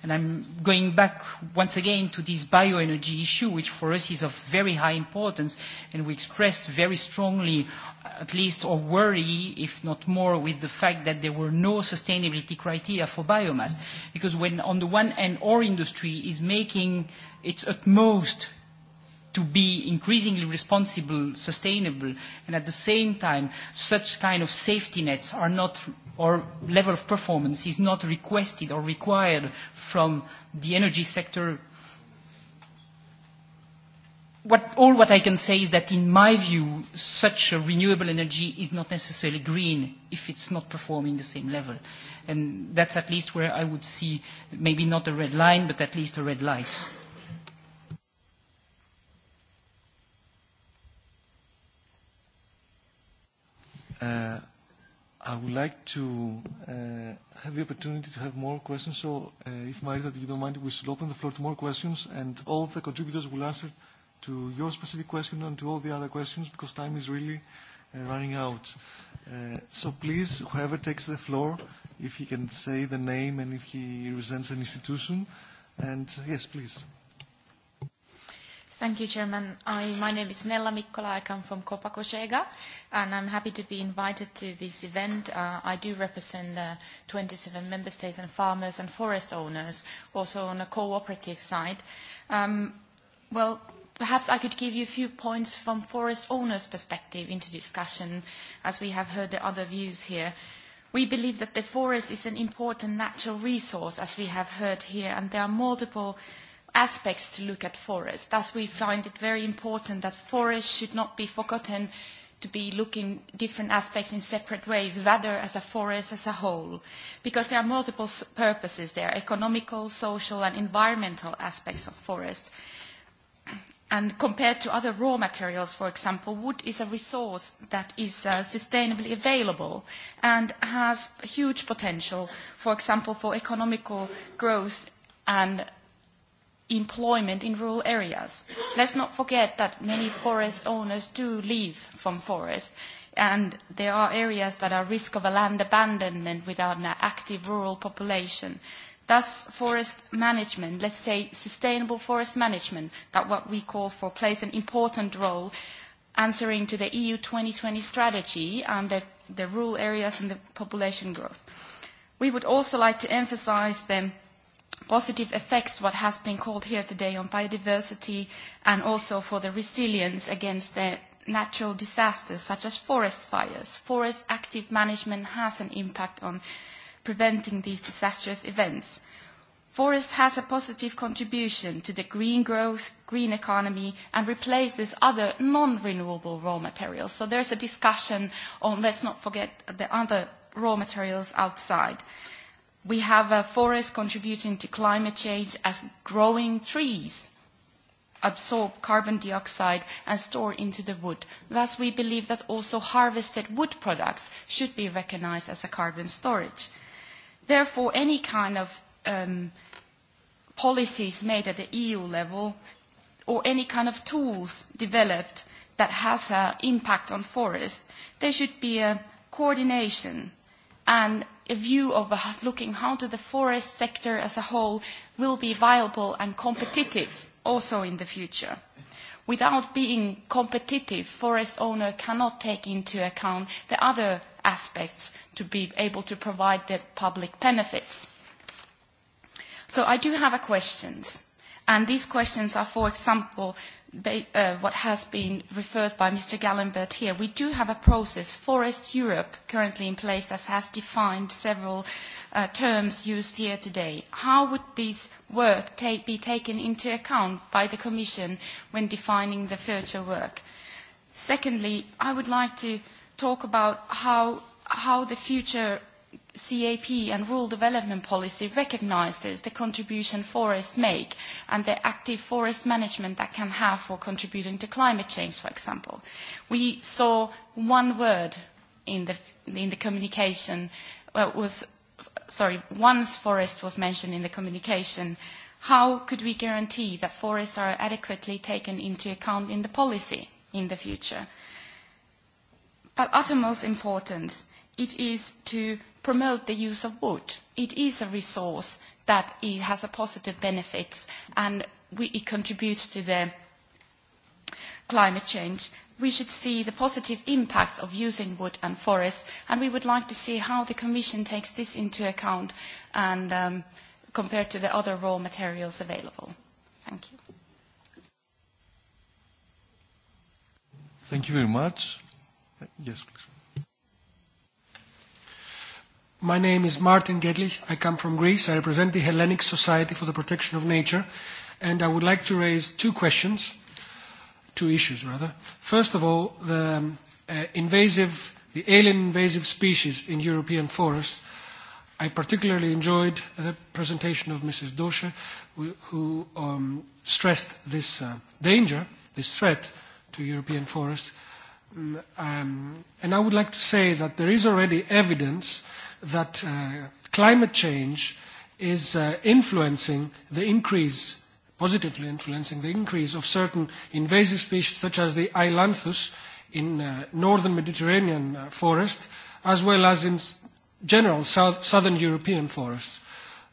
And I'm going back once again to this bioenergy issue, which for us is of very high importance, and we expressed very strongly, at least, or worry, if not more, with the fact that there were no sustainability criteria for biomass. Because when, on the one hand, our industry is making its utmost to be increasingly responsible, sustainable, and at the same time, such kind of safety nets are not, or level of performance is not requested or required from the energy sector. What, all what I can say is that in my view, such a renewable energy is not necessarily green if it's not performing the same level. And that's at least where I would see maybe not a red line, but at least a red light. Uh, I would like to uh, have the opportunity to have more questions. So, uh, if Marita, you don't mind, we should open the floor to more questions, and all the contributors will answer to your specific question and to all the other questions because time is really uh, running out. Uh, so please, whoever takes the floor, if he can say the name and if he represents an institution. And yes, please. Thank you, Chairman. I, my name is Nella Mikkola. I come from Kopakosega, and I'm happy to be invited to this event. Uh, I do represent uh, 27 member states and farmers and forest owners, also on a cooperative side. Um, well, perhaps I could give you a few points from forest owners' perspective into discussion, as we have heard the other views here. We believe that the forest is an important natural resource, as we have heard here, and there are multiple aspects to look at forests. Thus, we find it very important that forests should not be forgotten to be looking different aspects in separate ways, rather as a forest as a whole, because there are multiple purposes there, economical, social, and environmental aspects of forests. And compared to other raw materials, for example, wood is a resource that is uh, sustainably available and has huge potential, for example, for economical growth and employment in rural areas. Let's not forget that many forest owners do leave from forest, and there are areas that are risk of a land abandonment without an active rural population. Thus, forest management, let's say sustainable forest management, that what we call for plays an important role answering to the EU 2020 strategy and the, the rural areas and the population growth. We would also like to emphasize the positive effects, what has been called here today on biodiversity and also for the resilience against the natural disasters such as forest fires. Forest active management has an impact on preventing these disastrous events. Forest has a positive contribution to the green growth, green economy, and replaces other non-renewable raw materials. So there's a discussion on, let's not forget, the other raw materials outside. Uh, We have a forest contributing to climate change as growing trees absorb carbon dioxide and store into the wood. Thus, we believe that also harvested wood products should be recognized as a carbon storage. Therefore, any kind of um, policies made at the EU level or any kind of tools developed that has an impact on forest, there should be a coordination and a view of uh, looking how to the forest sector as a whole will be viable and competitive also in the future. Without being competitive, forest owner cannot take into account the other aspects to be able to provide the public benefits. So I do have a questions, and these questions are, for example, Uh, what has been referred by Mr. Gallenberg here, we do have a process, Forest Europe, currently in place that has defined several uh, terms used here today. How would this work take, be taken into account by the Commission when defining the future work? Secondly, I would like to talk about how, how the future CAP and rural development policy recognizes the contribution forests make and the active forest management that can have for contributing to climate change, for example. We saw one word in the, in the communication uh, was, sorry, once forest was mentioned in the communication, how could we guarantee that forests are adequately taken into account in the policy in the future? But uttermost importance, it is to promote the use of wood. It is a resource that it has a positive benefits and we, it contributes to the climate change. We should see the positive impacts of using wood and forests, and we would like to see how the Commission takes this into account and um, compared to the other raw materials available. Thank you. Thank you very much. Yes, please. My name is Martin Gedlich. I come from Greece. I represent the Hellenic Society for the Protection of Nature, and I would like to raise two questions, two issues rather. First of all, the uh, invasive, the alien invasive species in European forests. I particularly enjoyed the presentation of Mrs. Dosche, who um, stressed this uh, danger, this threat to European forests. Mm, um, and I would like to say that there is already evidence that uh, climate change is uh, influencing the increase, positively influencing the increase of certain invasive species such as the ailanthus in uh, northern Mediterranean uh, forest, as well as in general south, southern European forests.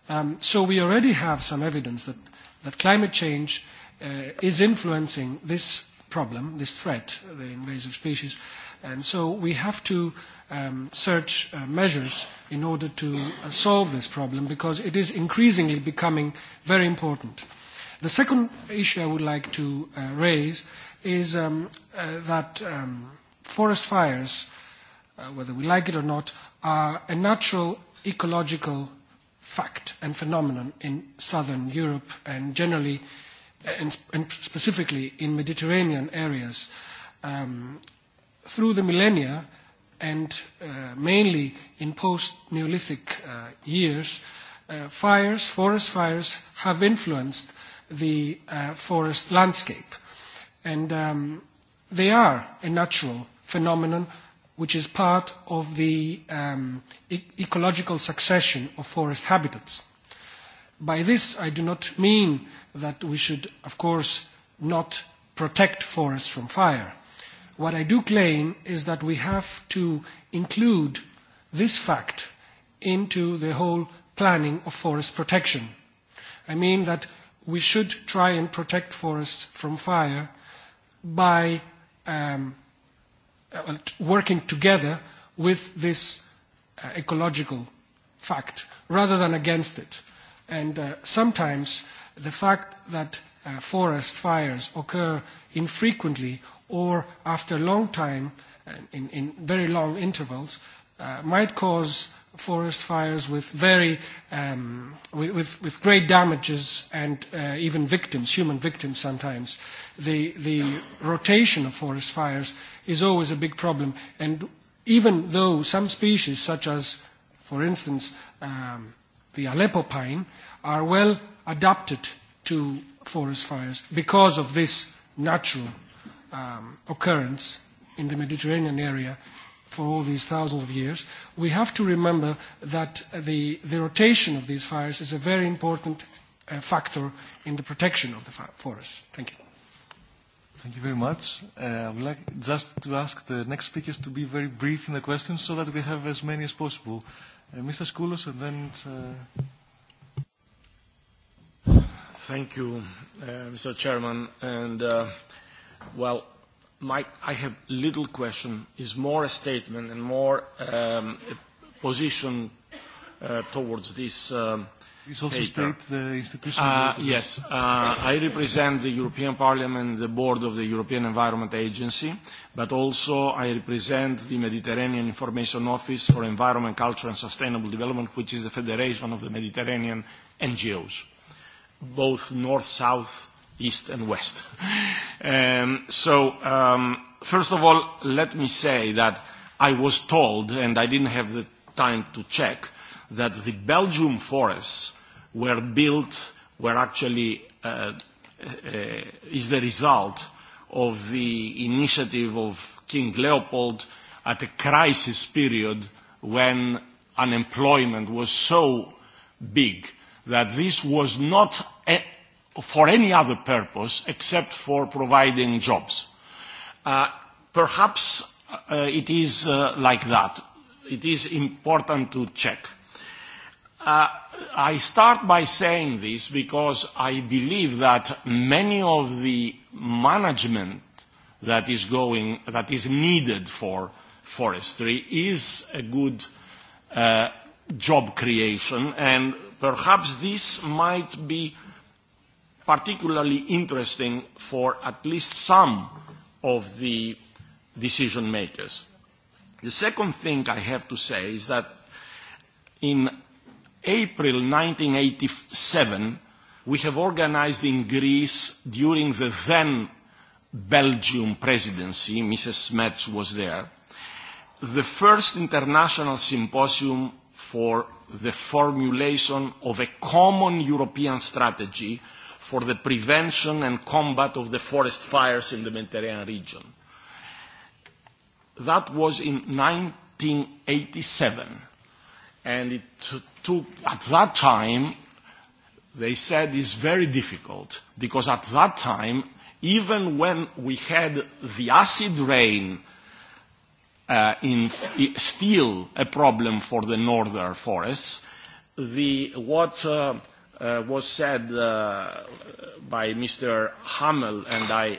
Um, so we already have some evidence that, that climate change uh, is influencing this problem, this threat, the invasive species. And so we have to uh, um, search uh, measures in order to uh, solve this problem because it is increasingly becoming very important. The second issue I would like to uh, raise is um, uh, that um, forest fires, uh, whether we like it or not, are a natural ecological fact and phenomenon in southern Europe and generally uh, and, and specifically in Mediterranean areas. Um, through the millennia, and uh, mainly in post-Neolithic uh, years, uh, fires, forest fires, have influenced the uh, forest landscape. And um, they are a natural phenomenon which is part of the um, e- ecological succession of forest habitats. By this, I do not mean that we should, of course, not protect forests from fire What I do claim is that we have to include this fact into the whole planning of forest protection. I mean that we should try and protect forests from fire by um, uh, working together with this uh, ecological fact rather than against it. And uh, sometimes the fact that uh, forest fires occur infrequently or after a long time, uh, in, in very long intervals, uh, might cause forest fires with very um, with, with great damages and uh, even victims, human victims sometimes. The the rotation of forest fires is always a big problem, and even though some species, such as, for instance, um, the Aleppo pine, are well adapted to forest fires because of this natural um, occurrence in the Mediterranean area for all these thousands of years, we have to remember that the, the rotation of these fires is a very important uh, factor in the protection of the forests. Thank you. Thank you very much. Uh, I would like just to ask the next speakers to be very brief in the questions so that we have as many as possible. Uh, Mr. Skoulos and then... Uh... Thank you, uh, Mr. Chairman. And... Uh, Well, Mike, I have little question. It's more a statement and more um, a position uh, towards this um, Please also paper. state the institutional... Uh, yes. Uh, I represent the European Parliament, the board of the European Environment Agency, but also I represent the Mediterranean Information Office for Environment, Culture and Sustainable Development, which is the federation of the Mediterranean NGOs, both north-south East and West. um, so, um, first of all, let me say that I was told, and I didn't have the time to check, that the Belgium forests were built, were actually, uh, uh, is the result of the initiative of King Leopold at a crisis period when unemployment was so big that this was not for any other purpose except for providing jobs. Uh, perhaps uh, it is uh, like that. It is important to check. Uh, I start by saying this because I believe that many of the management that is going, that is needed for forestry is a good uh, job creation and perhaps this might be particularly interesting for at least some of the decision makers. The second thing I have to say is that in April 1987, we have organized in Greece during the then Belgium presidency, Mrs. Smets was there, the first international symposium for the formulation of a common European strategy for the prevention and combat of the forest fires in the Mediterranean region. That was in 1987. And it took, at that time, they said it's very difficult because at that time, even when we had the acid rain uh, in, still a problem for the northern forests, the, what uh, uh, was said uh, by Mr. Hamel, and I,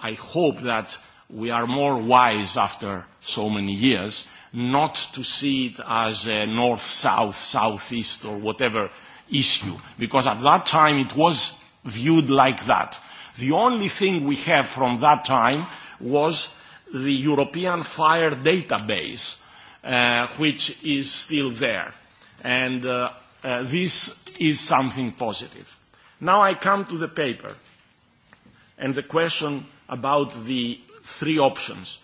I hope that we are more wise after so many years not to see it as a north-south, south-east, or whatever issue, because at that time it was viewed like that. The only thing we have from that time was the European Fire Database, uh, which is still there. And uh, Uh, this is something positive. Now I come to the paper and the question about the three options.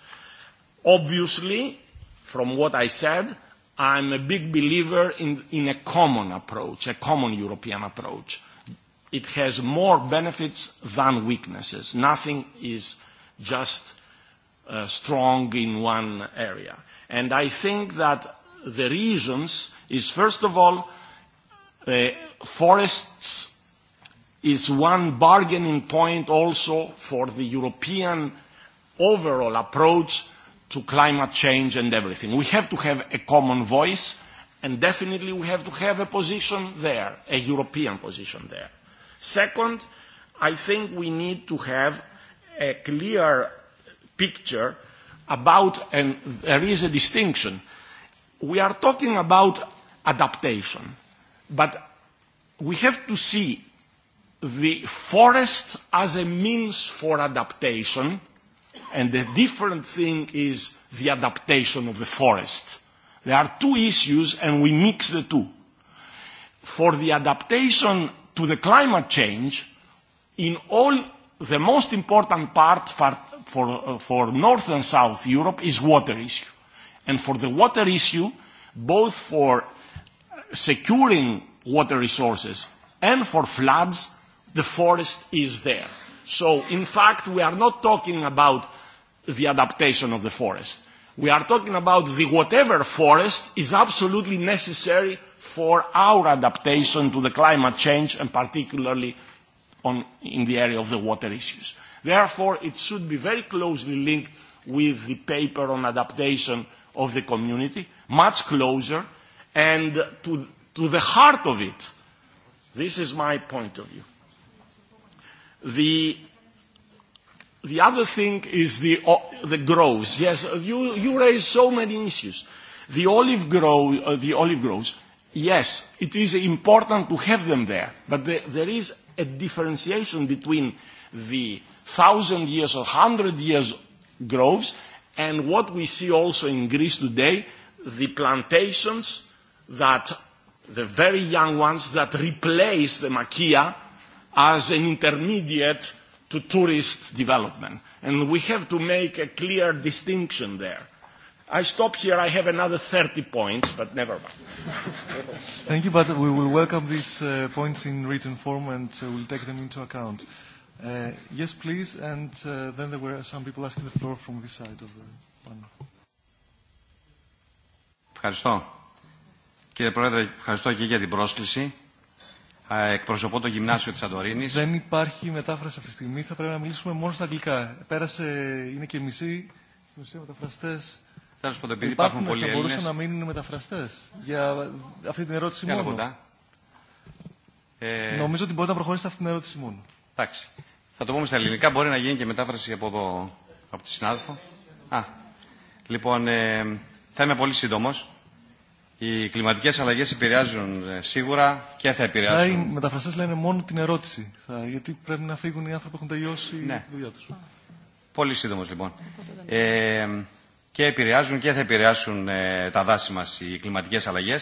Obviously, from what I said, I'm a big believer in, in a common approach, a common European approach. It has more benefits than weaknesses. Nothing is just uh, strong in one area. And I think that the reasons is, first of all, Uh, forests is one bargaining point also for the European overall approach to climate change and everything. We have to have a common voice, and definitely we have to have a position there, a European position there. Second, I think we need to have a clear picture about, and there is a distinction. We are talking about adaptation. But we have to see the forest as a means for adaptation, and the different thing is the adaptation of the forest. There are two issues, and we mix the two. For the adaptation to the climate change, in all the most important part for, for, for North and South Europe is water issue. And for the water issue, both for securing water resources and for floods, the forest is there. So, in fact, we are not talking about the adaptation of the forest. We are talking about the whatever forest is absolutely necessary for our adaptation to the climate change and particularly on, in the area of the water issues. Therefore, it should be very closely linked with the paper on adaptation of the community, much closer, and to, to the heart of it. This is my point of view. The, the other thing is the, the groves. Yes, you, you raise so many issues. The olive, grow, uh, the olive groves, yes, it is important to have them there, but the, there is a differentiation between the thousand years or hundred years groves and what we see also in Greece today, the plantations that the very young ones that replace the makia as an intermediate to tourist development. And we have to make a clear distinction there. I stop here. I have another 30 points, but never mind. Thank you, but we will welcome these uh, points in written form and uh, we'll take them into account. Uh, yes, please, and uh, then there were some people asking the floor from this side of the panel. Ευχαριστώ. Κύριε Πρόεδρε, ευχαριστώ και για την πρόσκληση. Εκπροσωπώ το γυμνάσιο τη Αντορίνη. Δεν υπάρχει μετάφραση αυτή τη στιγμή. Θα πρέπει να μιλήσουμε μόνο στα αγγλικά. Πέρασε, είναι και μισή. Στην ουσία, μεταφραστέ. Τέλο πάντων, επειδή υπάρχουν, υπάρχουν πολλοί Έλληνε. μπορούσαν να μείνουν μεταφραστέ. Για αυτή την ερώτηση μόνο. Κοντά. Ε... Νομίζω ότι μπορείτε να προχωρήσετε αυτή την ερώτηση μόνο. Εντάξει. Θα το πούμε στα ελληνικά. Μπορεί να γίνει και μετάφραση από εδώ, από τη συνάδελφο. Α. Λοιπόν, ε, θα είμαι πολύ σύντομο. Οι κλιματικέ αλλαγέ επηρεάζουν σίγουρα και θα επηρεάσουν. Άρα οι μεταφραστέ λένε μόνο την ερώτηση, θα, γιατί πρέπει να φύγουν οι άνθρωποι που έχουν τελειώσει ναι. τη δουλειά του. Πολύ σύντομο λοιπόν. Ε, και επηρεάζουν και θα επηρεάσουν ε, τα δάση μα οι κλιματικέ αλλαγέ.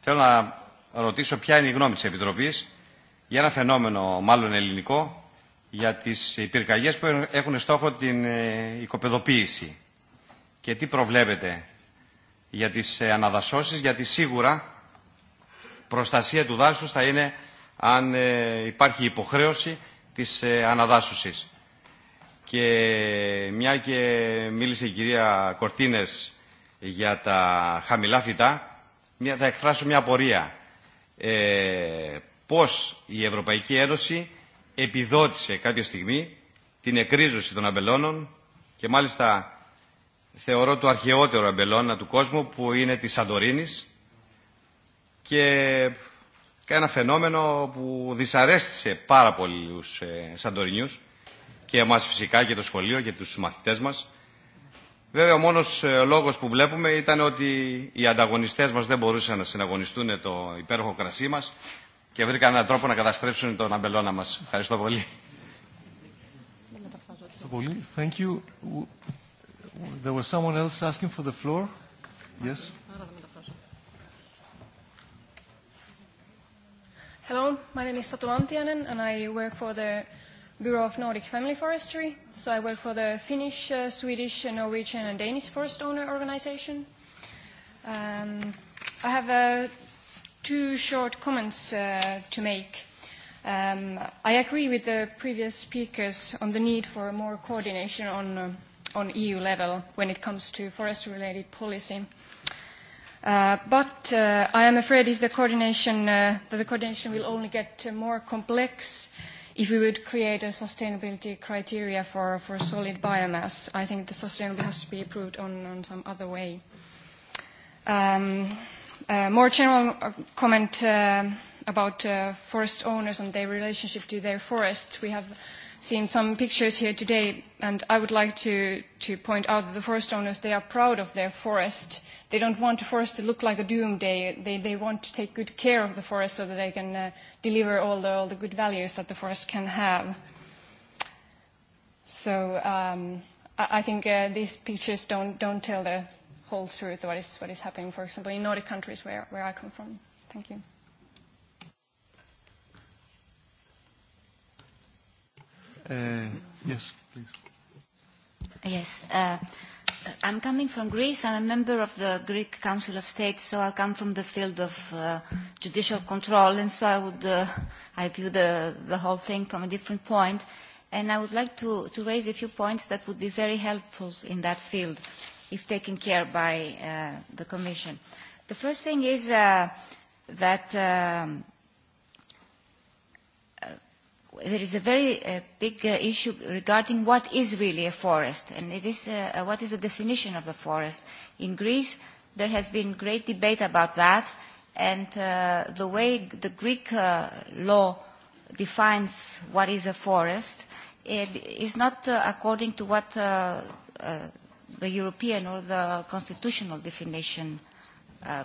Θέλω να ρωτήσω ποια είναι η γνώμη τη Επιτροπή για ένα φαινόμενο μάλλον ελληνικό για τι πυρκαγιέ που έχουν στόχο την ε, οικοπεδοποίηση. Και τι προβλέπετε για τις αναδασώσεις, γιατί σίγουρα προστασία του δάσους θα είναι αν υπάρχει υποχρέωση της αναδάσωσης. Και μια και μίλησε η κυρία Κορτίνες για τα χαμηλά φυτά, θα εκφράσω μια απορία. Ε, πώς η Ευρωπαϊκή Ένωση επιδότησε κάποια στιγμή την εκρίζωση των αμπελώνων και μάλιστα θεωρώ το αρχαιότερο αμπελώνα του κόσμου που είναι της Σαντορίνης και ένα φαινόμενο που δυσαρέστησε πάρα πολλούς ε, Σαντορινιούς και εμάς φυσικά και το σχολείο και τους μαθητές μας. Βέβαια ο μόνος λόγος που βλέπουμε ήταν ότι οι ανταγωνιστές μας δεν μπορούσαν να συναγωνιστούν το υπέροχο κρασί μας και βρήκαν έναν τρόπο να καταστρέψουν τον αμπελώνα μας. Ευχαριστώ πολύ. Ευχαριστώ πολύ. Thank you there was someone else asking for the floor? Yes? Hello, my name is Satu Antianen and I work for the Bureau of Nordic Family Forestry. So I work for the Finnish, uh, Swedish, Norwegian and Danish forest owner organization. Um, I have uh, two short comments uh, to make. Um, I agree with the previous speakers on the need for more coordination on uh, on EU level when it comes to forest-related policy. Uh, but uh, I am afraid if the coordination, uh, that the coordination will only get uh, more complex if we would create a sustainability criteria for, for solid biomass. I think the sustainability has to be approved on, on some other way. Um, uh, more general uh, comment uh, about uh, forest owners and their relationship to their forest. We have seen some pictures here today, and I would like to, to point out that the forest owners, they are proud of their forest. They don't want the forest to look like a doomsday. They, they want to take good care of the forest so that they can uh, deliver all the, all the good values that the forest can have. So um, I, I think uh, these pictures don't, don't tell the whole truth of what is, what is happening, for example, in Nordic countries where, where I come from. Thank you. Uh, yes, please. Yes. Uh, I'm coming from Greece. I'm a member of the Greek Council of State, so I come from the field of uh, judicial control, and so I would uh, I view the, the whole thing from a different point. And I would like to, to raise a few points that would be very helpful in that field if taken care by uh, the Commission. The first thing is uh, that um, there is a very uh, big uh, issue regarding what is really a forest, and it is, uh, uh what is the definition of a forest. In Greece, there has been great debate about that, and uh, the way the Greek uh, law defines what is a forest it is not uh, according to what uh, uh, the European or the constitutional definition uh,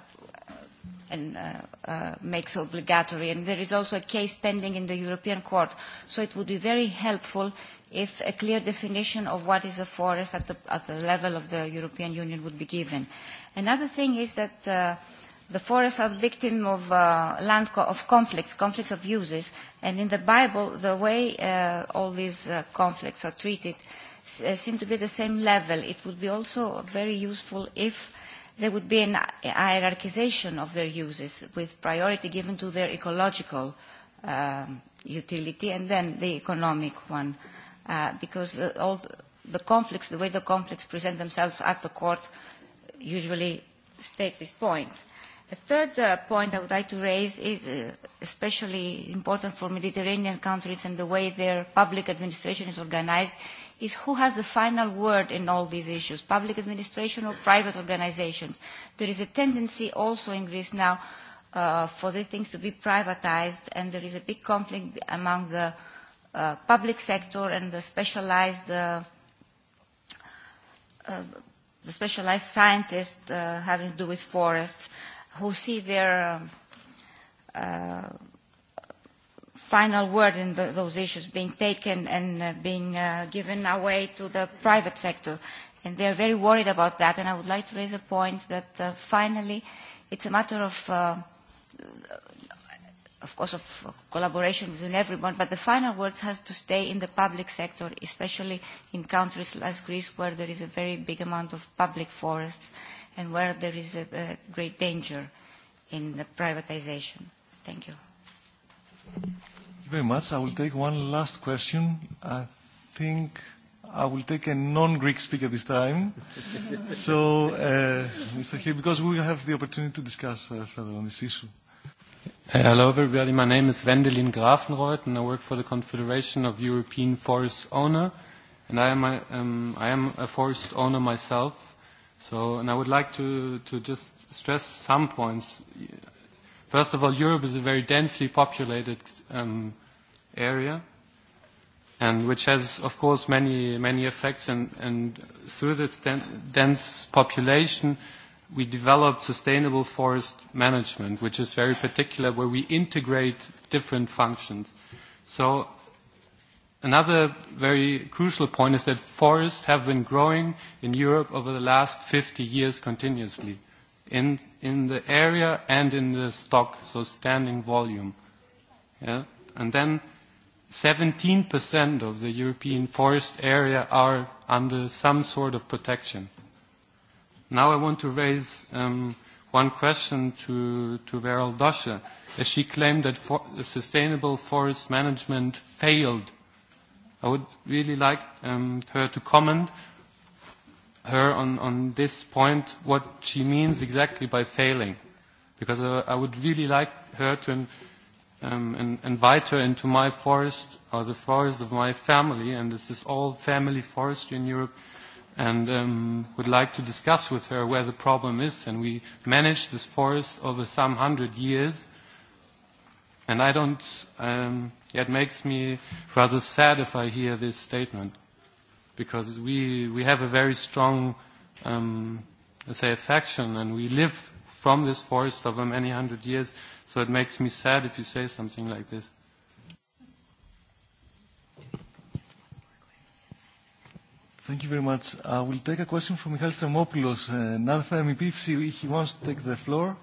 and uh, uh, makes obligatory. And there is also a case pending in the European Court. So it would be very helpful if a clear definition of what is a forest at the, at the level of the European Union would be given. Another thing is that uh, the forests are victim of uh, land co of conflicts, conflicts of uses, and in the Bible, the way uh, all these uh, conflicts are treated uh, seem to be at the same level. It would be also very useful if there would be an hierarchization of their uses with priority given to their ecological um, utility and then the economic one, uh, because uh, all the conflicts, the way the conflicts present themselves at the court usually state this point. The third uh, point I would like to raise is uh, especially important for Mediterranean countries and the way their public administration is organized is who has the final word in all these issues, public administration or private organizations. There is a tendency also in Greece now uh, for the things to be privatized, and there is a big conflict among the uh, public sector and the specialized, uh, uh, the specialized scientists uh, having to do with forests, who see their um, uh, final word in the, those issues being taken and uh, being uh, given away to the private sector. And they're very worried about that. And I would like to raise a point that uh, finally it's a matter of, uh, of course, of collaboration between everyone, but the final words has to stay in the public sector, especially in countries like Greece where there is a very big amount of public forests and where there is a, a great danger in the privatization. Thank you you very much. I will take one last question. I think I will take a non-Greek speaker this time. so, uh, Mr. Hill, because we have the opportunity to discuss uh, further on this issue. Uh, hello, everybody. My name is Wendelin Grafenreuth, and I work for the Confederation of European Forest Owner. And I am, a, um, I am a forest owner myself. So, and I would like to, to just stress some points First of all, Europe is a very densely populated um, area, and which has, of course, many many effects. And, and through this den dense population, we develop sustainable forest management, which is very particular, where we integrate different functions. So another very crucial point is that forests have been growing in Europe over the last 50 years continuously in, in the area and in the stock, so standing volume. Yeah? And then 17% of the European forest area are under some sort of protection. Now I want to raise um, one question to, to Veral Dosche, as she claimed that for, sustainable forest management failed. I would really like um, her to comment her on, on this point what she means exactly by failing, because uh, I would really like her to um, and um, invite her into my forest or the forest of my family, and this is all family forestry in Europe, and um, would like to discuss with her where the problem is, and we manage this forest over some hundred years, and I don't. Um, yeah, it makes me rather sad if I hear this statement because we, we have a very strong, um, let's say, affection, and we live from this forest over many hundred years. So it makes me sad if you say something like this. Thank you very much. I uh, will take a question from Michael Stremopoulos, uh, another MEP, if he wants to take the floor.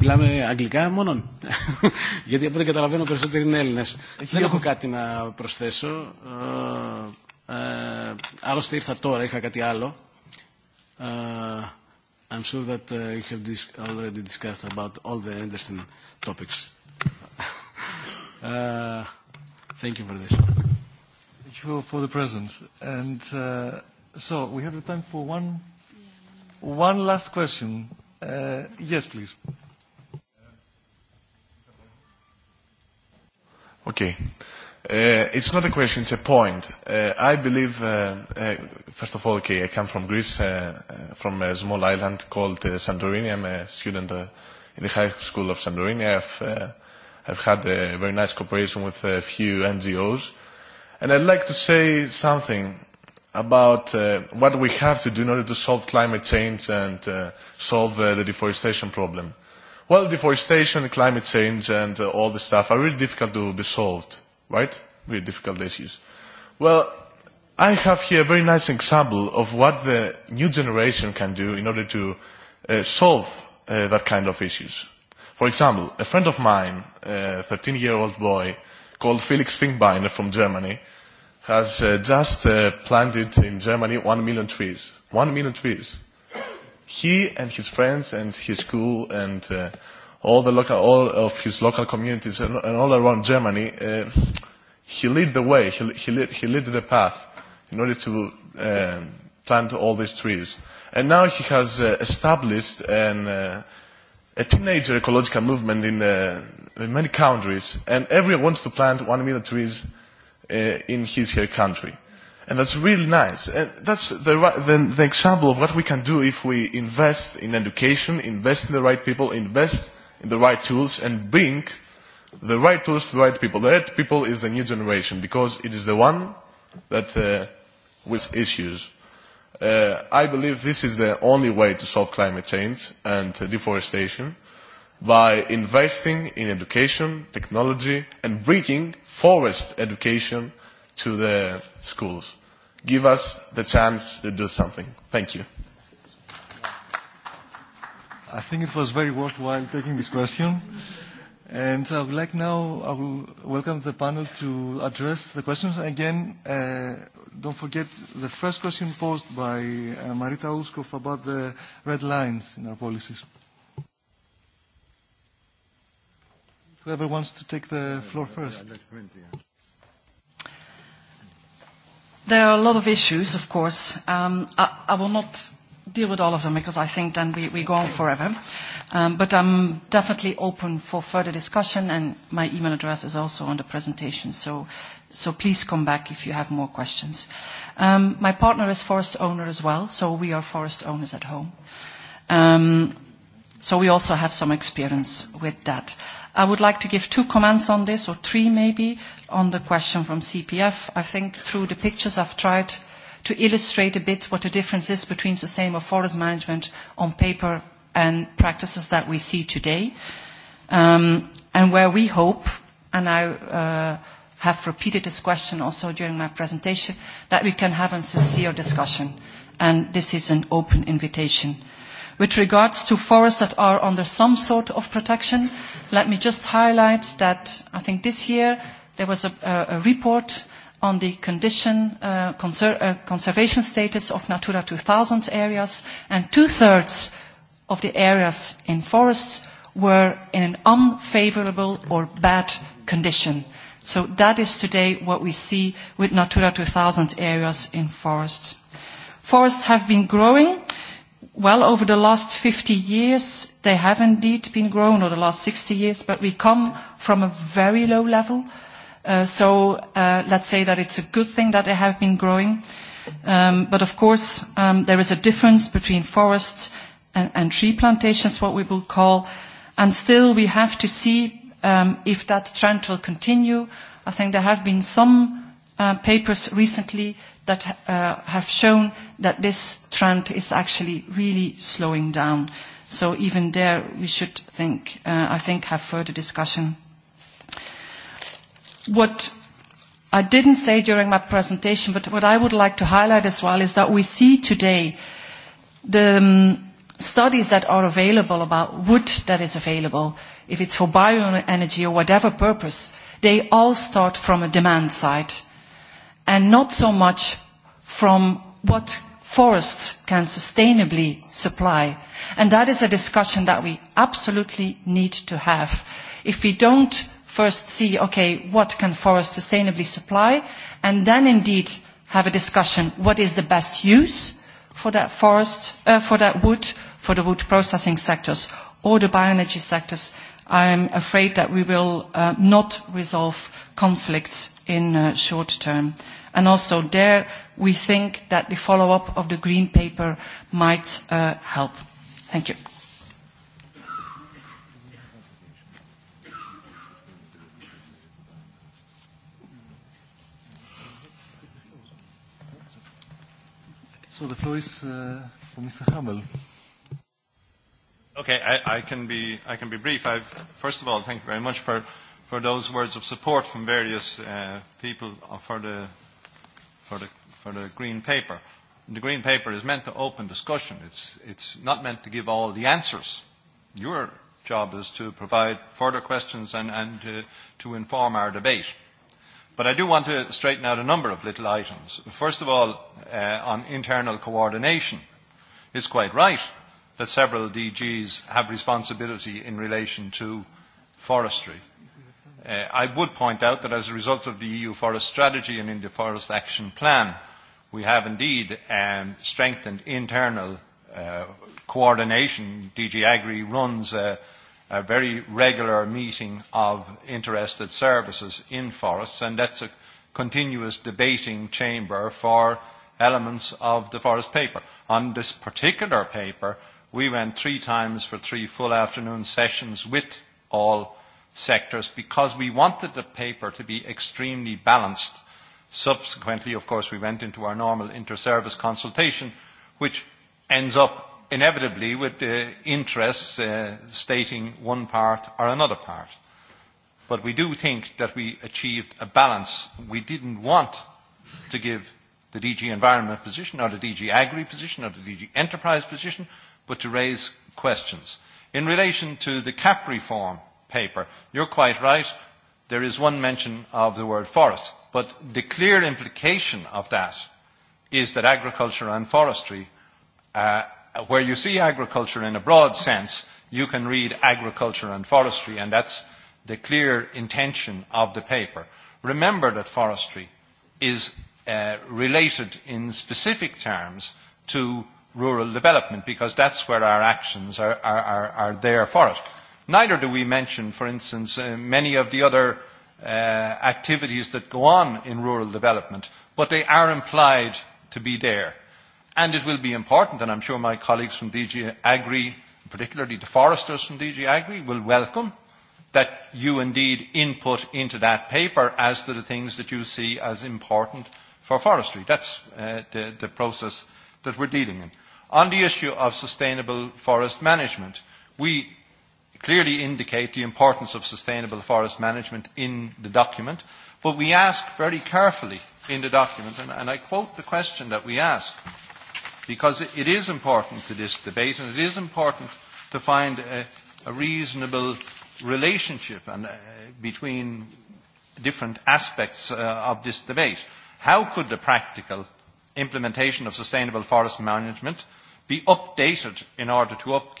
Μιλάμε αγγλικά μόνον. Γιατί από ό,τι καταλαβαίνω περισσότεροι είναι Έλληνε. Δεν έχω κάτι να προσθέσω. Ε, ε, άλλωστε ήρθα τώρα, είχα κάτι άλλο. Ε, I'm sure that uh, you have dis already discussed about all the interesting topics. uh, thank you for this. Thank you for the presence. And uh, so we have the time for one, one last question. Uh, yes, please. Okay. Uh, it's not a question, it's a point. Uh, I believe, uh, uh, first of all, okay, I come from Greece, uh, uh, from a small island called uh, Santorini. I'm a student uh, in the high school of Santorini. I've, uh, I've had a very nice cooperation with a few NGOs. And I'd like to say something about uh, what we have to do in order to solve climate change and uh, solve uh, the deforestation problem. Uh, well, deforestation, climate change, and uh, all this stuff are really difficult to be solved, right? Really difficult issues. Well, I have here a very nice example of what the new generation can do in order to uh, solve uh, that kind of issues. For example, a friend of mine, a 13-year-old boy called Felix Finkbeiner from Germany, has uh, just uh, planted in Germany one million trees. One million trees he and his friends and his school and uh, all the local, all of his local communities and, and all around Germany, uh, he led the way. He, he, led, he led the path in order to um, plant all these trees. And now he has uh, established an, uh, a teenager ecological movement in, uh, in many countries, and everyone wants to plant one million trees uh, in his her country. And that's really nice. And that's the, the, the example of what we can do if we invest in education, invest in the right people, invest in the right tools, and bring the right tools to the right people. The right people is the new generation because it is the one that uh, with issues. Uh, I believe this is the only way to solve climate change and uh, deforestation by investing in education, technology, and bringing forest education to the schools give us the chance to do something. Thank you. I think it was very worthwhile taking this question. And I would like now, I will welcome the panel to address the questions. Again, uh, don't forget the first question posed by uh, Marita Ulskov about the red lines in our policies. Whoever wants to take the floor first. There are a lot of issues, of course. Um, I, I will not deal with all of them because I think then we, we go on forever. Um, but I'm definitely open for further discussion, and my email address is also on the presentation. So, so please come back if you have more questions. Um, my partner is forest owner as well, so we are forest owners at home. Um, so we also have some experience with that. I would like to give two comments on this, or three maybe, on the question from CPF. I think through the pictures I've tried to illustrate a bit what the difference is between sustainable forest management on paper and practices that we see today. Um, and where we hope, and I uh, have repeated this question also during my presentation, that we can have a sincere discussion. And this is an open invitation With regards to forests that are under some sort of protection, let me just highlight that I think this year there was a, a, a report on the condition, uh, conser uh, conservation status of Natura 2000 areas, and two-thirds of the areas in forests were in an unfavorable or bad condition. So that is today what we see with Natura 2000 areas in forests. Forests have been growing Well, over the last 50 years, they have indeed been grown, or the last 60 years, but we come from a very low level. Uh, so uh, let's say that it's a good thing that they have been growing. Um, but of course, um, there is a difference between forests and, and tree plantations, what we will call. And still, we have to see um, if that trend will continue. I think there have been some uh, papers recently that uh, have shown that this trend is actually really slowing down. So even there, we should think, uh, I think, have further discussion. What I didn't say during my presentation, but what I would like to highlight as well, is that we see today the um, studies that are available about wood that is available, if it's for bioenergy or whatever purpose, they all start from a demand side and not so much from what forests can sustainably supply. And that is a discussion that we absolutely need to have. If we don't first see, okay, what can forests sustainably supply, and then indeed have a discussion, what is the best use for that forest, uh, for that wood, for the wood processing sectors or the bioenergy sectors, I am afraid that we will uh, not resolve conflicts in uh, short term. And also there, we think that the follow-up of the green paper might uh, help. Thank you. So the floor is uh, for Mr. Hamel. Okay, I, I, can be, I can be brief. I've, first of all, thank you very much for, for those words of support from various uh, people uh, for the for the, for the Green Paper. And the Green Paper is meant to open discussion. It's, it's not meant to give all the answers. Your job is to provide further questions and, and to, to inform our debate. But I do want to straighten out a number of little items. First of all, uh, on internal coordination, it's quite right that several DGs have responsibility in relation to forestry Uh, I would point out that as a result of the EU Forest Strategy and in the Forest Action Plan, we have indeed um, strengthened internal uh, coordination. DG Agri runs a, a very regular meeting of interested services in forests, and that's a continuous debating chamber for elements of the forest paper. On this particular paper, we went three times for three full afternoon sessions with all sectors because we wanted the paper to be extremely balanced. Subsequently, of course, we went into our normal inter-service consultation, which ends up inevitably with uh, interests uh, stating one part or another part. But we do think that we achieved a balance. We didn't want to give the DG Environment position or the DG Agri position or the DG Enterprise position, but to raise questions. In relation to the CAP reform, paper. You're quite right. There is one mention of the word forest, but the clear implication of that is that agriculture and forestry, uh, where you see agriculture in a broad sense, you can read agriculture and forestry, and that's the clear intention of the paper. Remember that forestry is uh, related in specific terms to rural development because that's where our actions are, are, are, are there for it. Neither do we mention, for instance, uh, many of the other uh, activities that go on in rural development, but they are implied to be there. And it will be important, and I'm sure my colleagues from DG Agri, particularly the foresters from DG Agri, will welcome that you indeed input into that paper as to the things that you see as important for forestry. That's uh, the, the process that we're dealing in. On the issue of sustainable forest management, we clearly indicate the importance of sustainable forest management in the document, but we ask very carefully in the document, and, and I quote the question that we ask, because it, it is important to this debate and it is important to find a, a reasonable relationship and, uh, between different aspects uh, of this debate. How could the practical implementation of sustainable forest management be updated in order to up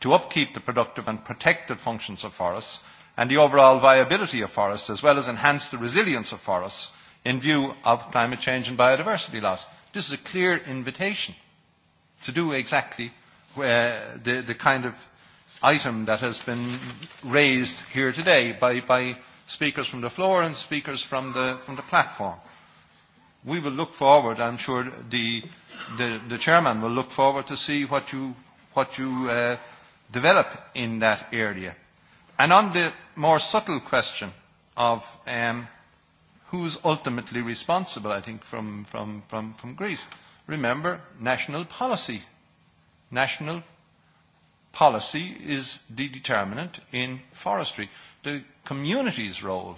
to upkeep the productive and protected functions of forests and the overall viability of forests, as well as enhance the resilience of forests in view of climate change and biodiversity loss. This is a clear invitation to do exactly uh, the, the kind of item that has been raised here today by, by speakers from the floor and speakers from the, from the platform. We will look forward, I'm sure the, the, the chairman will look forward to see what you, what you uh, develop in that area. And on the more subtle question of um, who's ultimately responsible, I think, from, from, from, from Greece, remember national policy. National policy is the determinant in forestry. The community's role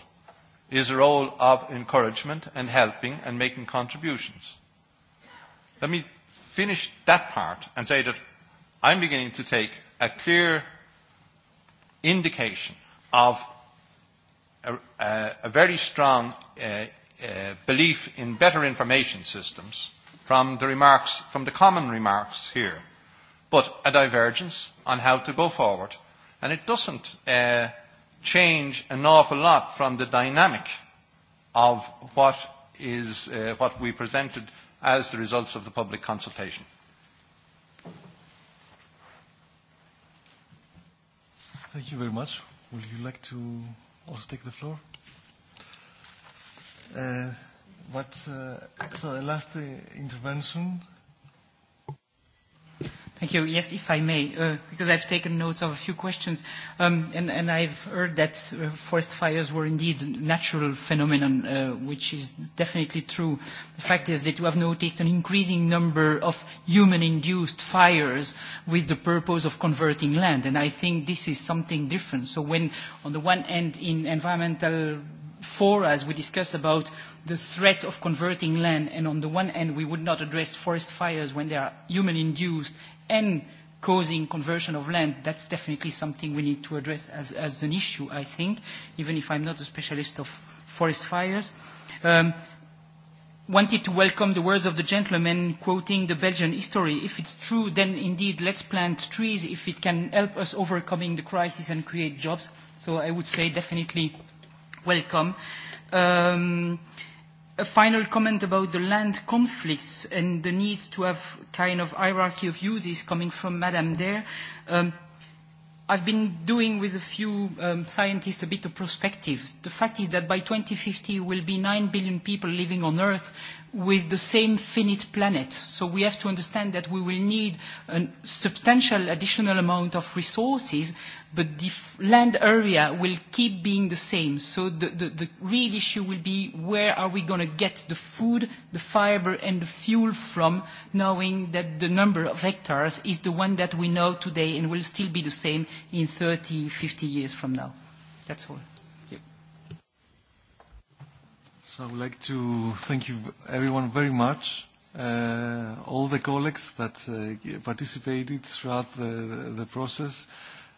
is a role of encouragement and helping and making contributions. Let me finish that part and say that I'm beginning to take a clear indication of a, a, a very strong uh, uh, belief in better information systems from the remarks, from the common remarks here, but a divergence on how to go forward. And it doesn't uh, change an awful lot from the dynamic of what is uh, what we presented as the results of the public consultation. Thank you very much. Would you like to also take the floor? Uh, what, uh, so the uh, last uh, intervention Thank you. Yes, if I may, uh, because I've taken notes of a few questions, um, and, and I've heard that uh, forest fires were indeed a natural phenomenon, uh, which is definitely true. The fact is that you have noticed an increasing number of human-induced fires with the purpose of converting land, and I think this is something different. So when, on the one hand, in environmental fora, as we discuss about the threat of converting land, and on the one hand, we would not address forest fires when they are human-induced and causing conversion of land, that's definitely something we need to address as, as an issue, I think, even if I'm not a specialist of forest fires. Um, wanted to welcome the words of the gentleman quoting the Belgian history. If it's true, then indeed let's plant trees if it can help us overcoming the crisis and create jobs. So I would say definitely welcome. Um, a final comment about the land conflicts and the need to have kind of hierarchy of uses coming from Madame there. Um, I've been doing with a few um, scientists a bit of perspective. The fact is that by 2050 will be 9 billion people living on Earth with the same finite planet. So we have to understand that we will need a substantial additional amount of resources, but the land area will keep being the same. So the, the, the real issue will be where are we going to get the food, the fiber, and the fuel from, knowing that the number of hectares is the one that we know today and will still be the same in 30, 50 years from now. That's all. So I would like to thank you everyone very much, uh, all the colleagues that uh, participated throughout the, process,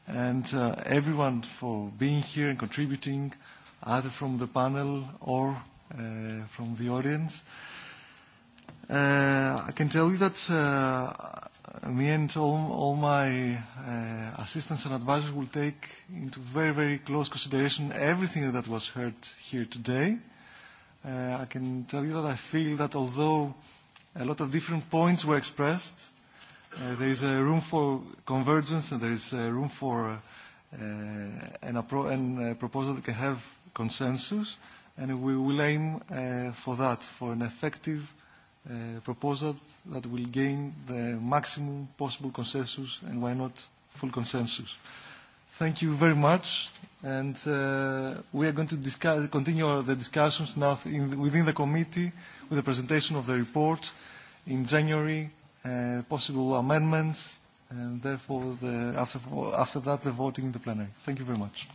and uh, everyone for being here and contributing, either from the panel or from the audience. I can tell you that me and all, my assistants and advisors will take into very, very close consideration everything that was heard here today. Uh, I can tell you that I feel that although a lot of different points were expressed, uh, there is a room for convergence and there is a room for uh, uh an, appro and a uh, proposal that can have consensus, and we will aim uh, for that, for an effective uh, proposal that will gain the maximum possible consensus and why not full consensus. Thank you very much and uh, we are going to discuss, continue the discussions now in, within the committee with the presentation of the report in January, uh, possible amendments, and therefore the, after, after that the voting in the plenary. Thank you very much.